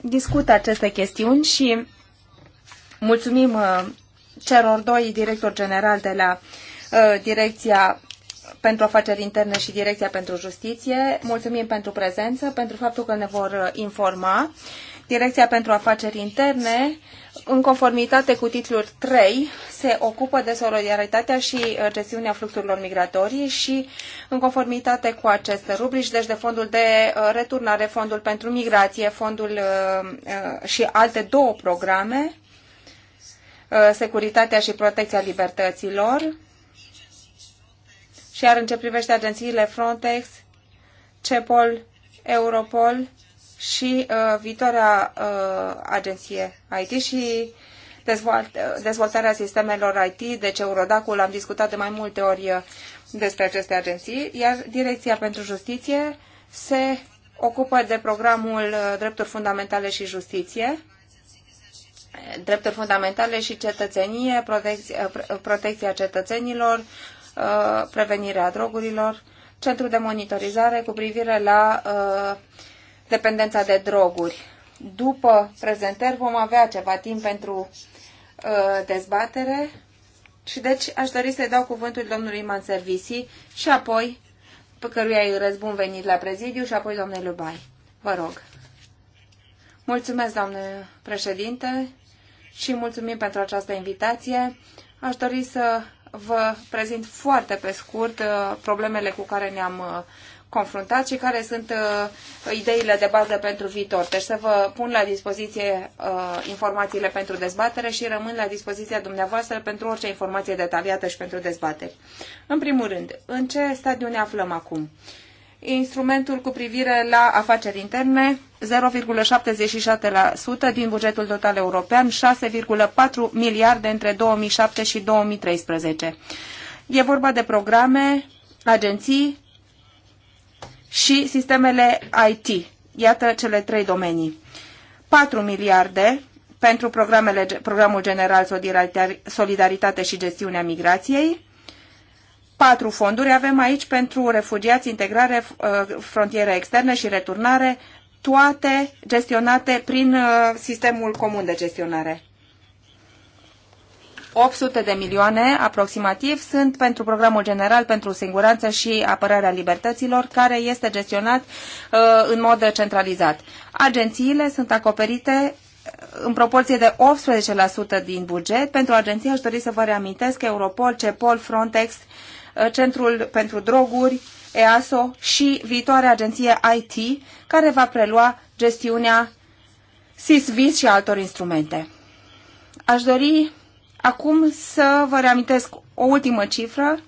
discută aceste chestiuni și mulțumim uh, celor doi directori generali de la uh, Direcția pentru Afaceri Interne și Direcția pentru Justiție. Mulțumim pentru prezență, pentru faptul că ne vor informa. Direcția pentru Afaceri Interne, în conformitate cu titlul 3, se ocupă de solidaritatea și uh, gestiunea fluxurilor migratorii și în conformitate cu aceste rubrici, deci de fondul de uh, returnare, fondul pentru migrație, fondul uh, și alte două programe, securitatea și protecția libertăților, și iar în ce privește agențiile Frontex, CEPOL, Europol și uh, viitoarea uh, agenție IT și dezvolt, uh, dezvoltarea sistemelor IT, deci Eurodacul, am discutat de mai multe ori uh, despre aceste agenții, iar Direcția pentru Justiție se ocupă de programul uh, Drepturi Fundamentale și Justiție, drepturi fundamentale și cetățenie, protecția, protecția cetățenilor, Uh, prevenirea drogurilor, centru de monitorizare cu privire la uh, dependența de droguri. După prezentări vom avea ceva timp pentru uh, dezbatere și deci aș dori să-i dau cuvântul domnului Servisi și apoi pe căruia îi urez bun venit la prezidiu și apoi domnului Lubai. Vă rog. Mulțumesc, doamne președinte, și mulțumim pentru această invitație. Aș dori să vă prezint foarte pe scurt uh, problemele cu care ne-am uh, confruntat și care sunt uh, ideile de bază pentru viitor. Deci să vă pun la dispoziție informațiile pentru dezbatere și rămân la dispoziția dumneavoastră pentru orice informație detaliată și pentru dezbateri. În primul rând, în ce stadiu ne aflăm acum? instrumentul cu privire la afaceri interne, 0,77% din bugetul total european, 6,4 miliarde între 2007 și 2013. E vorba de programe, agenții și sistemele IT. Iată cele trei domenii. 4 miliarde pentru programele, programul general Solidaritate și gestiunea migrației, patru fonduri avem aici pentru refugiați, integrare, uh, frontiere externe și returnare, toate gestionate prin uh, sistemul comun de gestionare. 800 de milioane aproximativ sunt pentru programul general pentru siguranță și apărarea libertăților, care este gestionat uh, în mod centralizat. Agențiile sunt acoperite în proporție de 18% din buget. Pentru agenții aș dori să vă reamintesc că Europol, CEPOL, Frontex, uh, Uh, Centrul pentru Droguri, EASO și viitoarea agenție IT, care va prelua gestiunea SISVIS și altor instrumente. Aș dori acum să vă reamintesc o ultimă cifră.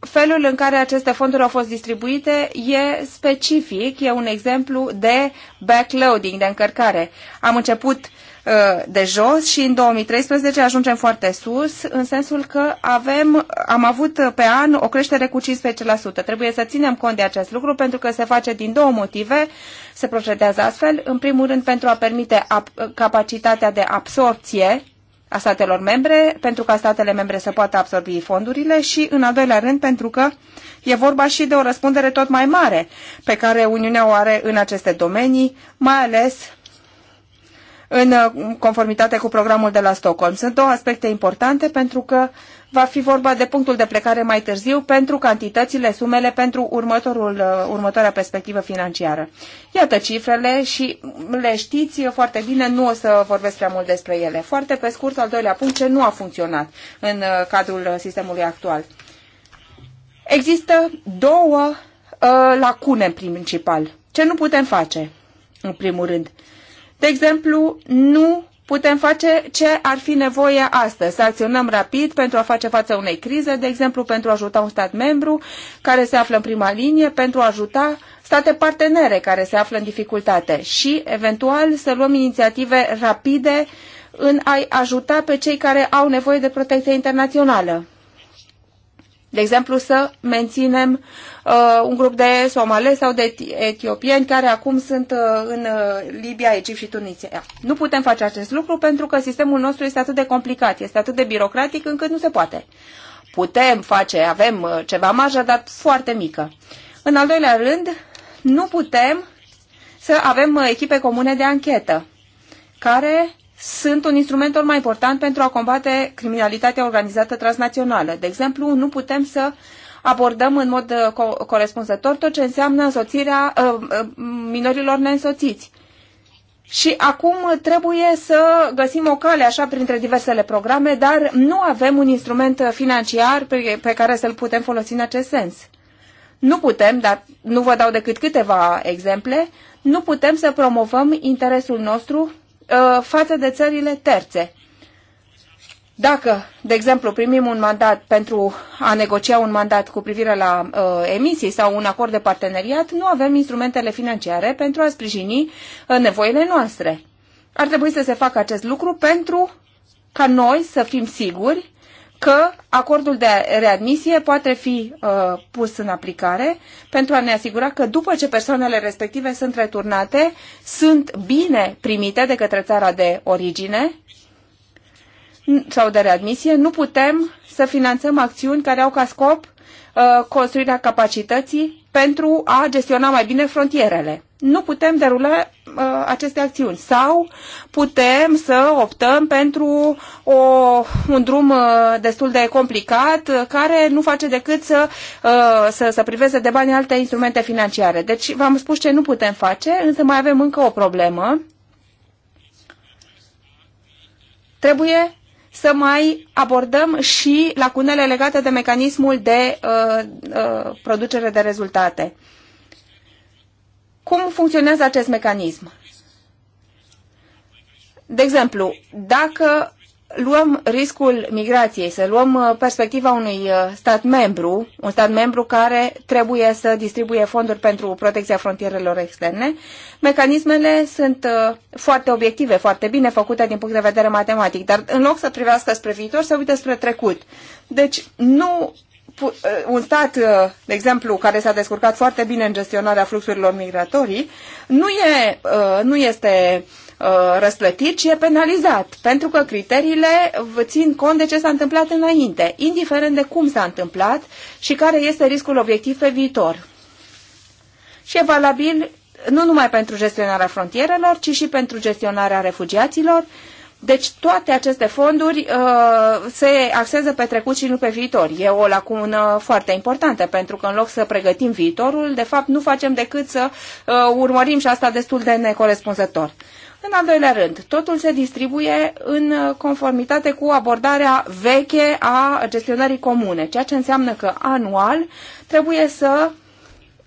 Felul în care aceste fonduri au fost distribuite e specific, e un exemplu de backloading, de încărcare. Am început Uh, de jos și în 2013 ajungem foarte sus, în sensul că avem, am avut pe an o creștere cu 15%. Trebuie să ținem cont de acest lucru pentru că se face din două motive, se procedează astfel. În primul rând pentru a permite capacitatea de absorție a statelor membre, pentru ca statele membre să poată absorbi fondurile și, în al doilea rând, pentru că e vorba și de o răspundere tot mai mare pe care Uniunea o are în aceste domenii, mai ales în uh, conformitate cu programul de la Stockholm. Sunt două aspecte importante pentru că va fi vorba de punctul de plecare mai târziu pentru cantitățile, sumele pentru următorul, uh, următoarea perspectivă financiară. Iată cifrele și le știți foarte bine, nu o să vorbesc prea mult despre ele. Foarte pe scurt, al doilea punct, ce nu a funcționat în uh, cadrul sistemului actual. Există două uh, lacune în principal. Ce nu putem face, în primul rând? Uh, de exemplu, nu putem face ce ar fi nevoie astăzi. Să acționăm rapid pentru a face față unei crize, de exemplu pentru a ajuta un stat membru care se află în prima linie, pentru a ajuta state partenere care se află în dificultate și, eventual, să luăm inițiative rapide în a-i ajuta pe cei care au nevoie de protecție internațională. De exemplu, să menținem uh, un grup de somale sau de etiopieni care acum sunt uh, în uh, Libia, Egipt și Tunisia. Nu putem face acest lucru pentru că sistemul nostru este atât de complicat, este atât de birocratic încât nu se poate. Putem face, avem uh, ceva marjă, dar foarte mică. În al doilea rând, nu putem să avem uh, echipe comune de anchetă care sunt un instrument mai important pentru a combate criminalitatea organizată transnațională. De exemplu, nu putem să abordăm în mod uh, co- corespunzător tot ce înseamnă însoțirea uh, uh, minorilor neînsoțiți. Și acum trebuie să găsim o cale așa printre diversele programe, dar nu avem un instrument uh, financiar pe, pe care să-l putem folosi în acest sens. Nu putem, dar nu vă dau decât câteva exemple, nu putem să promovăm interesul nostru Uh, față de țările terțe. Dacă, de exemplu, primim un mandat pentru a negocia un mandat cu privire la uh, emisii sau un acord de parteneriat, nu avem instrumentele financiare pentru a sprijini uh, nevoile noastre. Ar trebui să se facă acest lucru pentru ca noi să fim siguri că acordul de readmisie poate fi uh, pus în aplicare pentru a ne asigura că după ce persoanele respective sunt returnate, sunt bine primite de către țara de origine sau de readmisie, nu putem să finanțăm acțiuni care au ca scop Uh, construirea capacității pentru a gestiona mai bine frontierele. Nu putem derula uh, aceste acțiuni sau putem să optăm pentru o, un drum uh, destul de complicat care nu face decât să, să, să priveze de bani alte instrumente financiare. Deci v-am spus ce nu putem face, însă mai avem încă o problemă. Trebuie să mai abordăm și lacunele legate de mecanismul de uh, uh, producere de rezultate. Cum funcționează acest mecanism? De exemplu, dacă luăm riscul migrației, să luăm uh, perspectiva unui uh, stat membru, un stat membru care trebuie să distribuie fonduri pentru protecția frontierelor externe, mecanismele sunt uh, foarte obiective, foarte bine făcute din punct de vedere matematic, dar în loc să privească spre viitor, să uite spre trecut. Deci nu un stat, de exemplu, care s-a descurcat foarte bine în gestionarea fluxurilor migratorii, nu, e, nu este Uh, răsplătit și e penalizat, pentru că criteriile țin cont de ce s-a întâmplat înainte, indiferent de cum s-a întâmplat și care este riscul obiectiv pe viitor. Și e valabil nu numai pentru gestionarea frontierelor, ci și pentru gestionarea refugiaților. Deci toate aceste fonduri uh, se axează pe trecut și nu pe viitor. E o lacună foarte importantă, pentru că în loc să pregătim viitorul, de fapt nu facem decât să uh, urmărim și asta destul de necorespunzător. În al doilea rând, totul se distribuie în uh, conformitate cu abordarea veche a gestionării comune, ceea ce înseamnă că anual trebuie să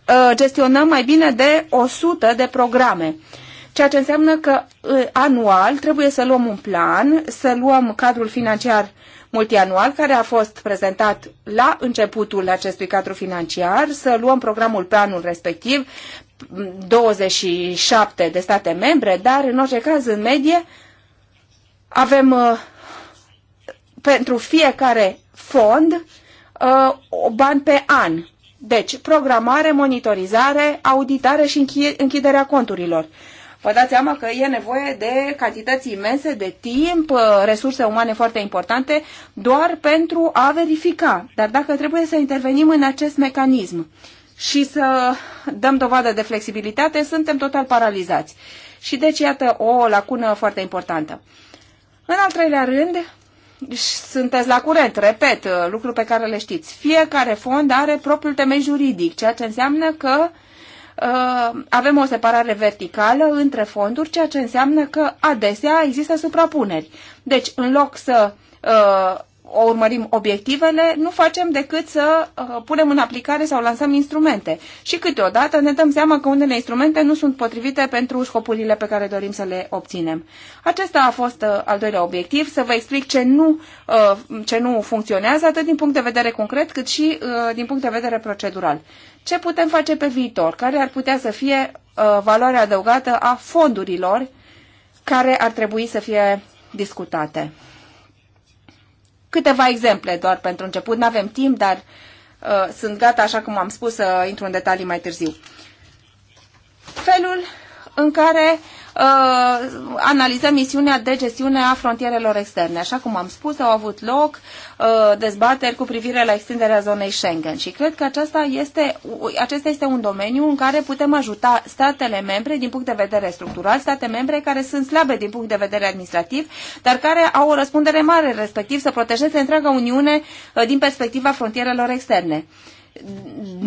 uh, gestionăm mai bine de 100 de programe ceea ce înseamnă că uh, anual trebuie să luăm un plan, să luăm cadrul financiar multianual care a fost prezentat la începutul acestui cadru financiar, să luăm programul planul respectiv, 27 de state membre, dar în orice caz, în medie, avem uh, pentru fiecare fond uh, bani pe an. Deci, programare, monitorizare, auditare și închiderea conturilor. Vă dați seama că e nevoie de cantități imense de timp, uh, resurse umane foarte importante, doar pentru a verifica. Dar dacă trebuie să intervenim în acest mecanism, uh, și să dăm dovadă de flexibilitate, suntem total paralizați. Și deci, iată, o lacună foarte importantă. În al treilea rând, sunteți la curent, repet, lucruri pe care le știți. Fiecare fond are propriul temei juridic, ceea ce înseamnă că uh, avem o separare verticală între fonduri, ceea ce înseamnă că adesea există suprapuneri. Deci, în loc să uh, o urmărim obiectivele, nu facem decât să uh, punem în aplicare sau lansăm instrumente. Și câteodată ne dăm seama că unele instrumente nu sunt potrivite pentru scopurile pe care dorim să le obținem. Acesta a fost uh, al doilea obiectiv, să vă explic ce nu, uh, ce nu funcționează, atât din punct de vedere concret, cât și uh, din punct de vedere procedural. Ce putem face pe viitor? Care ar putea să fie uh, valoarea adăugată a fondurilor care ar trebui să fie discutate? Câteva exemple doar pentru început, nu avem timp, dar uh, sunt gata, așa cum am spus, să intru în detalii mai târziu. Felul în care Uh, analizăm misiunea de gestiune a frontierelor externe. Așa cum am spus, au avut loc uh, dezbateri cu privire la extinderea zonei Schengen și cred că aceasta este, acesta este un domeniu în care putem ajuta statele membre din punct de vedere structural, state membre care sunt slabe din punct de vedere administrativ, dar care au o răspundere mare, respectiv să protejeze întreaga Uniune uh, din perspectiva frontierelor externe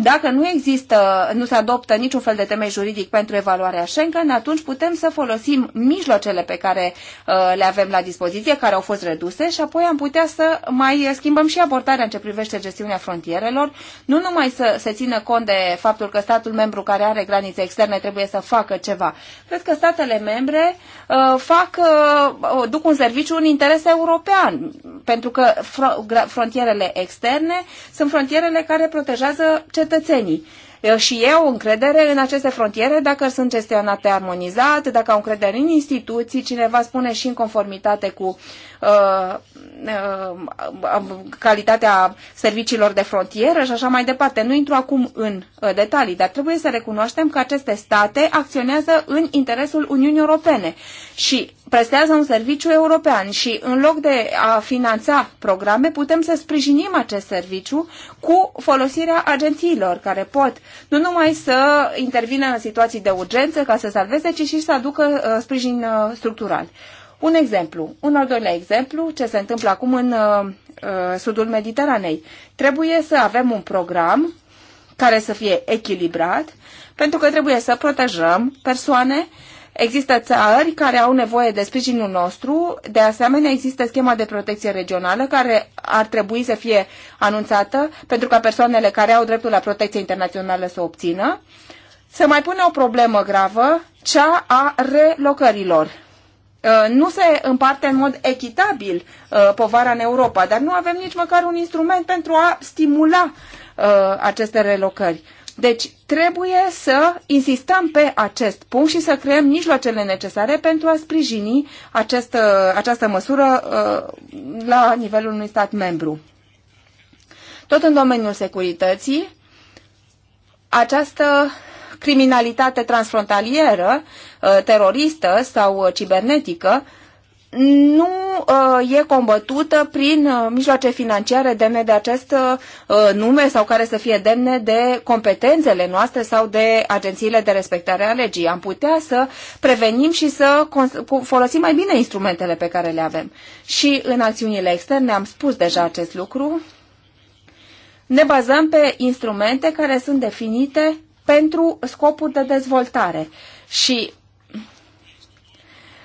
dacă nu există, nu se adoptă niciun fel de temei juridic pentru evaluarea Schengen, atunci putem să folosim mijloacele pe care uh, le avem la dispoziție, care au fost reduse și apoi am putea să mai schimbăm și abordarea în ce privește gestiunea frontierelor, nu numai să se țină cont de faptul că statul membru care are granițe externe trebuie să facă ceva. Cred că statele membre uh, fac, uh, duc un serviciu în interes european, pentru că fr frontierele externe sunt frontierele care protejează protejează cetățenii. Și ei au încredere în aceste frontiere dacă sunt gestionate armonizat, dacă au încredere în instituții, cineva spune și în conformitate cu uh, uh, um, calitatea serviciilor de frontieră și așa mai departe. Nu intru acum în uh, detalii, dar trebuie să recunoaștem că aceste state acționează în interesul Uniunii Europene și prestează un serviciu european și în loc de a finanța programe, putem să sprijinim acest serviciu cu folosirea agențiilor care pot nu numai să intervină în situații de urgență ca să salveze, ci și să aducă uh, sprijin uh, structural. Un exemplu, un al doilea exemplu, ce se întâmplă acum în uh, uh, sudul Mediteranei. Trebuie să avem un program care să fie echilibrat, pentru că trebuie să protejăm persoane uh, Există țări care au nevoie de sprijinul nostru, de asemenea există schema de protecție regională care ar trebui să fie anunțată pentru ca persoanele care au dreptul la protecție internațională să o obțină. Se mai pune o problemă gravă, cea a relocărilor uh, nu se împarte în mod echitabil uh, povara în Europa, dar nu avem nici măcar un instrument pentru a stimula uh, aceste relocări. Deci trebuie să insistăm pe acest punct și să creăm mijloacele necesare pentru a sprijini această, această măsură uh, la nivelul unui stat membru. Tot în domeniul securității, această criminalitate transfrontalieră, uh, teroristă sau cibernetică, nu uh, e combătută prin uh, mijloace financiare demne de acest uh, nume sau care să fie demne de competențele noastre sau de agențiile de respectare a legii. Am putea să prevenim și să folosim mai bine instrumentele pe care le avem. Și în acțiunile externe am spus deja acest lucru. Ne bazăm pe instrumente care sunt definite pentru scopuri de dezvoltare. Și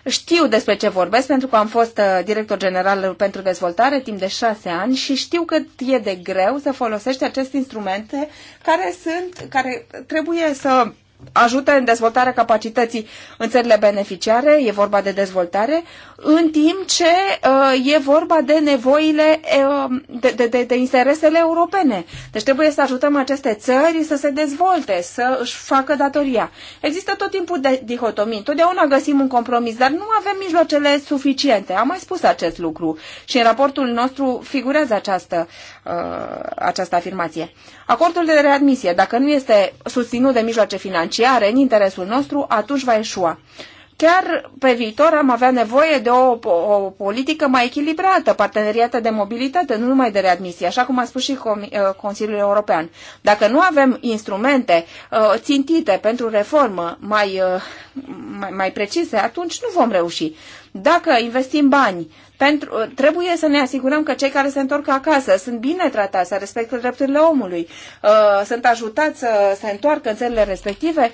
știu despre ce vorbesc pentru că am fost uh, director general pentru dezvoltare timp de șase ani și știu cât e de greu să folosești aceste instrumente care, sunt, care trebuie să ajute în dezvoltarea capacității în țările beneficiare, e vorba de dezvoltare, în timp ce uh, e vorba de nevoile, uh, de, de, de, de interesele europene. Deci trebuie să ajutăm aceste țări să se dezvolte, să își facă datoria. Există tot timpul de dihotomii, totdeauna găsim un compromis, dar nu avem mijloacele suficiente. Am mai spus acest lucru și în raportul nostru figurează această Uh, această afirmație. Acordul de readmisie, dacă nu este susținut de mijloace financiare în interesul nostru, atunci va eșua. Chiar pe viitor am avea nevoie de o, o, politică mai echilibrată, parteneriată de mobilitate, nu numai de readmisie, așa cum a spus și uh, Consiliul European. Dacă nu avem instrumente uh, țintite pentru reformă mai, mai, mai precise, atunci nu vom reuși. Dacă investim bani pentru, uh, trebuie să ne asigurăm că cei care se întorc acasă sunt bine tratați, să respectă drepturile omului, uh, sunt ajutați să se întoarcă în țările respective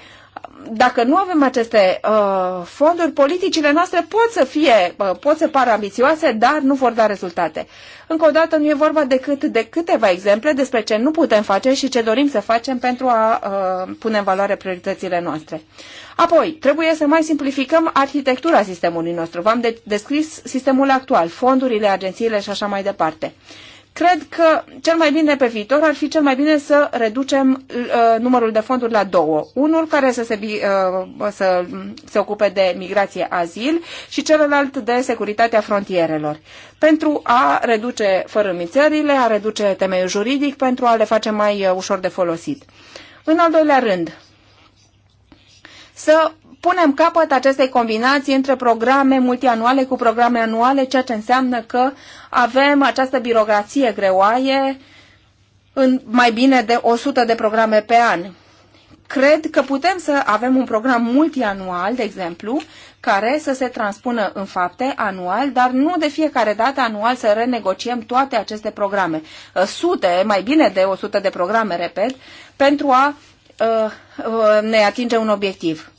dacă nu avem aceste uh, fonduri, politicile noastre pot să fie, uh, pot să pară ambițioase, dar nu vor da rezultate. Încă o dată, nu e vorba decât de câteva exemple despre ce nu putem face și ce dorim să facem pentru a uh, pune în valoare prioritățile noastre. Apoi, trebuie să mai simplificăm arhitectura sistemului nostru. V-am de- descris sistemul actual, fondurile, agențiile și așa mai departe. Uh, Cred că cel mai bine pe viitor ar fi cel mai bine să reducem uh, numărul de fonduri la două. Unul care să se, uh, să se ocupe de migrație azil și celălalt de securitatea frontierelor. Pentru a reduce fărâmițările, a reduce temeiul juridic, pentru a le face mai uh, ușor de folosit. În al doilea rând, să punem capăt acestei combinații între programe multianuale cu programe anuale, ceea ce înseamnă că avem această birocrație greoaie în mai bine de 100 de programe pe an. Cred că putem să avem un program multianual, de exemplu, care să se transpună în fapte anual, dar nu de fiecare dată anual să renegociem toate aceste programe. Ă, sute, mai bine de 100 de programe, repet, pentru a ă, ă, ne atinge un obiectiv.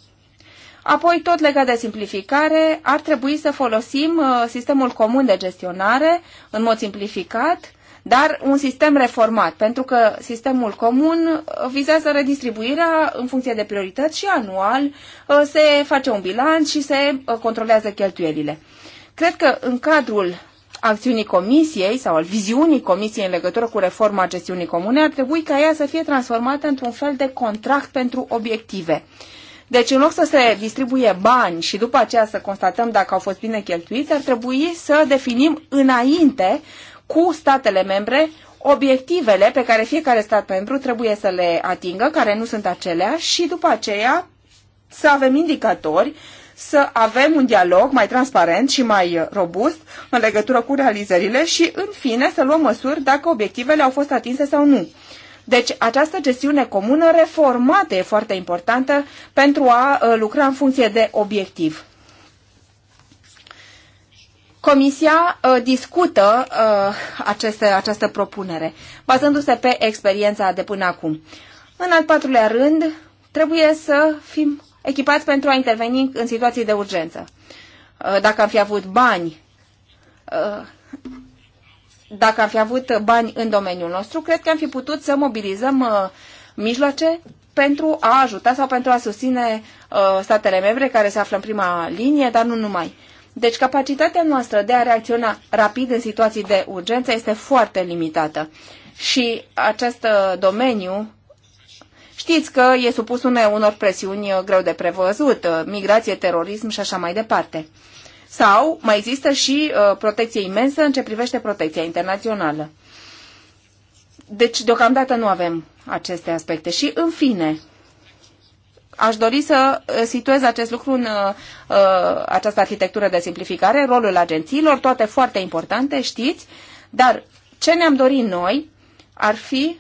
Apoi, tot legat de simplificare, ar trebui să folosim uh, sistemul comun de gestionare în mod simplificat, dar un sistem reformat, pentru că sistemul comun uh, vizează redistribuirea în funcție de priorități și anual uh, se face un bilanț și se controlează cheltuielile. Cred că în cadrul acțiunii comisiei sau al viziunii comisiei în legătură cu reforma gestiunii comune ar trebui ca ea să fie transformată într-un fel de contract pentru obiective. Deci, în loc să se distribuie bani și după aceea să constatăm dacă au fost bine cheltuiți, ar trebui să definim înainte cu statele membre obiectivele pe care fiecare stat membru trebuie să le atingă, care nu sunt acelea, și după aceea să avem indicatori, să avem un dialog mai transparent și mai robust în legătură cu realizările și, în fine, să luăm măsuri dacă obiectivele au fost atinse sau nu. Deci această gestiune comună reformată e foarte importantă pentru a uh, lucra în funcție de obiectiv. Comisia uh, discută uh, aceste, această propunere, bazându-se pe experiența de până acum. În al patrulea rând, trebuie să fim echipați pentru a interveni în situații de urgență. Uh, dacă am fi avut bani, uh, dacă am fi avut bani în domeniul nostru, cred că am fi putut să mobilizăm uh, mijloace pentru a ajuta sau pentru a susține uh, statele membre care se află în prima linie, dar nu numai. Deci capacitatea noastră de a reacționa rapid în situații de urgență este foarte limitată. Și acest uh, domeniu știți că e supus unor presiuni greu de prevăzut, migrație, terorism și așa mai departe sau mai există și uh, protecție imensă în ce privește protecția internațională. Deci, deocamdată nu avem aceste aspecte. Și, în fine, aș dori să uh, situez acest lucru în uh, uh, această arhitectură de simplificare, rolul agențiilor, toate foarte importante, știți, dar ce ne-am dorit noi ar fi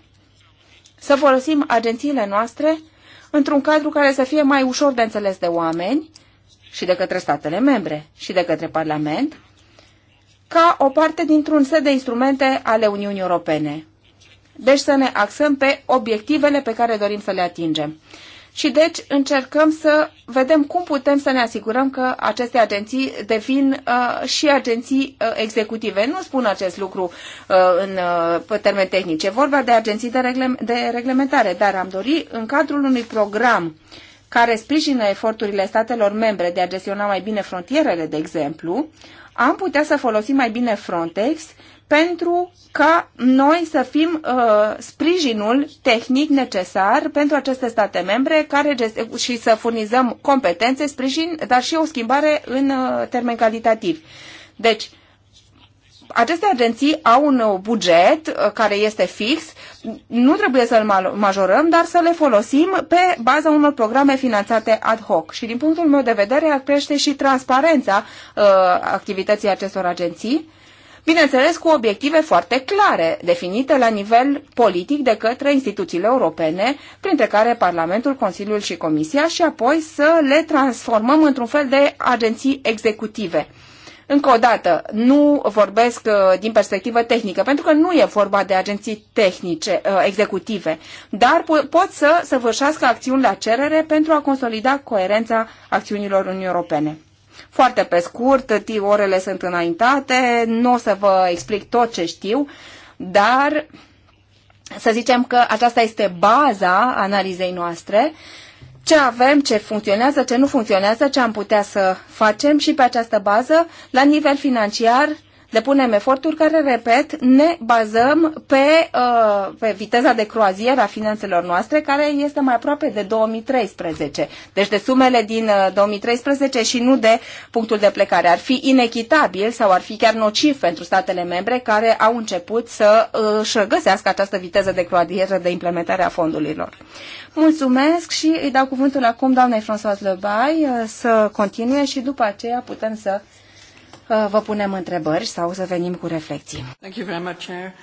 să folosim agențiile noastre într-un cadru care să fie mai ușor de înțeles de oameni, și de către statele membre și de către Parlament ca o parte dintr-un set de instrumente ale Uniunii Europene. Deci să ne axăm pe obiectivele pe care dorim să le atingem. Și deci încercăm să vedem cum putem să ne asigurăm că aceste agenții devin uh, și agenții uh, executive. Nu spun acest lucru uh, în uh, termeni tehnice, vorba de agenții de, regle- de reglementare, dar am dori în cadrul unui program uh, care sprijină eforturile statelor membre de a gestiona mai bine frontierele, de exemplu, am putea să folosim mai bine Frontex pentru ca noi să fim uh, sprijinul tehnic necesar pentru aceste state membre care și să furnizăm competențe, sprijin, dar și o schimbare în uh, termeni calitativi. Deci, uh, aceste agenții au un uh, buget uh, care este fix, nu trebuie să-l majorăm, dar să le folosim pe baza unor programe finanțate ad hoc. Și din punctul meu de vedere ar crește și transparența uh, activității acestor agenții, bineînțeles cu obiective foarte clare, definite la nivel politic de către instituțiile europene, printre care Parlamentul, Consiliul și Comisia, și apoi să le transformăm într-un fel de agenții executive încă o dată, nu vorbesc uh, din perspectivă tehnică, pentru că nu e vorba de agenții tehnice, uh, executive, dar pot să săvârșească acțiuni la cerere pentru a consolida coerența acțiunilor Uniunii Europene. Foarte pe scurt, orele sunt înaintate, nu o să vă explic tot ce știu, dar să zicem că aceasta este baza analizei noastre ce avem, ce funcționează, ce nu funcționează, ce am putea să facem și pe această bază, la nivel financiar, depunem eforturi care, repet, ne bazăm pe, uh, pe viteza de croazieră a finanțelor noastre, care este mai aproape de 2013. Deci de sumele din 2013 uh, și nu de punctul de plecare. Ar fi inechitabil sau ar fi chiar nociv pentru statele membre care au început să uh, își găsească această viteză de croazieră de implementare a fondurilor. Mulțumesc și îi dau cuvântul acum doamnei François Lebay să continue și după aceea putem să Uh, vă punem întrebări sau să venim cu reflexii. Thank you very much, Chair.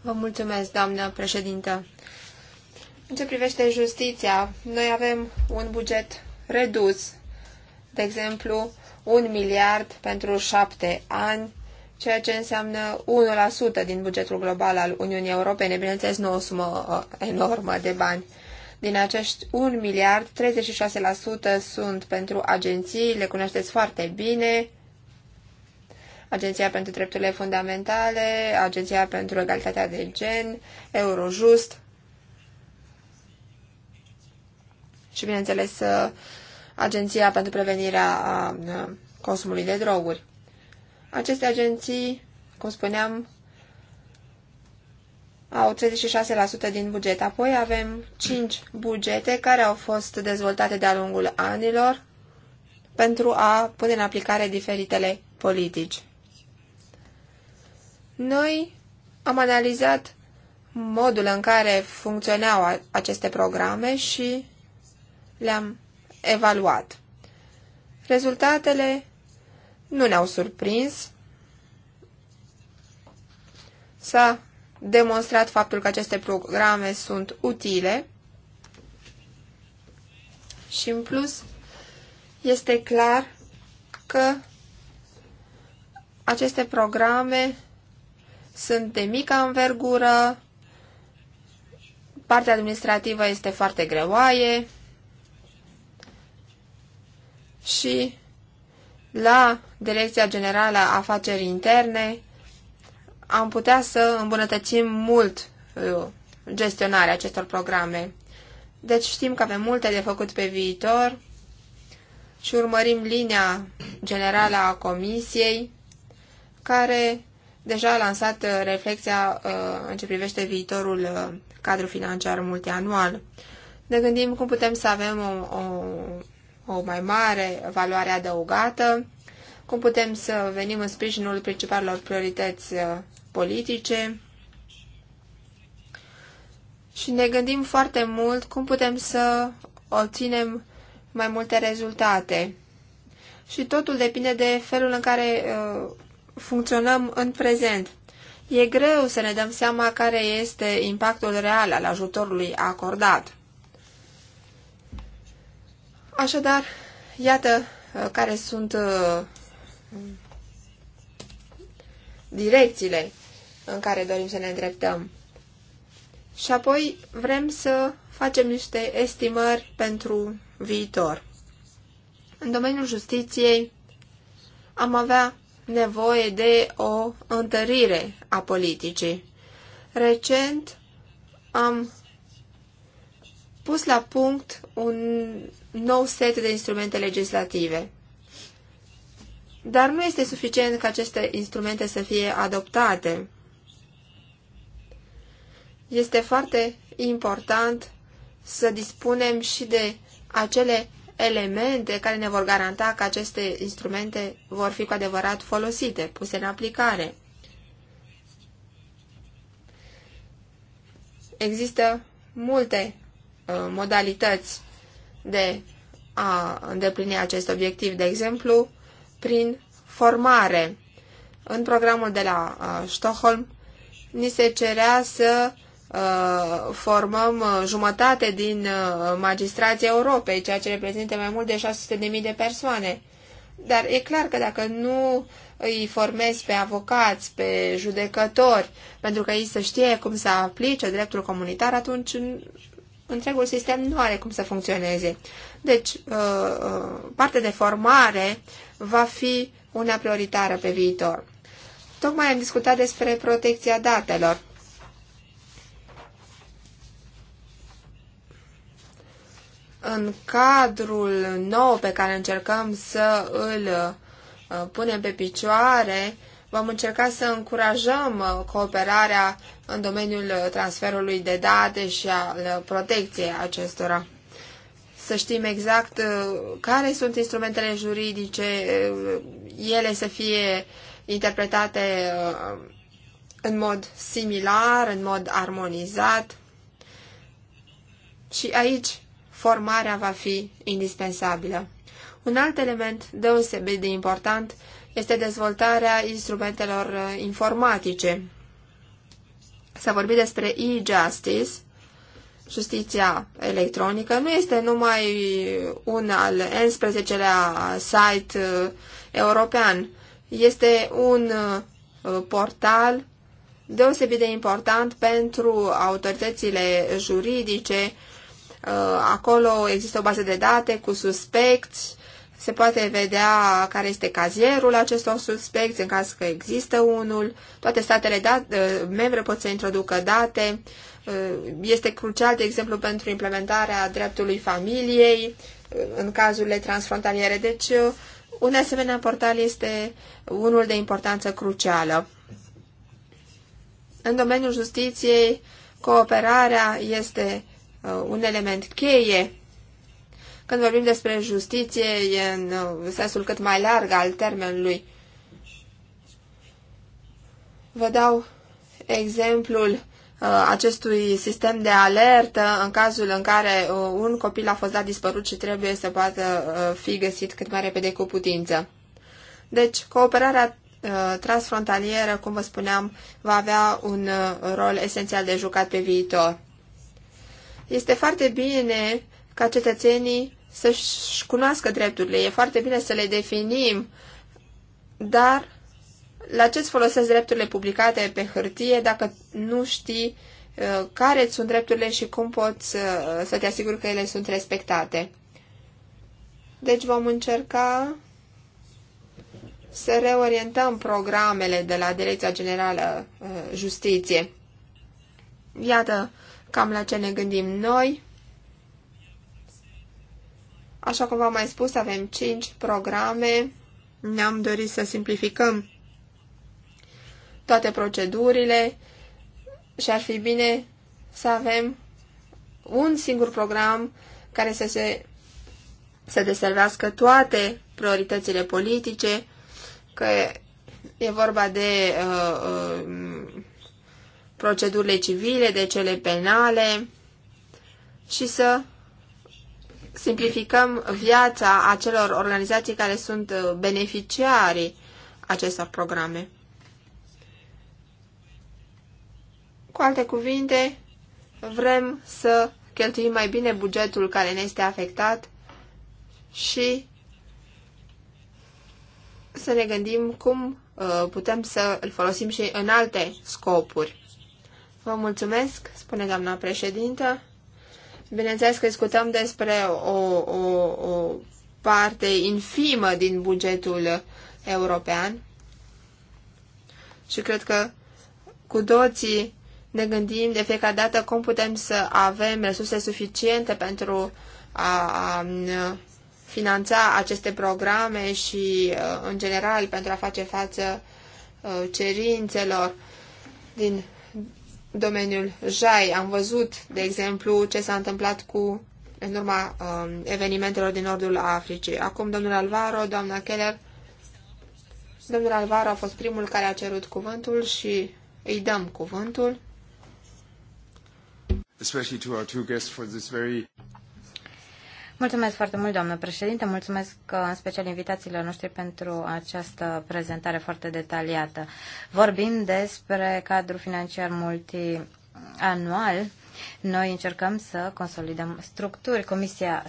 Vă mulțumesc, doamnă președintă. În ce privește justiția, noi avem un buget redus, de exemplu, un miliard pentru șapte ani, ceea ce înseamnă 1% din bugetul global al Uniunii Europene, bineînțeles nu o sumă uh, enormă de bani. Din acești 1 miliard, 36% sunt pentru agenții, le cunoașteți foarte bine, Agenția pentru Drepturile Fundamentale, Agenția pentru Egalitatea de Gen, Eurojust și, bineînțeles, uh, Agenția pentru Prevenirea uh, Consumului de Droguri. Aceste agenții, cum spuneam, au 36% din buget. Apoi avem 5 bugete care au fost dezvoltate de-a lungul anilor pentru a pune în aplicare diferitele politici. Noi am analizat modul în care funcționau aceste programe și le-am evaluat. Rezultatele nu ne-au surprins. S-a demonstrat faptul că aceste programe sunt utile și în plus este clar că aceste programe sunt de mică învergură, partea administrativă este foarte greoaie și la Direcția Generală a Afaceri Interne am putea să îmbunătățim mult uh, gestionarea acestor programe. Deci știm că avem multe de făcut pe viitor și urmărim linia generală a Comisiei, care deja a lansat uh, reflexia uh, în ce privește viitorul uh, cadru financiar multianual. Ne gândim cum putem să avem o, o, o mai mare valoare adăugată, cum putem să venim în sprijinul principalelor priorități politice și ne gândim foarte mult cum putem să obținem mai multe rezultate. Și totul depinde de felul în care uh, funcționăm în prezent. E greu să ne dăm seama care este impactul real al ajutorului acordat. Așadar, iată uh, care sunt uh, direcțiile în care dorim să ne îndreptăm. Și apoi vrem să facem niște estimări pentru viitor. În domeniul justiției am avea nevoie de o întărire a politicii. Recent am pus la punct un nou set de instrumente legislative. Dar nu este suficient ca aceste instrumente să fie adoptate. Este foarte important să dispunem și de acele elemente care ne vor garanta că aceste instrumente vor fi cu adevărat folosite, puse în aplicare. Există multe uh, modalități de a îndeplini acest obiectiv, de exemplu, prin formare. În programul de la uh, Stockholm ni se cerea să Uh, formăm uh, jumătate din uh, magistrații Europei, ceea ce reprezintă mai mult de 600.000 de persoane. Dar e clar că dacă nu îi formezi pe avocați, pe judecători, pentru că ei să știe cum să aplice dreptul comunitar, atunci întregul sistem nu are cum să funcționeze. Deci, partea de formare va fi una prioritară pe viitor. Tocmai am discutat despre protecția datelor. în cadrul nou pe care încercăm să îl uh, punem pe picioare, vom încerca să încurajăm uh, cooperarea în domeniul transferului de date și al uh, protecției acestora. Să știm exact care sunt instrumentele juridice, ele să fie interpretate în mod similar, în mod armonizat. Și aici formarea va fi indispensabilă. Un alt element deosebit de important este dezvoltarea instrumentelor uh, informatice. S-a vorbit despre e-justice, justiția electronică, nu este numai un al 11-lea site uh, european, este un uh, portal deosebit de important pentru autoritățile juridice Uh, acolo există o bază de date cu suspecți, se poate vedea care este cazierul acestor suspecți, în caz că există unul. Toate statele da, uh, membre pot să introducă date. Uh, este crucial, de exemplu, pentru implementarea dreptului familiei în cazurile transfrontaliere. Deci, un asemenea portal este unul de importanță crucială. În domeniul justiției, cooperarea este Uh, un element cheie când vorbim despre justiție e în uh, sensul cât mai larg al termenului. Vă dau exemplul uh, acestui sistem de alertă în cazul în care un copil a fost dat dispărut și trebuie să poată fi găsit cât mai repede cu putință. Deci, cooperarea transfrontalieră, cum vă spuneam, va avea un rol esențial de jucat pe viitor. Este foarte bine ca cetățenii să-și cunoască drepturile, e foarte bine să le definim, dar la ce-ți folosesc drepturile publicate pe hârtie dacă nu știi uh, care sunt drepturile și cum poți uh, să te asiguri că ele sunt respectate. Deci vom încerca să reorientăm programele de la Direcția Generală uh, Justiție. Iată cam la ce ne gândim noi. Așa cum v-am mai spus, avem 5 programe. Ne-am dorit să simplificăm toate procedurile și ar fi bine să avem un singur program care să se să deservească toate prioritățile politice, că e vorba de uh, uh, procedurile civile, de cele penale și să simplificăm viața acelor organizații care sunt beneficiarii acestor programe. Cu alte cuvinte, vrem să cheltuim mai bine bugetul care ne este afectat și să ne gândim cum uh, putem să îl folosim și în alte scopuri. Vă mulțumesc, spune doamna președintă. Bineînțeles că discutăm despre o, o, o parte infimă din bugetul european și cred că cu toții ne gândim de fiecare dată cum putem să avem resurse suficiente pentru a, a finanța aceste programe și, uh, în general, pentru a face față uh, cerințelor din domeniul JAI. Am văzut, de exemplu, ce s-a întâmplat cu în urma um, evenimentelor din nordul Africii. Acum domnul Alvaro, doamna Keller. Domnul Alvaro a fost primul care a cerut cuvântul și îi dăm cuvântul. Mulțumesc foarte mult, doamnă președinte. Mulțumesc uh, în special invitațiilor noștri pentru această prezentare foarte detaliată. Vorbim despre cadrul financiar multianual. Noi încercăm să consolidăm structuri. Comisia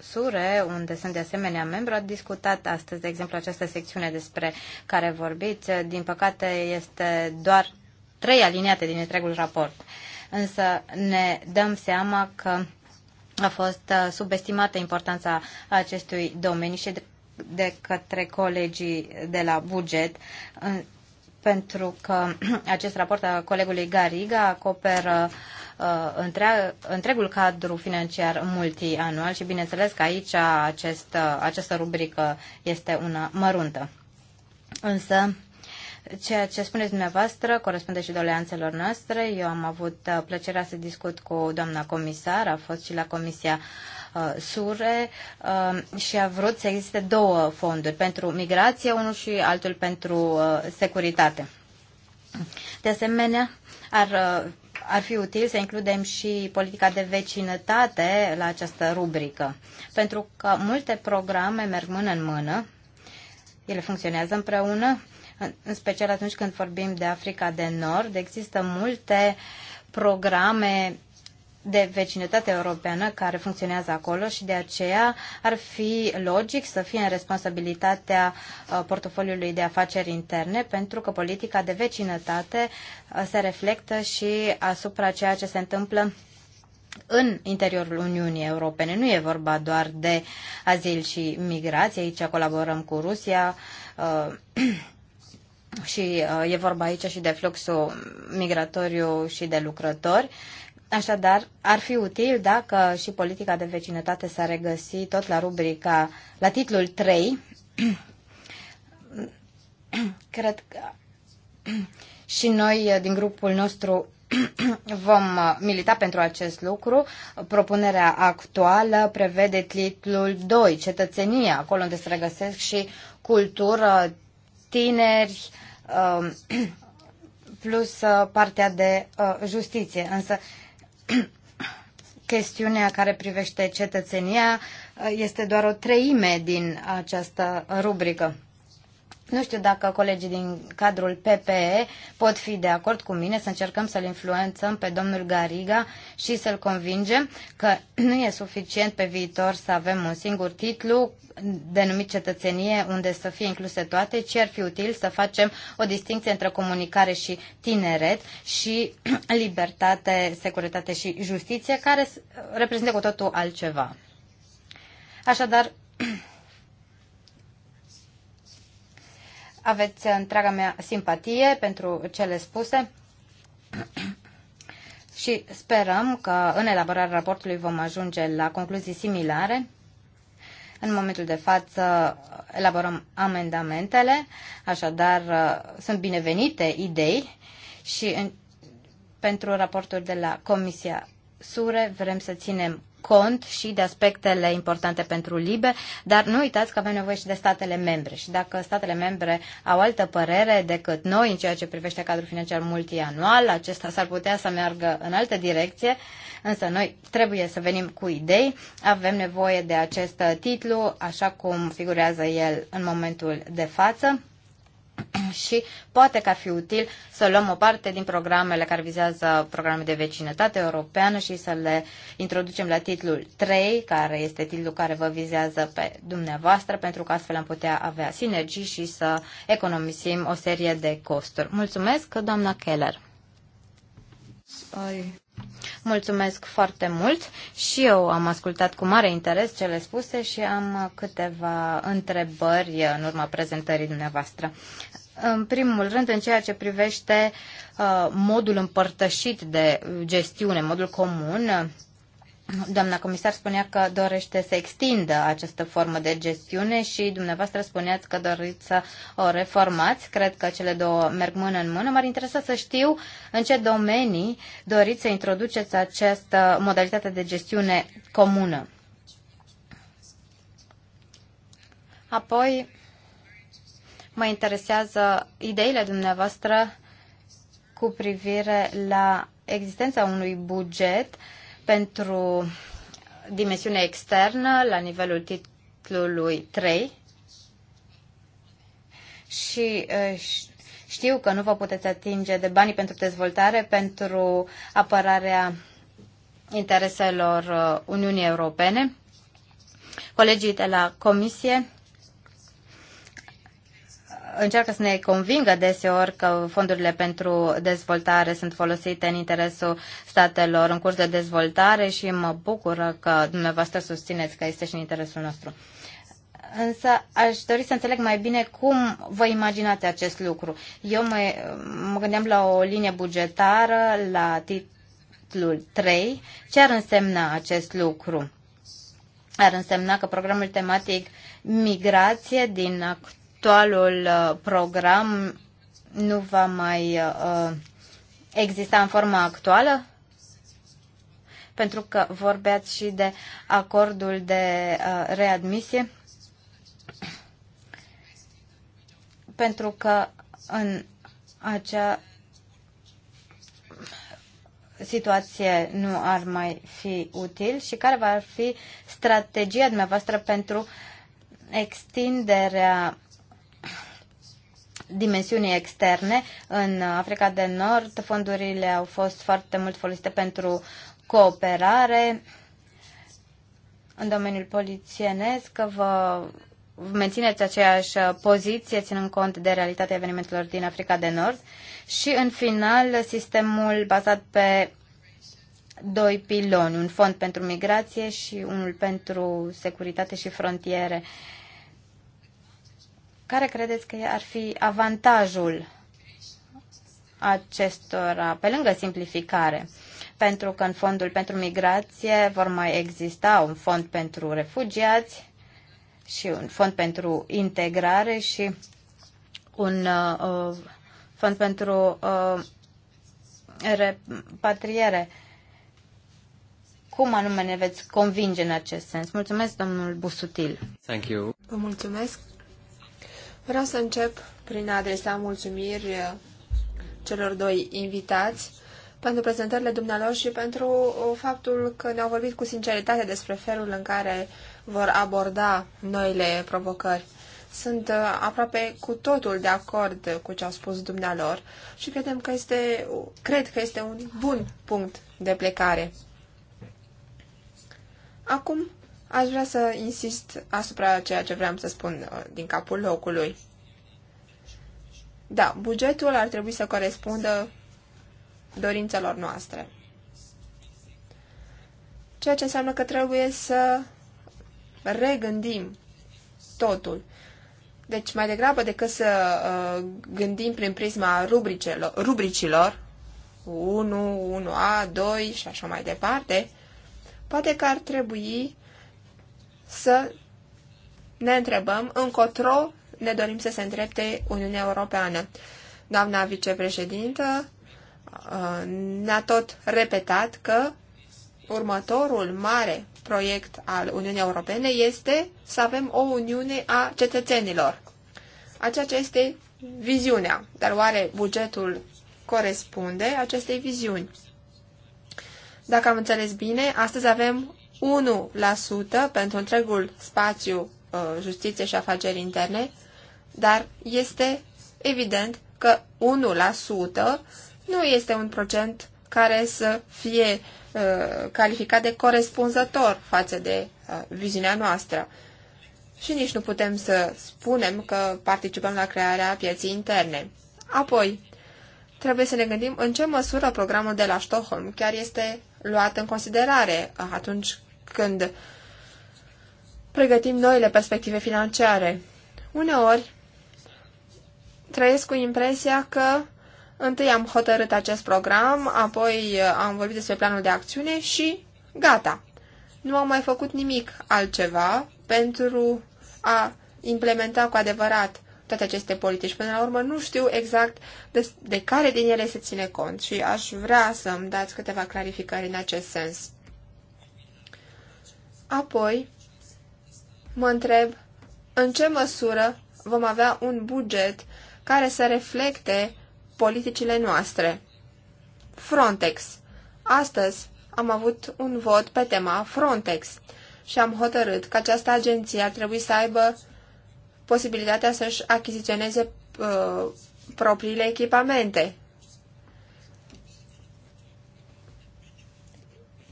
SURE, unde sunt de asemenea membru, a discutat astăzi, de exemplu, această secțiune despre care vorbiți. Din păcate, este doar trei aliniate din întregul raport. Însă ne dăm seama că a fost uh, subestimată importanța acestui domeniu și de, către colegii de la buget, pentru că acest raport al colegului Gariga acoperă uh, întregul cadru financiar multianual și bineînțeles că aici acest, uh, această rubrică este una măruntă. Însă, Ceea ce spuneți dumneavoastră corespunde și doleanțelor noastre. Eu am avut uh, plăcerea să discut cu doamna comisar, a fost și la Comisia uh, SURE uh, și a vrut să existe două fonduri, pentru migrație unul și altul pentru uh, securitate. De asemenea, ar, uh, ar fi util să includem și politica de vecinătate la această rubrică, pentru că multe programe merg mână în mână, ele funcționează împreună în special atunci când vorbim de Africa de Nord, există multe programe de vecinătate europeană care funcționează acolo și de aceea ar fi logic să fie în responsabilitatea uh, portofoliului de afaceri interne pentru că politica de vecinătate uh, se reflectă și asupra ceea ce se întâmplă în interiorul Uniunii Europene. Nu e vorba doar de azil și migrație, aici colaborăm cu Rusia, uh, și uh, e vorba aici și de fluxul migratoriu și de lucrători. Așadar, ar fi util dacă și politica de vecinătate s-ar regăsi tot la rubrica, la titlul 3. Cred că și noi uh, din grupul nostru vom uh, milita pentru acest lucru. Propunerea actuală prevede titlul 2, cetățenia, acolo unde se regăsesc și cultură, tineri, um, plus uh, partea de uh, justiție. Însă chestiunea care privește cetățenia uh, este doar o treime din această rubrică. Nu știu dacă colegii din cadrul PPE pot fi de acord cu mine să încercăm să-l influențăm pe domnul Gariga și să-l convingem că nu e suficient pe viitor să avem un singur titlu denumit cetățenie unde să fie incluse toate, ci ar fi util să facem o distinție între comunicare și tineret și libertate, securitate și justiție, care reprezintă cu totul altceva. Așadar, aveți uh, întreaga mea simpatie pentru cele spuse și sperăm că în elaborarea raportului vom ajunge la concluzii similare. În momentul de față uh, elaborăm amendamentele, așadar uh, sunt binevenite idei și în, pentru raportul de la Comisia SURE vrem să ținem cont și de aspectele importante pentru LIBE, dar nu uitați că avem nevoie și de statele membre. Și dacă statele membre au altă părere decât noi în ceea ce privește cadrul financiar multianual, acesta s-ar putea să meargă în altă direcție, însă noi trebuie să venim cu idei. Avem nevoie de acest titlu, așa cum figurează el în momentul de față. și poate că ar fi util să luăm o parte din programele care vizează programe de vecinătate europeană și să le introducem la titlul 3, care este titlul care vă vizează pe dumneavoastră, pentru că astfel am putea avea sinergii și să economisim o serie de costuri. Mulțumesc, doamna Keller. Mulțumesc foarte mult și eu am ascultat cu mare interes cele spuse și am câteva întrebări în urma prezentării dumneavoastră. În primul rând, în ceea ce privește uh, modul împărtășit de gestiune, modul comun, Doamna comisar spunea că dorește să extindă această formă de gestiune și dumneavoastră spuneați că doriți să o reformați. Cred că cele două merg mână în mână. M-ar interesa să știu în ce domenii doriți să introduceți această modalitate de gestiune comună. Apoi, mă interesează ideile dumneavoastră cu privire la existența unui buget uh, pentru dimensiunea externă la nivelul titlului 3 și eh, știu că nu vă puteți atinge de banii pentru dezvoltare, pentru apărarea intereselor eh, Uniunii Europene. Colegii de la Comisie încearcă să ne convingă deseori că fondurile pentru dezvoltare sunt folosite în interesul statelor în curs de dezvoltare și mă bucur că dumneavoastră susțineți că este și în interesul nostru. Însă aș dori să înțeleg mai bine cum vă imaginați acest lucru. Eu mă, mă gândeam la o linie bugetară, la titlul 3. Ce ar însemna acest lucru? Ar însemna că programul tematic migrație din act actualul uh, program nu va mai uh, uh, exista în forma actuală? Pentru că vorbeați și de acordul de readmisie. Pentru că în acea situație nu ar mai fi util și care va fi strategia dumneavoastră pentru extinderea dimensiunii externe. În Africa de Nord, fondurile au fost foarte mult folosite pentru cooperare în domeniul polițienesc. Vă mențineți aceeași poziție, ținând cont de realitatea evenimentelor din Africa de Nord. Și, în final, sistemul bazat pe doi piloni, un fond pentru migrație și unul pentru securitate și frontiere. Care credeți că ar fi avantajul acestora, pe lângă simplificare? Pentru că în fondul pentru migrație vor mai exista un fond pentru refugiați și un fond pentru integrare și un uh, uh fond pentru uh, repatriere. Cum anume ne veți convinge în acest sens? Mulțumesc, domnul Busutil. Thank you. Vă mulțumesc. Vreau să încep prin a adresa mulțumiri uh, celor doi invitați pentru prezentările dumnealor și pentru uh, faptul că ne-au vorbit cu sinceritate despre felul în care vor aborda noile provocări. Sunt uh, aproape cu totul de acord cu ce au spus dumnealor și credem că este, cred că este un bun punct de plecare. Acum Aș vrea să insist asupra ceea ce vreau să spun uh, din capul locului. Da, bugetul ar trebui să corespundă dorințelor noastre. Ceea ce înseamnă că trebuie să regândim totul. Deci, mai degrabă decât să uh, gândim prin prisma rubricelor, rubricilor 1, 1A, 2 și așa mai departe, poate că ar trebui să ne întrebăm încotro ne dorim să se îndrepte Uniunea Europeană. Doamna vicepreședintă uh, ne-a tot repetat că următorul mare proiect al Uniunii Europene este să avem o Uniune a cetățenilor. ce este viziunea, dar oare bugetul corespunde acestei viziuni? Dacă am înțeles bine, astăzi avem 1% pentru întregul spațiu uh, justiție și afaceri interne, dar este evident că 1% nu este un procent care să fie uh, calificat de corespunzător față de uh, viziunea noastră. Și nici nu putem să spunem că participăm la crearea pieții interne. Apoi, trebuie să ne gândim în ce măsură programul de la Stockholm chiar este luat în considerare atunci când pregătim noile perspective financiare. Uneori trăiesc cu impresia că întâi am hotărât acest program, apoi am vorbit despre planul de acțiune și gata. Nu am mai făcut nimic altceva pentru a implementa cu adevărat toate aceste politici. Până la urmă, nu știu exact de, de care din ele se ține cont și aș vrea să-mi dați câteva clarificări în acest sens. Apoi, mă întreb în ce măsură vom avea un buget care să reflecte politicile noastre. Frontex. Astăzi am avut un vot pe tema Frontex și am hotărât că această agenție ar trebui să aibă posibilitatea să-și achiziționeze uh, propriile echipamente.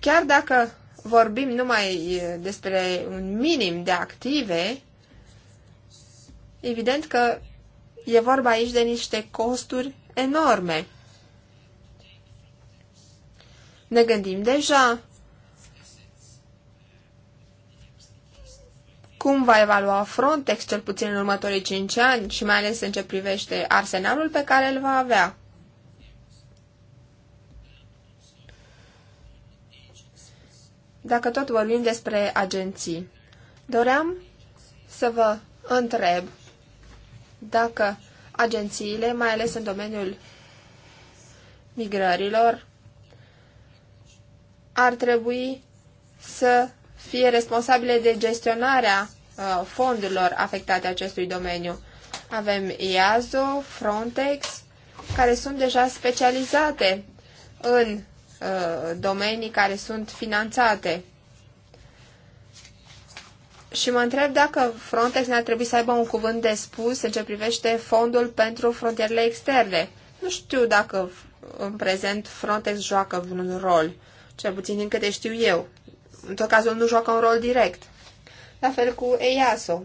Chiar dacă vorbim numai despre un minim de active, evident că e vorba aici de niște costuri enorme. Ne gândim deja cum va evalua Frontex, cel puțin în următorii 5 ani, și mai ales în ce privește arsenalul pe care îl va avea. dacă tot vorbim despre agenții. Doream să vă întreb dacă agențiile, mai ales în domeniul migrărilor, ar trebui să fie responsabile de gestionarea uh, fondurilor afectate acestui domeniu. Avem IAZO, Frontex, care sunt deja specializate în Uh, domenii care sunt finanțate. Și mă întreb dacă Frontex ne-ar trebui să aibă un cuvânt de spus în ce privește fondul pentru frontierele externe. Nu știu dacă în prezent Frontex joacă un rol, cel puțin din câte știu eu. În tot cazul nu joacă un rol direct. La fel cu EIASO.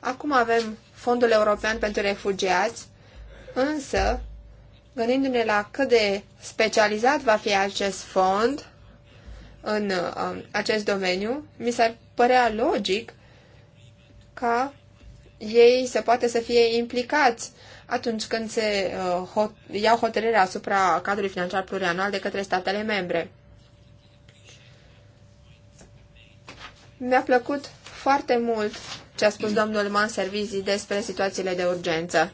Acum avem Fondul European pentru Refugiați, însă gândindu-ne la cât de specializat va fi acest fond în um, acest domeniu, mi s-ar părea logic ca ei să poată să fie implicați atunci când se uh, hot, iau hotărârea asupra cadrului financiar plurianual de către statele membre. Mi-a plăcut foarte mult ce a spus domnul Manservizi despre situațiile de urgență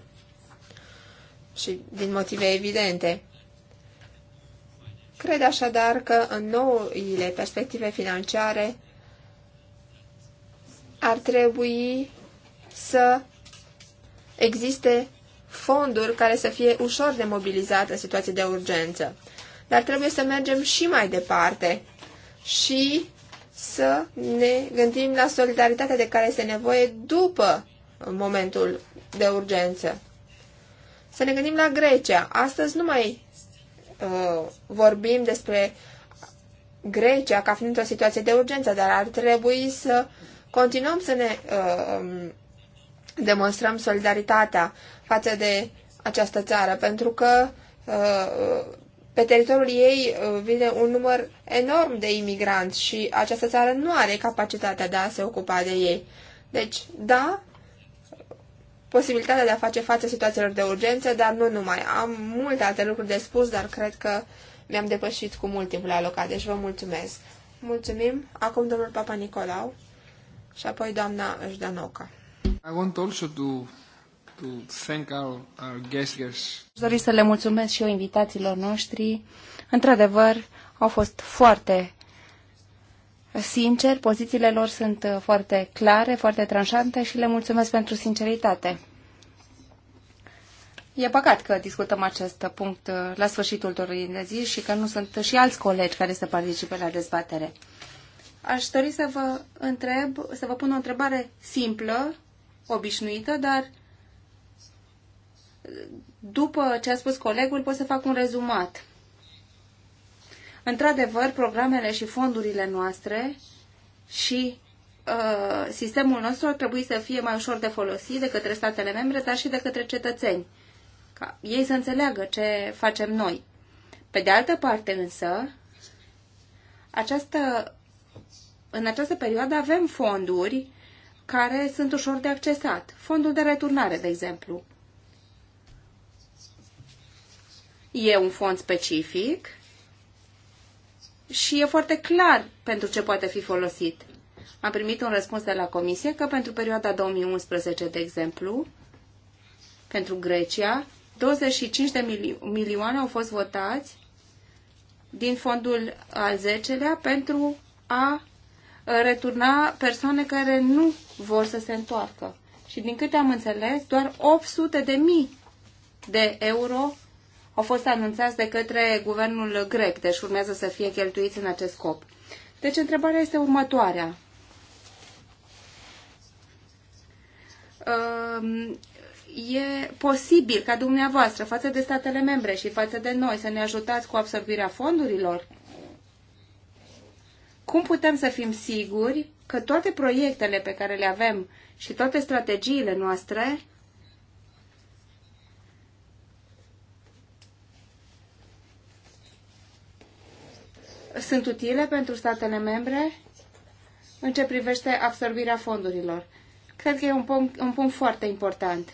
și din motive evidente. Cred așadar că în noile perspective financiare ar trebui să existe fonduri care să fie ușor de mobilizate în situații de urgență. Dar trebuie să mergem și mai departe și să ne gândim la solidaritatea de care este nevoie după momentul de urgență. Să ne gândim la Grecia. Astăzi nu mai uh, vorbim despre Grecia ca fiind o situație de urgență, dar ar trebui să continuăm să ne uh, um, demonstrăm solidaritatea față de această țară, pentru că uh, pe teritoriul ei uh, vine un număr enorm de imigranți și această țară nu are capacitatea de a se ocupa de ei. Deci, da, posibilitatea de a face față situațiilor de urgență, dar nu numai. Am multe alte lucruri de spus, dar cred că mi-am depășit cu mult timpul alocat, deci vă mulțumesc. Mulțumim. Acum domnul Papa Nicolau și apoi doamna Jdanoca. I want also to to thank our, our guests. Aș dori să le mulțumesc și eu invitațiilor noștri. Într-adevăr, au fost foarte sincer, pozițiile lor sunt uh, foarte clare, foarte tranșante și le mulțumesc pentru sinceritate. E păcat că discutăm acest punct uh, la sfârșitul dorului de zi și că nu sunt și alți colegi care să participe la dezbatere. Aș dori să vă întreb, să vă pun o întrebare simplă, obișnuită, dar uh, după ce a spus colegul pot să fac un rezumat. Într-adevăr, programele și fondurile noastre și uh, sistemul nostru ar trebui să fie mai ușor de folosit de către statele membre, dar și de către cetățeni, ca ei să înțeleagă ce facem noi. Pe de altă parte însă, această, în această perioadă avem fonduri care sunt ușor de accesat. Fondul de returnare, de exemplu. E un fond specific și e foarte clar pentru ce poate fi folosit. Am primit un răspuns de la Comisie că pentru perioada 2011, de exemplu, pentru Grecia, 25 de milio- milioane au fost votați din fondul al 10-lea pentru a uh, returna persoane care nu vor să se întoarcă. Și din câte am înțeles, doar 800 de mii de euro au fost anunțați de către guvernul grec, deci urmează să fie cheltuiți în acest scop. Deci întrebarea este următoarea. Ehm, e posibil ca dumneavoastră, față de statele membre și față de noi, să ne ajutați cu absorbirea fondurilor? Cum putem să fim siguri că toate proiectele pe care le avem și toate strategiile noastre sunt utile pentru statele membre în ce privește absorbirea fondurilor. Cred că e un punct, un punct foarte important.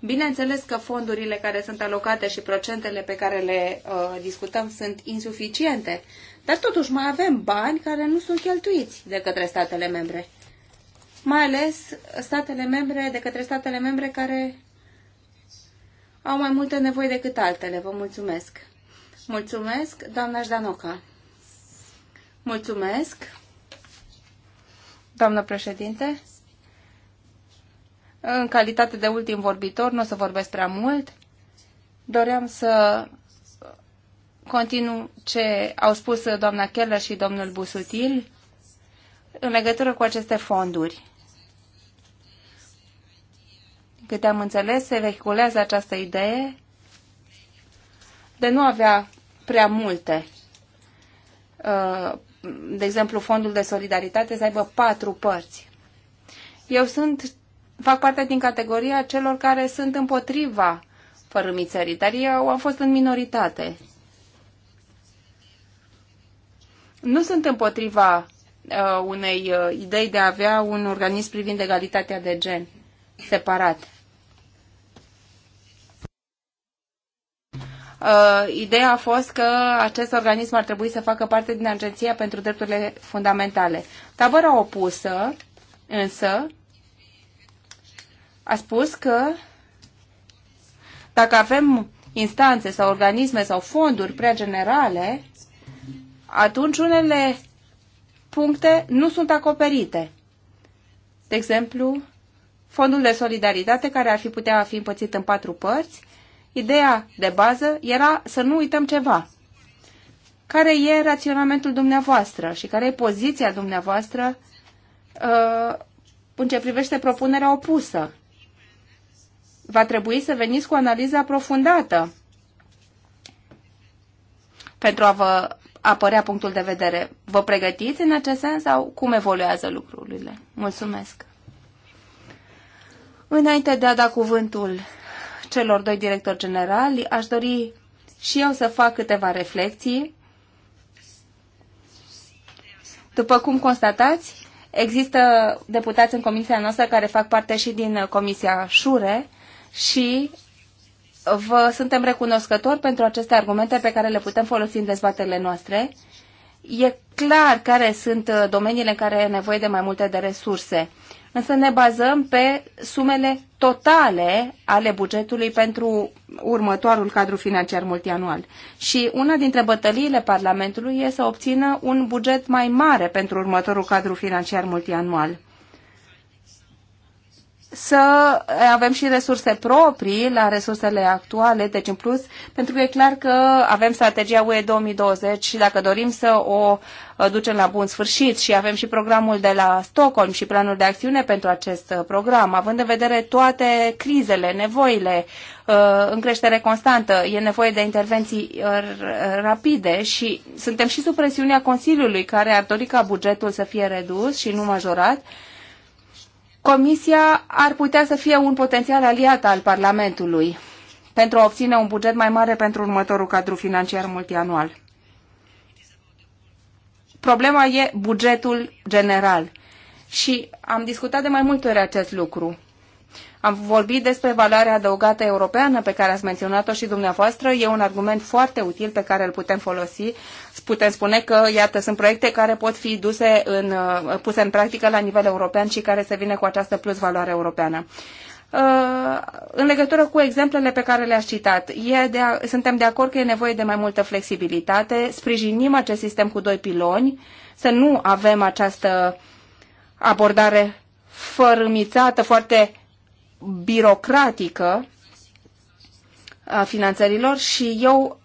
Bineînțeles că fondurile care sunt alocate și procentele pe care le uh, discutăm sunt insuficiente, dar totuși mai avem bani care nu sunt cheltuiți de către statele membre. Mai ales statele membre, de către statele membre care au mai multe nevoi decât altele. Vă mulțumesc! Mulțumesc, doamna Jdanoca. Mulțumesc, doamnă președinte. În calitate de ultim vorbitor, nu o să vorbesc prea mult. Doream să continu ce au spus doamna Keller și domnul Busutil în legătură cu aceste fonduri. Câte am înțeles, se vehiculează această idee de nu avea prea multe. Uh, de exemplu, fondul de solidaritate să aibă patru părți. Eu sunt, fac parte din categoria celor care sunt împotriva fărâmițării, dar eu am fost în minoritate. Nu sunt împotriva uh, unei uh, idei de a avea un organism privind egalitatea de gen separat. Uh, ideea a fost că acest organism ar trebui să facă parte din Agenția pentru Drepturile Fundamentale. Tabăra opusă, însă, a spus că dacă avem instanțe sau organisme sau fonduri prea generale, atunci unele puncte nu sunt acoperite. De exemplu, fondul de solidaritate care ar fi putea fi împățit în patru părți, Ideea de bază era să nu uităm ceva. Care e raționamentul dumneavoastră și care e poziția dumneavoastră uh, în ce privește propunerea opusă? Va trebui să veniți cu analiza aprofundată pentru a vă apărea punctul de vedere. Vă pregătiți în acest sens sau cum evoluează lucrurile? Mulțumesc! Înainte de a da cuvântul celor doi directori generali. Aș dori și eu să fac câteva reflexii. După cum constatați, există deputați în comisia noastră care fac parte și din comisia Șure și vă suntem recunoscători pentru aceste argumente pe care le putem folosi în dezbaterile noastre. E clar care sunt domeniile în care e nevoie de mai multe de resurse însă ne bazăm pe sumele totale ale bugetului pentru următorul cadru financiar multianual. Și una dintre bătăliile Parlamentului este să obțină un buget mai mare pentru următorul cadru financiar multianual să avem și resurse proprii la resursele actuale, deci în plus, pentru că e clar că avem strategia UE 2020 și dacă dorim să o uh, ducem la bun sfârșit și avem și programul de la Stockholm și planul de acțiune pentru acest uh, program, având în vedere toate crizele, nevoile uh, în creștere constantă, e nevoie de intervenții rapide și suntem și sub presiunea Consiliului care ar dori ca bugetul să fie redus și nu majorat, Comisia ar putea să fie un potențial aliat al Parlamentului pentru a obține un buget mai mare pentru următorul cadru financiar multianual. Problema e bugetul general. Și am discutat de mai multe ori acest lucru. Am vorbit despre valoarea adăugată europeană pe care ați menționat-o și dumneavoastră. E un argument foarte util pe care îl putem folosi. Putem spune că, iată, sunt proiecte care pot fi duse în, uh, puse în practică la nivel european și care se vine cu această plus valoare europeană uh, în legătură cu exemplele pe care le-aș citat, e de a, suntem de acord că e nevoie de mai multă flexibilitate, sprijinim acest sistem cu doi piloni, să nu avem această abordare fărâmițată, foarte birocratică a finanțărilor și eu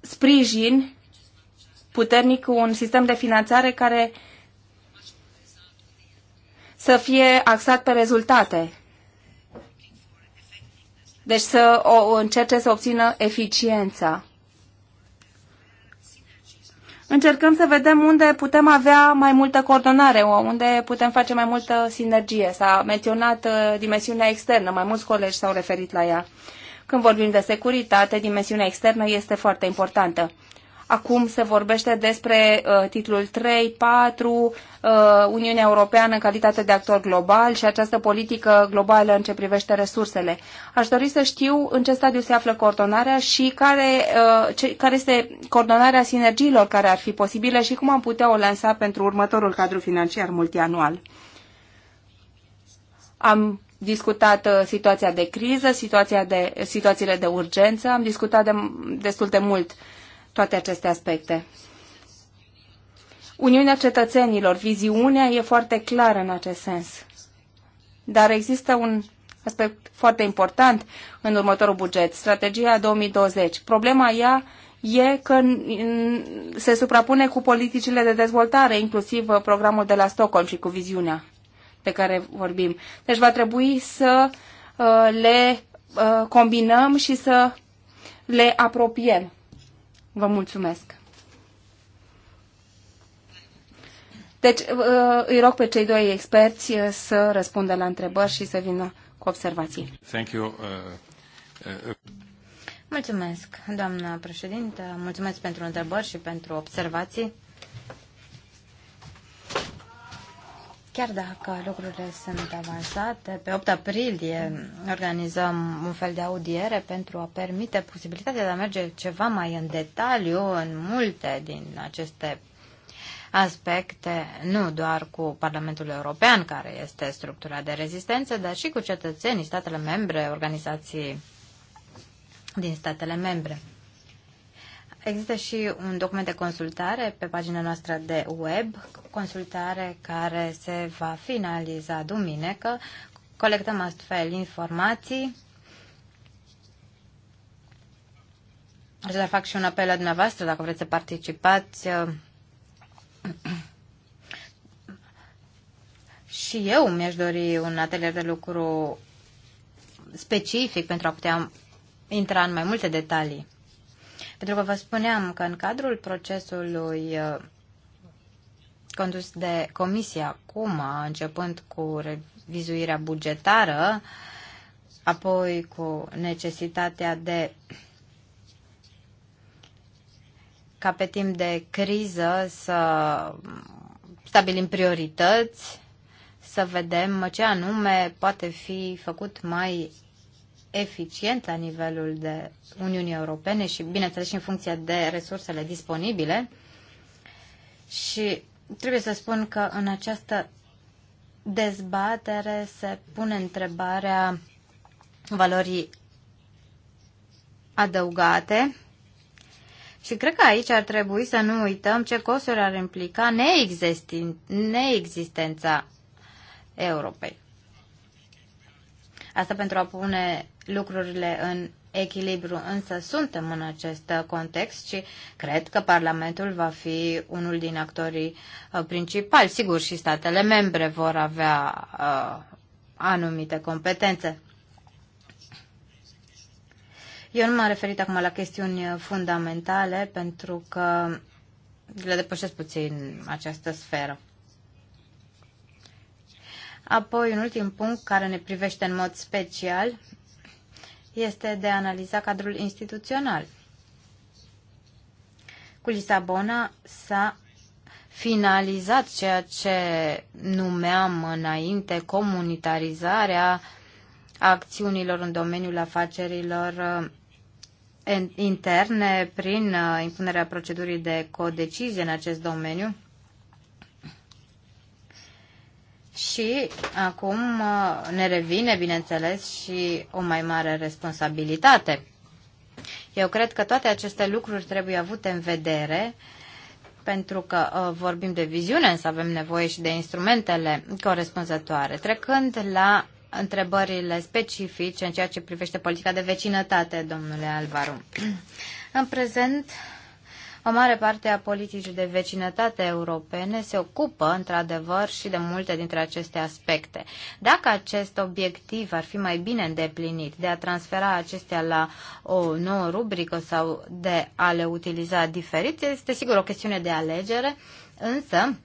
sprijin puternic un sistem de finanțare care să fie axat pe rezultate. Deci să o încerce să obțină eficiența încercăm să vedem unde putem avea mai multă coordonare, unde putem face mai multă sinergie. S-a menționat uh, dimensiunea externă, mai mulți colegi s-au referit la ea. Când vorbim de securitate, dimensiunea externă este foarte importantă. Acum se vorbește despre uh, titlul 3, 4, uh, Uniunea Europeană în calitate de actor global și această politică globală în ce privește resursele. Aș dori să știu în ce stadiu se află coordonarea și care, uh, ce, care este coordonarea sinergiilor care ar fi posibile și cum am putea o lansa pentru următorul cadru financiar multianual. Am discutat uh, situația de criză, situația de, situațiile de urgență, am discutat de, destul de mult uh, toate aceste aspecte. Uniunea cetățenilor, viziunea e foarte clară în acest sens. Dar există un aspect foarte important în următorul buget, strategia 2020. Problema ea e că se suprapune cu politicile de dezvoltare, inclusiv uh, programul de la Stockholm și cu viziunea pe care vorbim. Deci va trebui să uh, le uh, combinăm și să le apropiem. Vă mulțumesc. Deci uh, îi rog pe cei doi experți uh, să răspundă la întrebări și să vină cu observații. Thank you. Uh, mulțumesc, doamnă președinte. Mulțumesc pentru întrebări și pentru observații. Chiar dacă lucrurile sunt avansate, pe 8 aprilie organizăm un fel de audiere pentru a permite posibilitatea de a merge ceva mai în detaliu în multe din aceste aspecte, nu doar cu Parlamentul European, care este structura de rezistență, dar și cu cetățenii, statele membre, organizații din statele membre. Există și un document de consultare pe pagina noastră de web, consultare care se va finaliza duminică. Colectăm astfel informații. Aș dar fac și un apel la dumneavoastră, dacă vreți să participați. Și eu mi-aș dori un atelier de lucru specific pentru a putea intra în mai multe detalii. Pentru că vă spuneam că în cadrul procesului uh, condus de comisie acum, începând cu revizuirea bugetară, apoi cu necesitatea de ca pe timp de criză să stabilim priorități, să vedem ce anume poate fi făcut mai eficient la nivelul de Uniunii Europene și, bineînțeles, și în funcție de resursele disponibile. Și trebuie să spun că în această dezbatere se pune întrebarea valorii adăugate și cred că aici ar trebui să nu uităm ce costuri ar implica neexistența Europei. Asta pentru a pune lucrurile în echilibru, însă suntem în acest context și cred că Parlamentul va fi unul din actorii uh, principali. Sigur, și statele membre vor avea uh, anumite competențe. Eu nu m-am referit acum la chestiuni fundamentale pentru că le depășesc puțin această sferă. Apoi, un ultim punct care ne privește în mod special este de a analiza cadrul instituțional. Cu Lisabona s-a finalizat ceea ce numeam înainte comunitarizarea acțiunilor în domeniul afacerilor eh, interne prin eh, impunerea procedurii de codecizie în acest domeniu Și acum uh, ne revine, bineînțeles, și o mai mare responsabilitate. Eu cred că toate aceste lucruri trebuie avute în vedere pentru că uh, vorbim de viziune, însă avem nevoie și de instrumentele corespunzătoare. Trecând la întrebările specifice în ceea ce privește politica de vecinătate, domnule Alvaru. În prezent, o mare parte a politicii de vecinătate europene se ocupă, într-adevăr, și de multe dintre aceste aspecte. Dacă acest obiectiv ar fi mai bine îndeplinit de a transfera acestea la o nouă rubrică sau de a le utiliza diferit, este sigur o chestiune de alegere, însă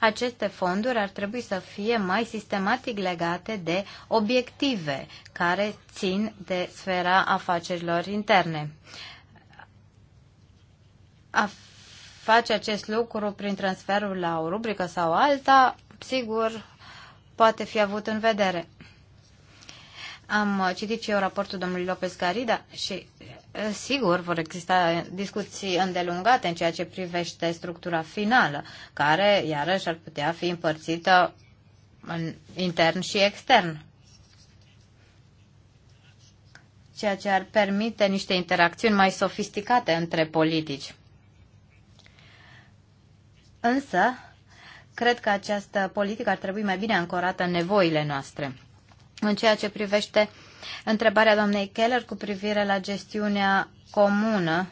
aceste fonduri ar trebui să fie mai sistematic legate de obiective care țin de sfera afacerilor interne a face acest lucru prin transferul la o rubrică sau alta, sigur, poate fi avut în vedere. Am citit și eu raportul domnului Lopez Garida și eh, Sigur, vor exista discuții îndelungate în ceea ce privește structura finală, care, iarăși, ar putea fi împărțită în intern și extern. Ceea ce ar permite niște interacțiuni mai sofisticate între politici. Însă, cred că această politică ar trebui mai bine ancorată în nevoile noastre. În ceea ce privește întrebarea doamnei Keller cu privire la gestiunea comună,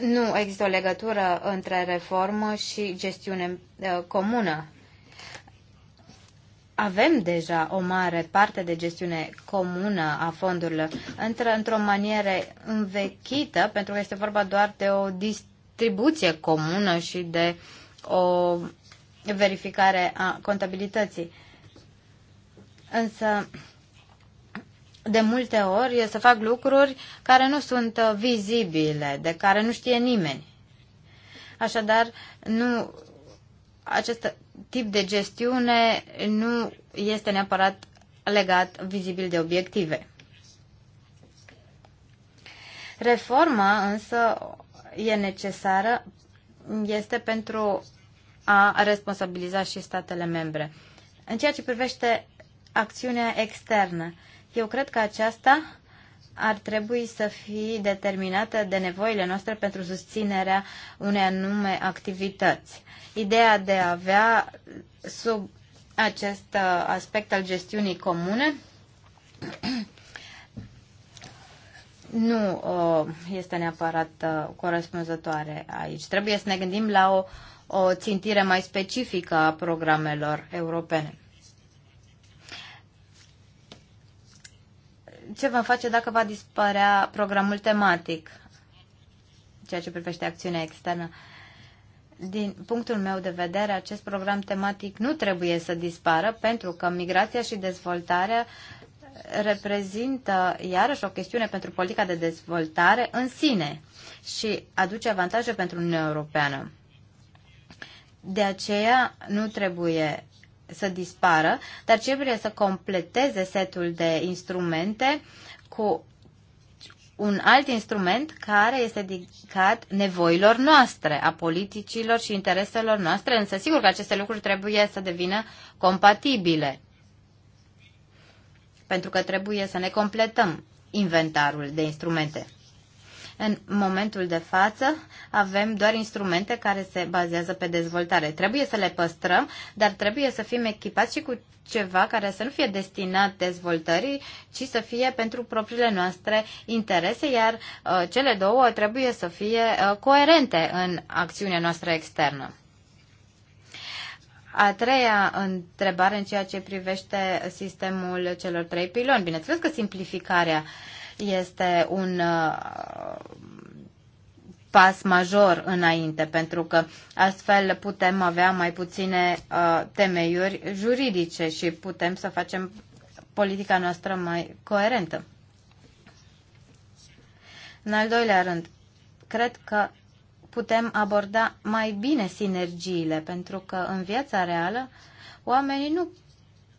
nu există o legătură între reformă și gestiune uh, comună avem deja o mare parte de gestiune comună a fondurilor, într- într-o manieră învechită, pentru că este vorba doar de o distribuție comună și de o verificare a contabilității. Însă, de multe ori se fac lucruri care nu sunt vizibile, de care nu știe nimeni. Așadar, nu acest tip de gestiune nu este neapărat legat vizibil de obiective. Reforma însă e necesară, este pentru a responsabiliza și statele membre. În ceea ce privește acțiunea externă, eu cred că aceasta ar trebui să fie determinată de nevoile noastre pentru susținerea unei anume activități. Ideea de a avea sub acest uh, aspect al gestiunii comune nu uh, este neapărat uh, corespunzătoare aici. Trebuie să ne gândim la o, o țintire mai specifică a programelor europene. ce vom face dacă va dispărea programul tematic, ceea ce privește acțiunea externă. Din punctul meu de vedere, acest program tematic nu trebuie să dispară pentru că migrația și dezvoltarea reprezintă iarăși o chestiune pentru politica de dezvoltare în sine și aduce avantaje pentru Uniunea Europeană. De aceea nu trebuie să dispară, dar trebuie să completeze setul de instrumente cu un alt instrument care este dedicat nevoilor noastre, a politicilor și intereselor noastre, însă sigur că aceste lucruri trebuie să devină compatibile, pentru că trebuie să ne completăm inventarul de instrumente. În momentul de față avem doar instrumente care se bazează pe dezvoltare. Trebuie să le păstrăm, dar trebuie să fim echipați și cu ceva care să nu fie destinat dezvoltării, ci să fie pentru propriile noastre interese, iar uh, cele două trebuie să fie uh, coerente în acțiunea noastră externă. A treia întrebare în ceea ce privește sistemul celor trei piloni. Bineînțeles că simplificarea uh, este un uh, pas major înainte, pentru că astfel putem avea mai puține uh, temeiuri juridice și putem să facem politica noastră mai coerentă. În al doilea rând, cred că putem aborda mai bine sinergiile, pentru că în viața reală oamenii nu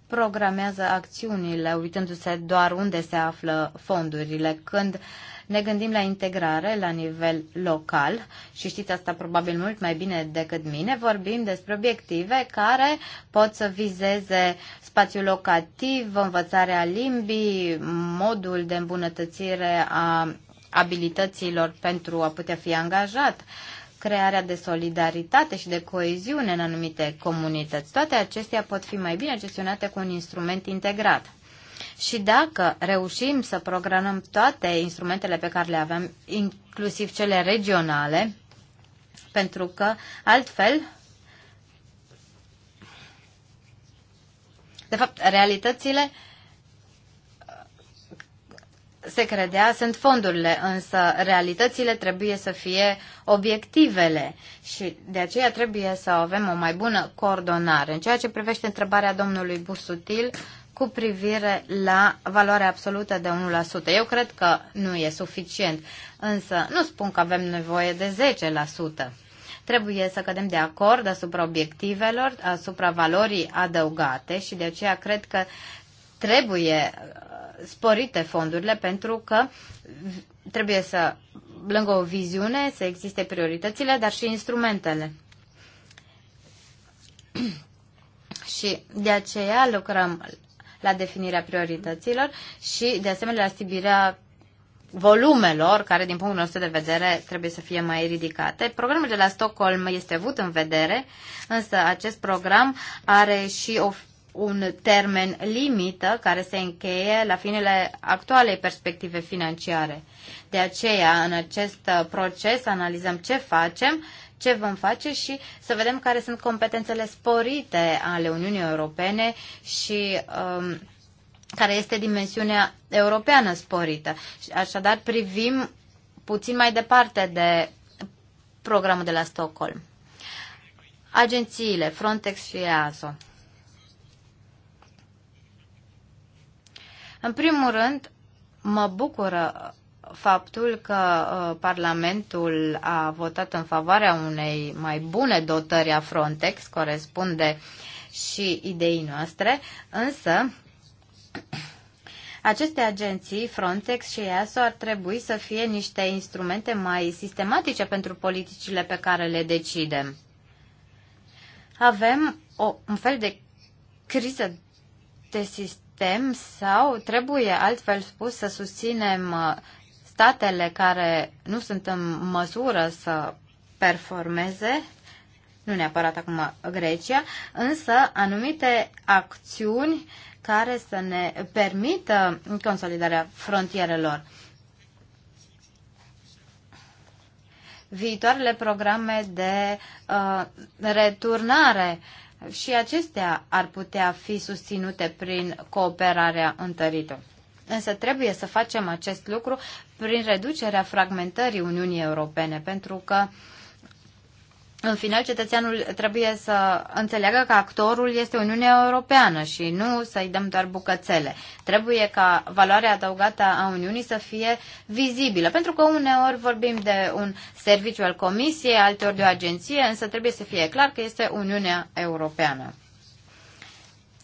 programează acțiunile, uitându-se doar unde se află fondurile, când ne gândim la integrare la nivel local și știți asta probabil mult mai bine decât mine, vorbim despre obiective care pot să vizeze spațiul locativ, învățarea limbii, modul de îmbunătățire a abilităților pentru a putea fi angajat, uh, crearea de solidaritate și de coeziune în anumite comunități. Toate acestea pot fi mai bine gestionate cu un instrument integrat. Și dacă reușim să programăm toate instrumentele pe care le avem, inclusiv cele regionale, pentru că altfel, de fapt, realitățile uh, se credea sunt fondurile, însă realitățile trebuie să fie obiectivele și de aceea trebuie să avem o mai bună coordonare. În ceea ce privește întrebarea domnului Busutil cu privire la valoarea absolută de 1%, eu cred că nu e suficient, însă nu spun că avem nevoie de 10%. Trebuie să cădem de acord asupra obiectivelor, asupra valorii adăugate și de aceea cred că trebuie sporite fondurile pentru că trebuie să, lângă o viziune, să existe prioritățile, dar și instrumentele. și de aceea lucrăm la definirea priorităților și, de asemenea, la stibirea volumelor, care, din punctul nostru de vedere, trebuie să fie mai ridicate. Programul de la Stockholm este avut în vedere, însă acest program are și o un termen limită care se încheie la finele actualei perspective financiare. De aceea, în acest uh, proces, analizăm ce facem, ce vom face și să vedem care sunt competențele sporite ale Uniunii Europene și um, care este dimensiunea europeană sporită. Așadar, privim puțin mai departe de programul de la Stockholm. Agențiile Frontex și EASO În primul rând, mă bucură faptul că uh, Parlamentul a votat în favoarea unei mai bune dotări a Frontex, corespunde și ideii noastre, însă aceste agenții, Frontex și EASO, ar trebui să fie niște instrumente mai sistematice pentru politicile pe care le decidem. Avem o, un fel de criză de sistem putem sau trebuie, altfel spus, să susținem uh, statele care nu sunt în măsură să performeze, nu neapărat acum Grecia, însă anumite acțiuni care să ne permită consolidarea frontierelor. Viitoarele programe de uh, returnare uh, și acestea ar putea fi susținute prin cooperarea întărită. Însă trebuie să facem acest lucru prin reducerea fragmentării Uniunii Europene, pentru că uh, în final, cetățeanul trebuie să înțeleagă că actorul este Uniunea Europeană și nu să-i dăm doar bucățele. Trebuie ca valoarea adăugată a Uniunii să fie vizibilă, pentru că uneori vorbim de un serviciu al Comisiei, alteori de o agenție, însă trebuie să fie clar că este Uniunea Europeană.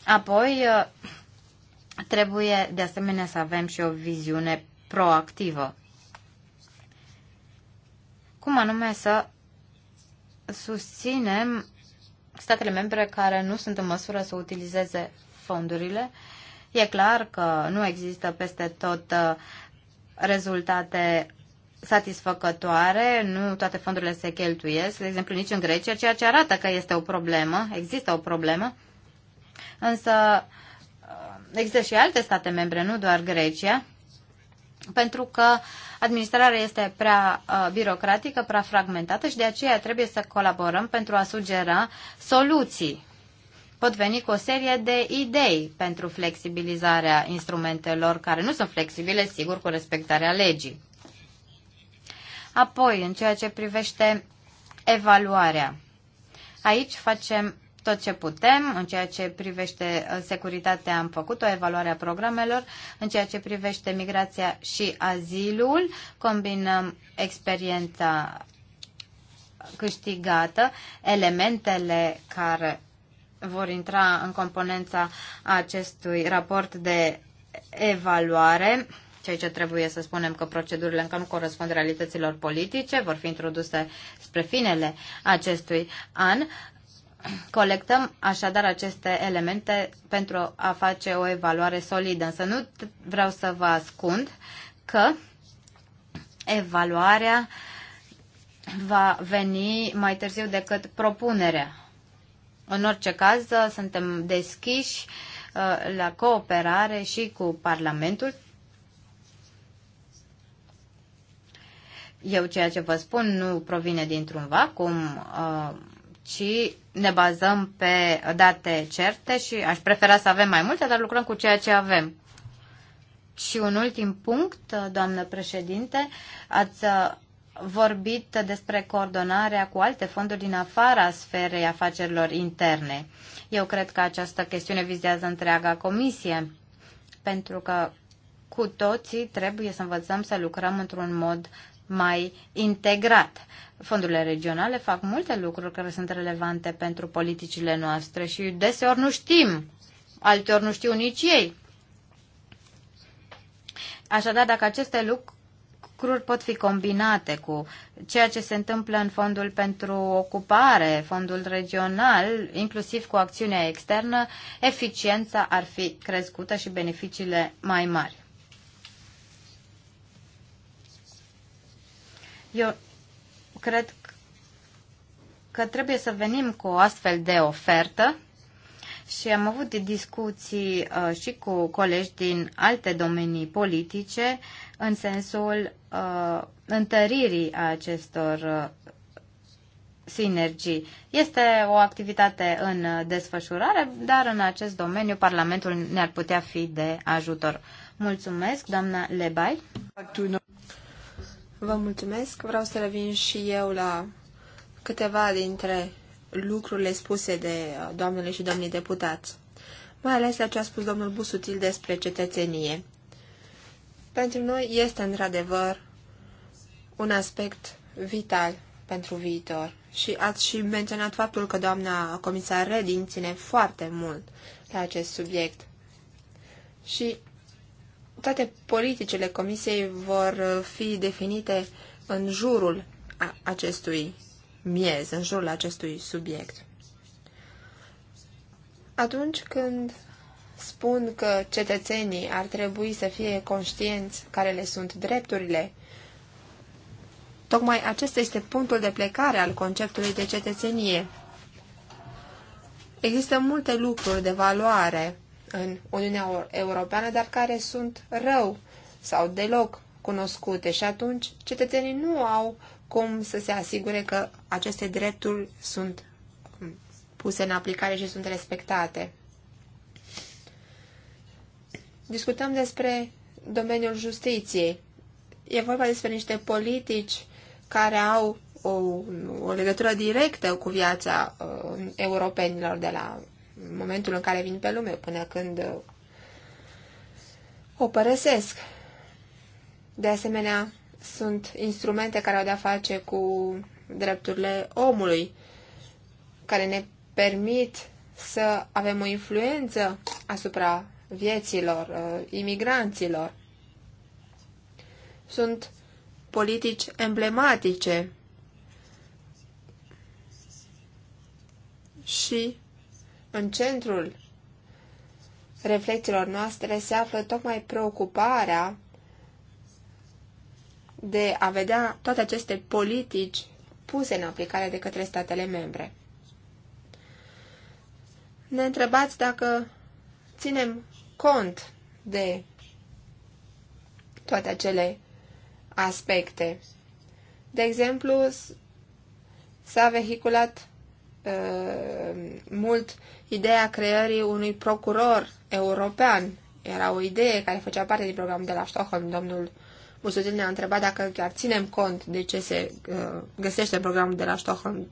Apoi, trebuie de asemenea să avem și o viziune proactivă. Cum anume să susținem statele membre care nu sunt în măsură să utilizeze fondurile. E clar că nu există peste tot uh, rezultate satisfăcătoare, nu toate fondurile se cheltuiesc, de exemplu nici în Grecia, ceea ce arată că este o problemă, există o problemă. Însă uh, există și alte state membre, nu doar Grecia, pentru că uh, Administrarea este prea uh, birocratică, prea fragmentată și de aceea trebuie să colaborăm pentru a sugera soluții. Pot veni cu o serie de idei pentru flexibilizarea instrumentelor care nu sunt flexibile, sigur, cu respectarea legii. Apoi, în ceea ce privește evaluarea, aici facem tot ce putem în ceea ce privește uh, securitatea am făcut o evaluare a programelor, în ceea ce privește migrația și azilul, combinăm experiența câștigată, elementele care vor intra în componența acestui raport de evaluare, ceea ce trebuie să spunem că procedurile încă nu corespund realităților politice, vor fi introduse spre finele acestui an. Colectăm așadar aceste elemente pentru a face o evaluare solidă, însă nu vreau să vă ascund că evaluarea va veni mai târziu decât propunerea. În orice caz, suntem deschiși uh, la cooperare și cu Parlamentul. Eu ceea ce vă spun nu provine dintr-un vacum. Uh, și ne bazăm pe date certe și aș prefera să avem mai multe, dar lucrăm cu ceea ce avem. Și un ultim punct, doamnă președinte, ați vorbit despre coordonarea cu alte fonduri din afara sferei afacerilor interne. Eu cred că această chestiune vizează întreaga comisie, pentru că cu toții trebuie să învățăm să lucrăm într-un mod mai integrat. Fondurile regionale fac multe lucruri care sunt relevante pentru politicile noastre și deseori nu știm, alteori nu știu nici ei. Așadar, dacă aceste lucruri pot fi combinate cu ceea ce se întâmplă în fondul pentru ocupare, fondul regional, inclusiv cu acțiunea externă, eficiența ar fi crescută și beneficiile mai mari. Eu cred că trebuie să venim cu o astfel de ofertă și am avut discuții uh, și cu colegi din alte domenii politice în sensul uh, întăririi a acestor uh, sinergii. Este o activitate în desfășurare, dar în acest domeniu Parlamentul ne-ar putea fi de ajutor. Mulțumesc, doamna Lebai. Vă mulțumesc. Vreau să revin și eu la câteva dintre lucrurile spuse de uh, doamnele și domnii deputați, mai ales la ce a spus domnul Busutil despre cetățenie. Pentru noi este într-adevăr un aspect vital pentru viitor și ați și menționat faptul că doamna comisar Redin ține foarte mult la acest subiect. Și toate politicile comisiei vor fi definite în jurul acestui miez, în jurul acestui subiect. Atunci când spun că cetățenii ar trebui să fie conștienți care le sunt drepturile, tocmai acesta este punctul de plecare al conceptului de cetățenie. Există multe lucruri de valoare în Uniunea Europeană, dar care sunt rău sau deloc cunoscute și atunci cetățenii nu au cum să se asigure că aceste drepturi sunt puse în aplicare și sunt respectate. Discutăm despre domeniul justiției. E vorba despre niște politici care au o, o legătură directă cu viața uh, europenilor de la în momentul în care vin pe lume, până când uh, o părăsesc. De asemenea, sunt instrumente care au de-a face cu drepturile omului, care ne permit să avem o influență asupra vieților uh, imigranților. Sunt politici emblematice și în centrul reflecțiilor noastre se află tocmai preocuparea de a vedea toate aceste politici puse în aplicare de către statele membre. Ne întrebați dacă ținem cont de toate acele aspecte. De exemplu, s-a vehiculat Uh, mult ideea creării unui procuror european. Era o idee care făcea parte din programul de la Stockholm. Domnul Busutil ne-a întrebat dacă chiar ținem cont de ce se uh, găsește în programul de la Stockholm.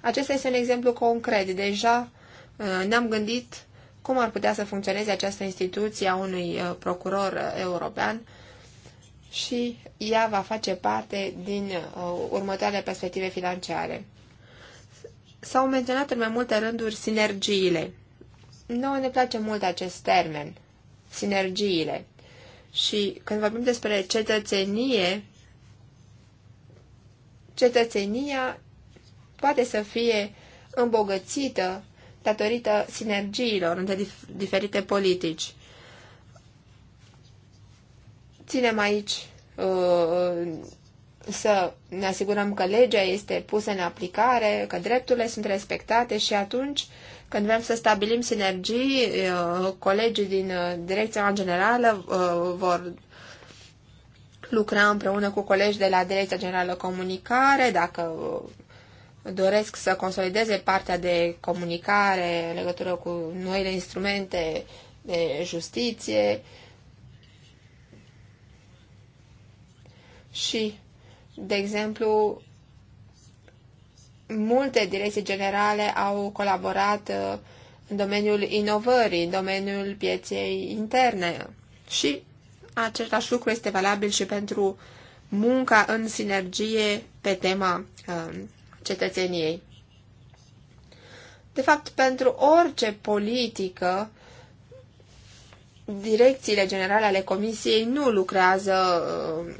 Acesta este un exemplu concret. Deja uh, ne-am gândit cum ar putea să funcționeze această instituție a unui uh, procuror uh, european și ea va face parte din uh, următoarele perspective financiare. S-au menționat în mai multe rânduri sinergiile. Noi ne place mult acest termen, sinergiile. Și când vorbim despre cetățenie, cetățenia poate să fie îmbogățită datorită sinergiilor între dif- diferite politici. Ținem aici uh, să ne asigurăm că legea este pusă în aplicare, că drepturile sunt respectate și atunci când vrem să stabilim sinergii, uh, colegii din uh, direcția generală uh, vor lucra împreună cu colegi de la Direcția Generală Comunicare, dacă doresc să consolideze partea de comunicare în legătură cu noile instrumente de justiție și de exemplu, multe direcții generale au colaborat uh, în domeniul inovării, în domeniul pieței interne și același lucru este valabil și pentru munca în sinergie pe tema uh, cetățeniei. De fapt, pentru orice politică, direcțiile generale ale Comisiei nu lucrează uh,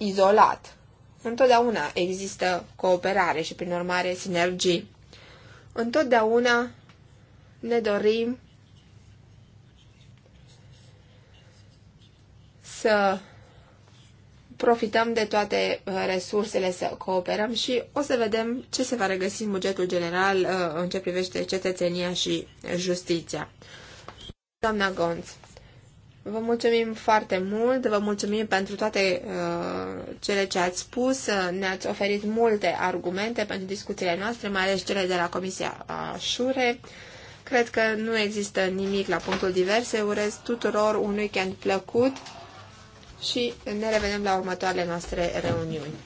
izolat. Întotdeauna există cooperare și, prin urmare, sinergii. Întotdeauna ne dorim să profităm de toate uh, resursele, să cooperăm și o să vedem ce se va regăsi în bugetul general uh, în ce privește cetățenia și uh, justiția. Doamna Gonț. Vă mulțumim foarte mult, vă mulțumim pentru toate uh, cele ce ați spus, uh, ne-ați oferit multe argumente pentru discuțiile noastre, mai ales cele de la Comisia uh, Șure. Cred că nu există nimic la punctul diverse. Urez tuturor un weekend plăcut și ne revedem la următoarele noastre reuniuni.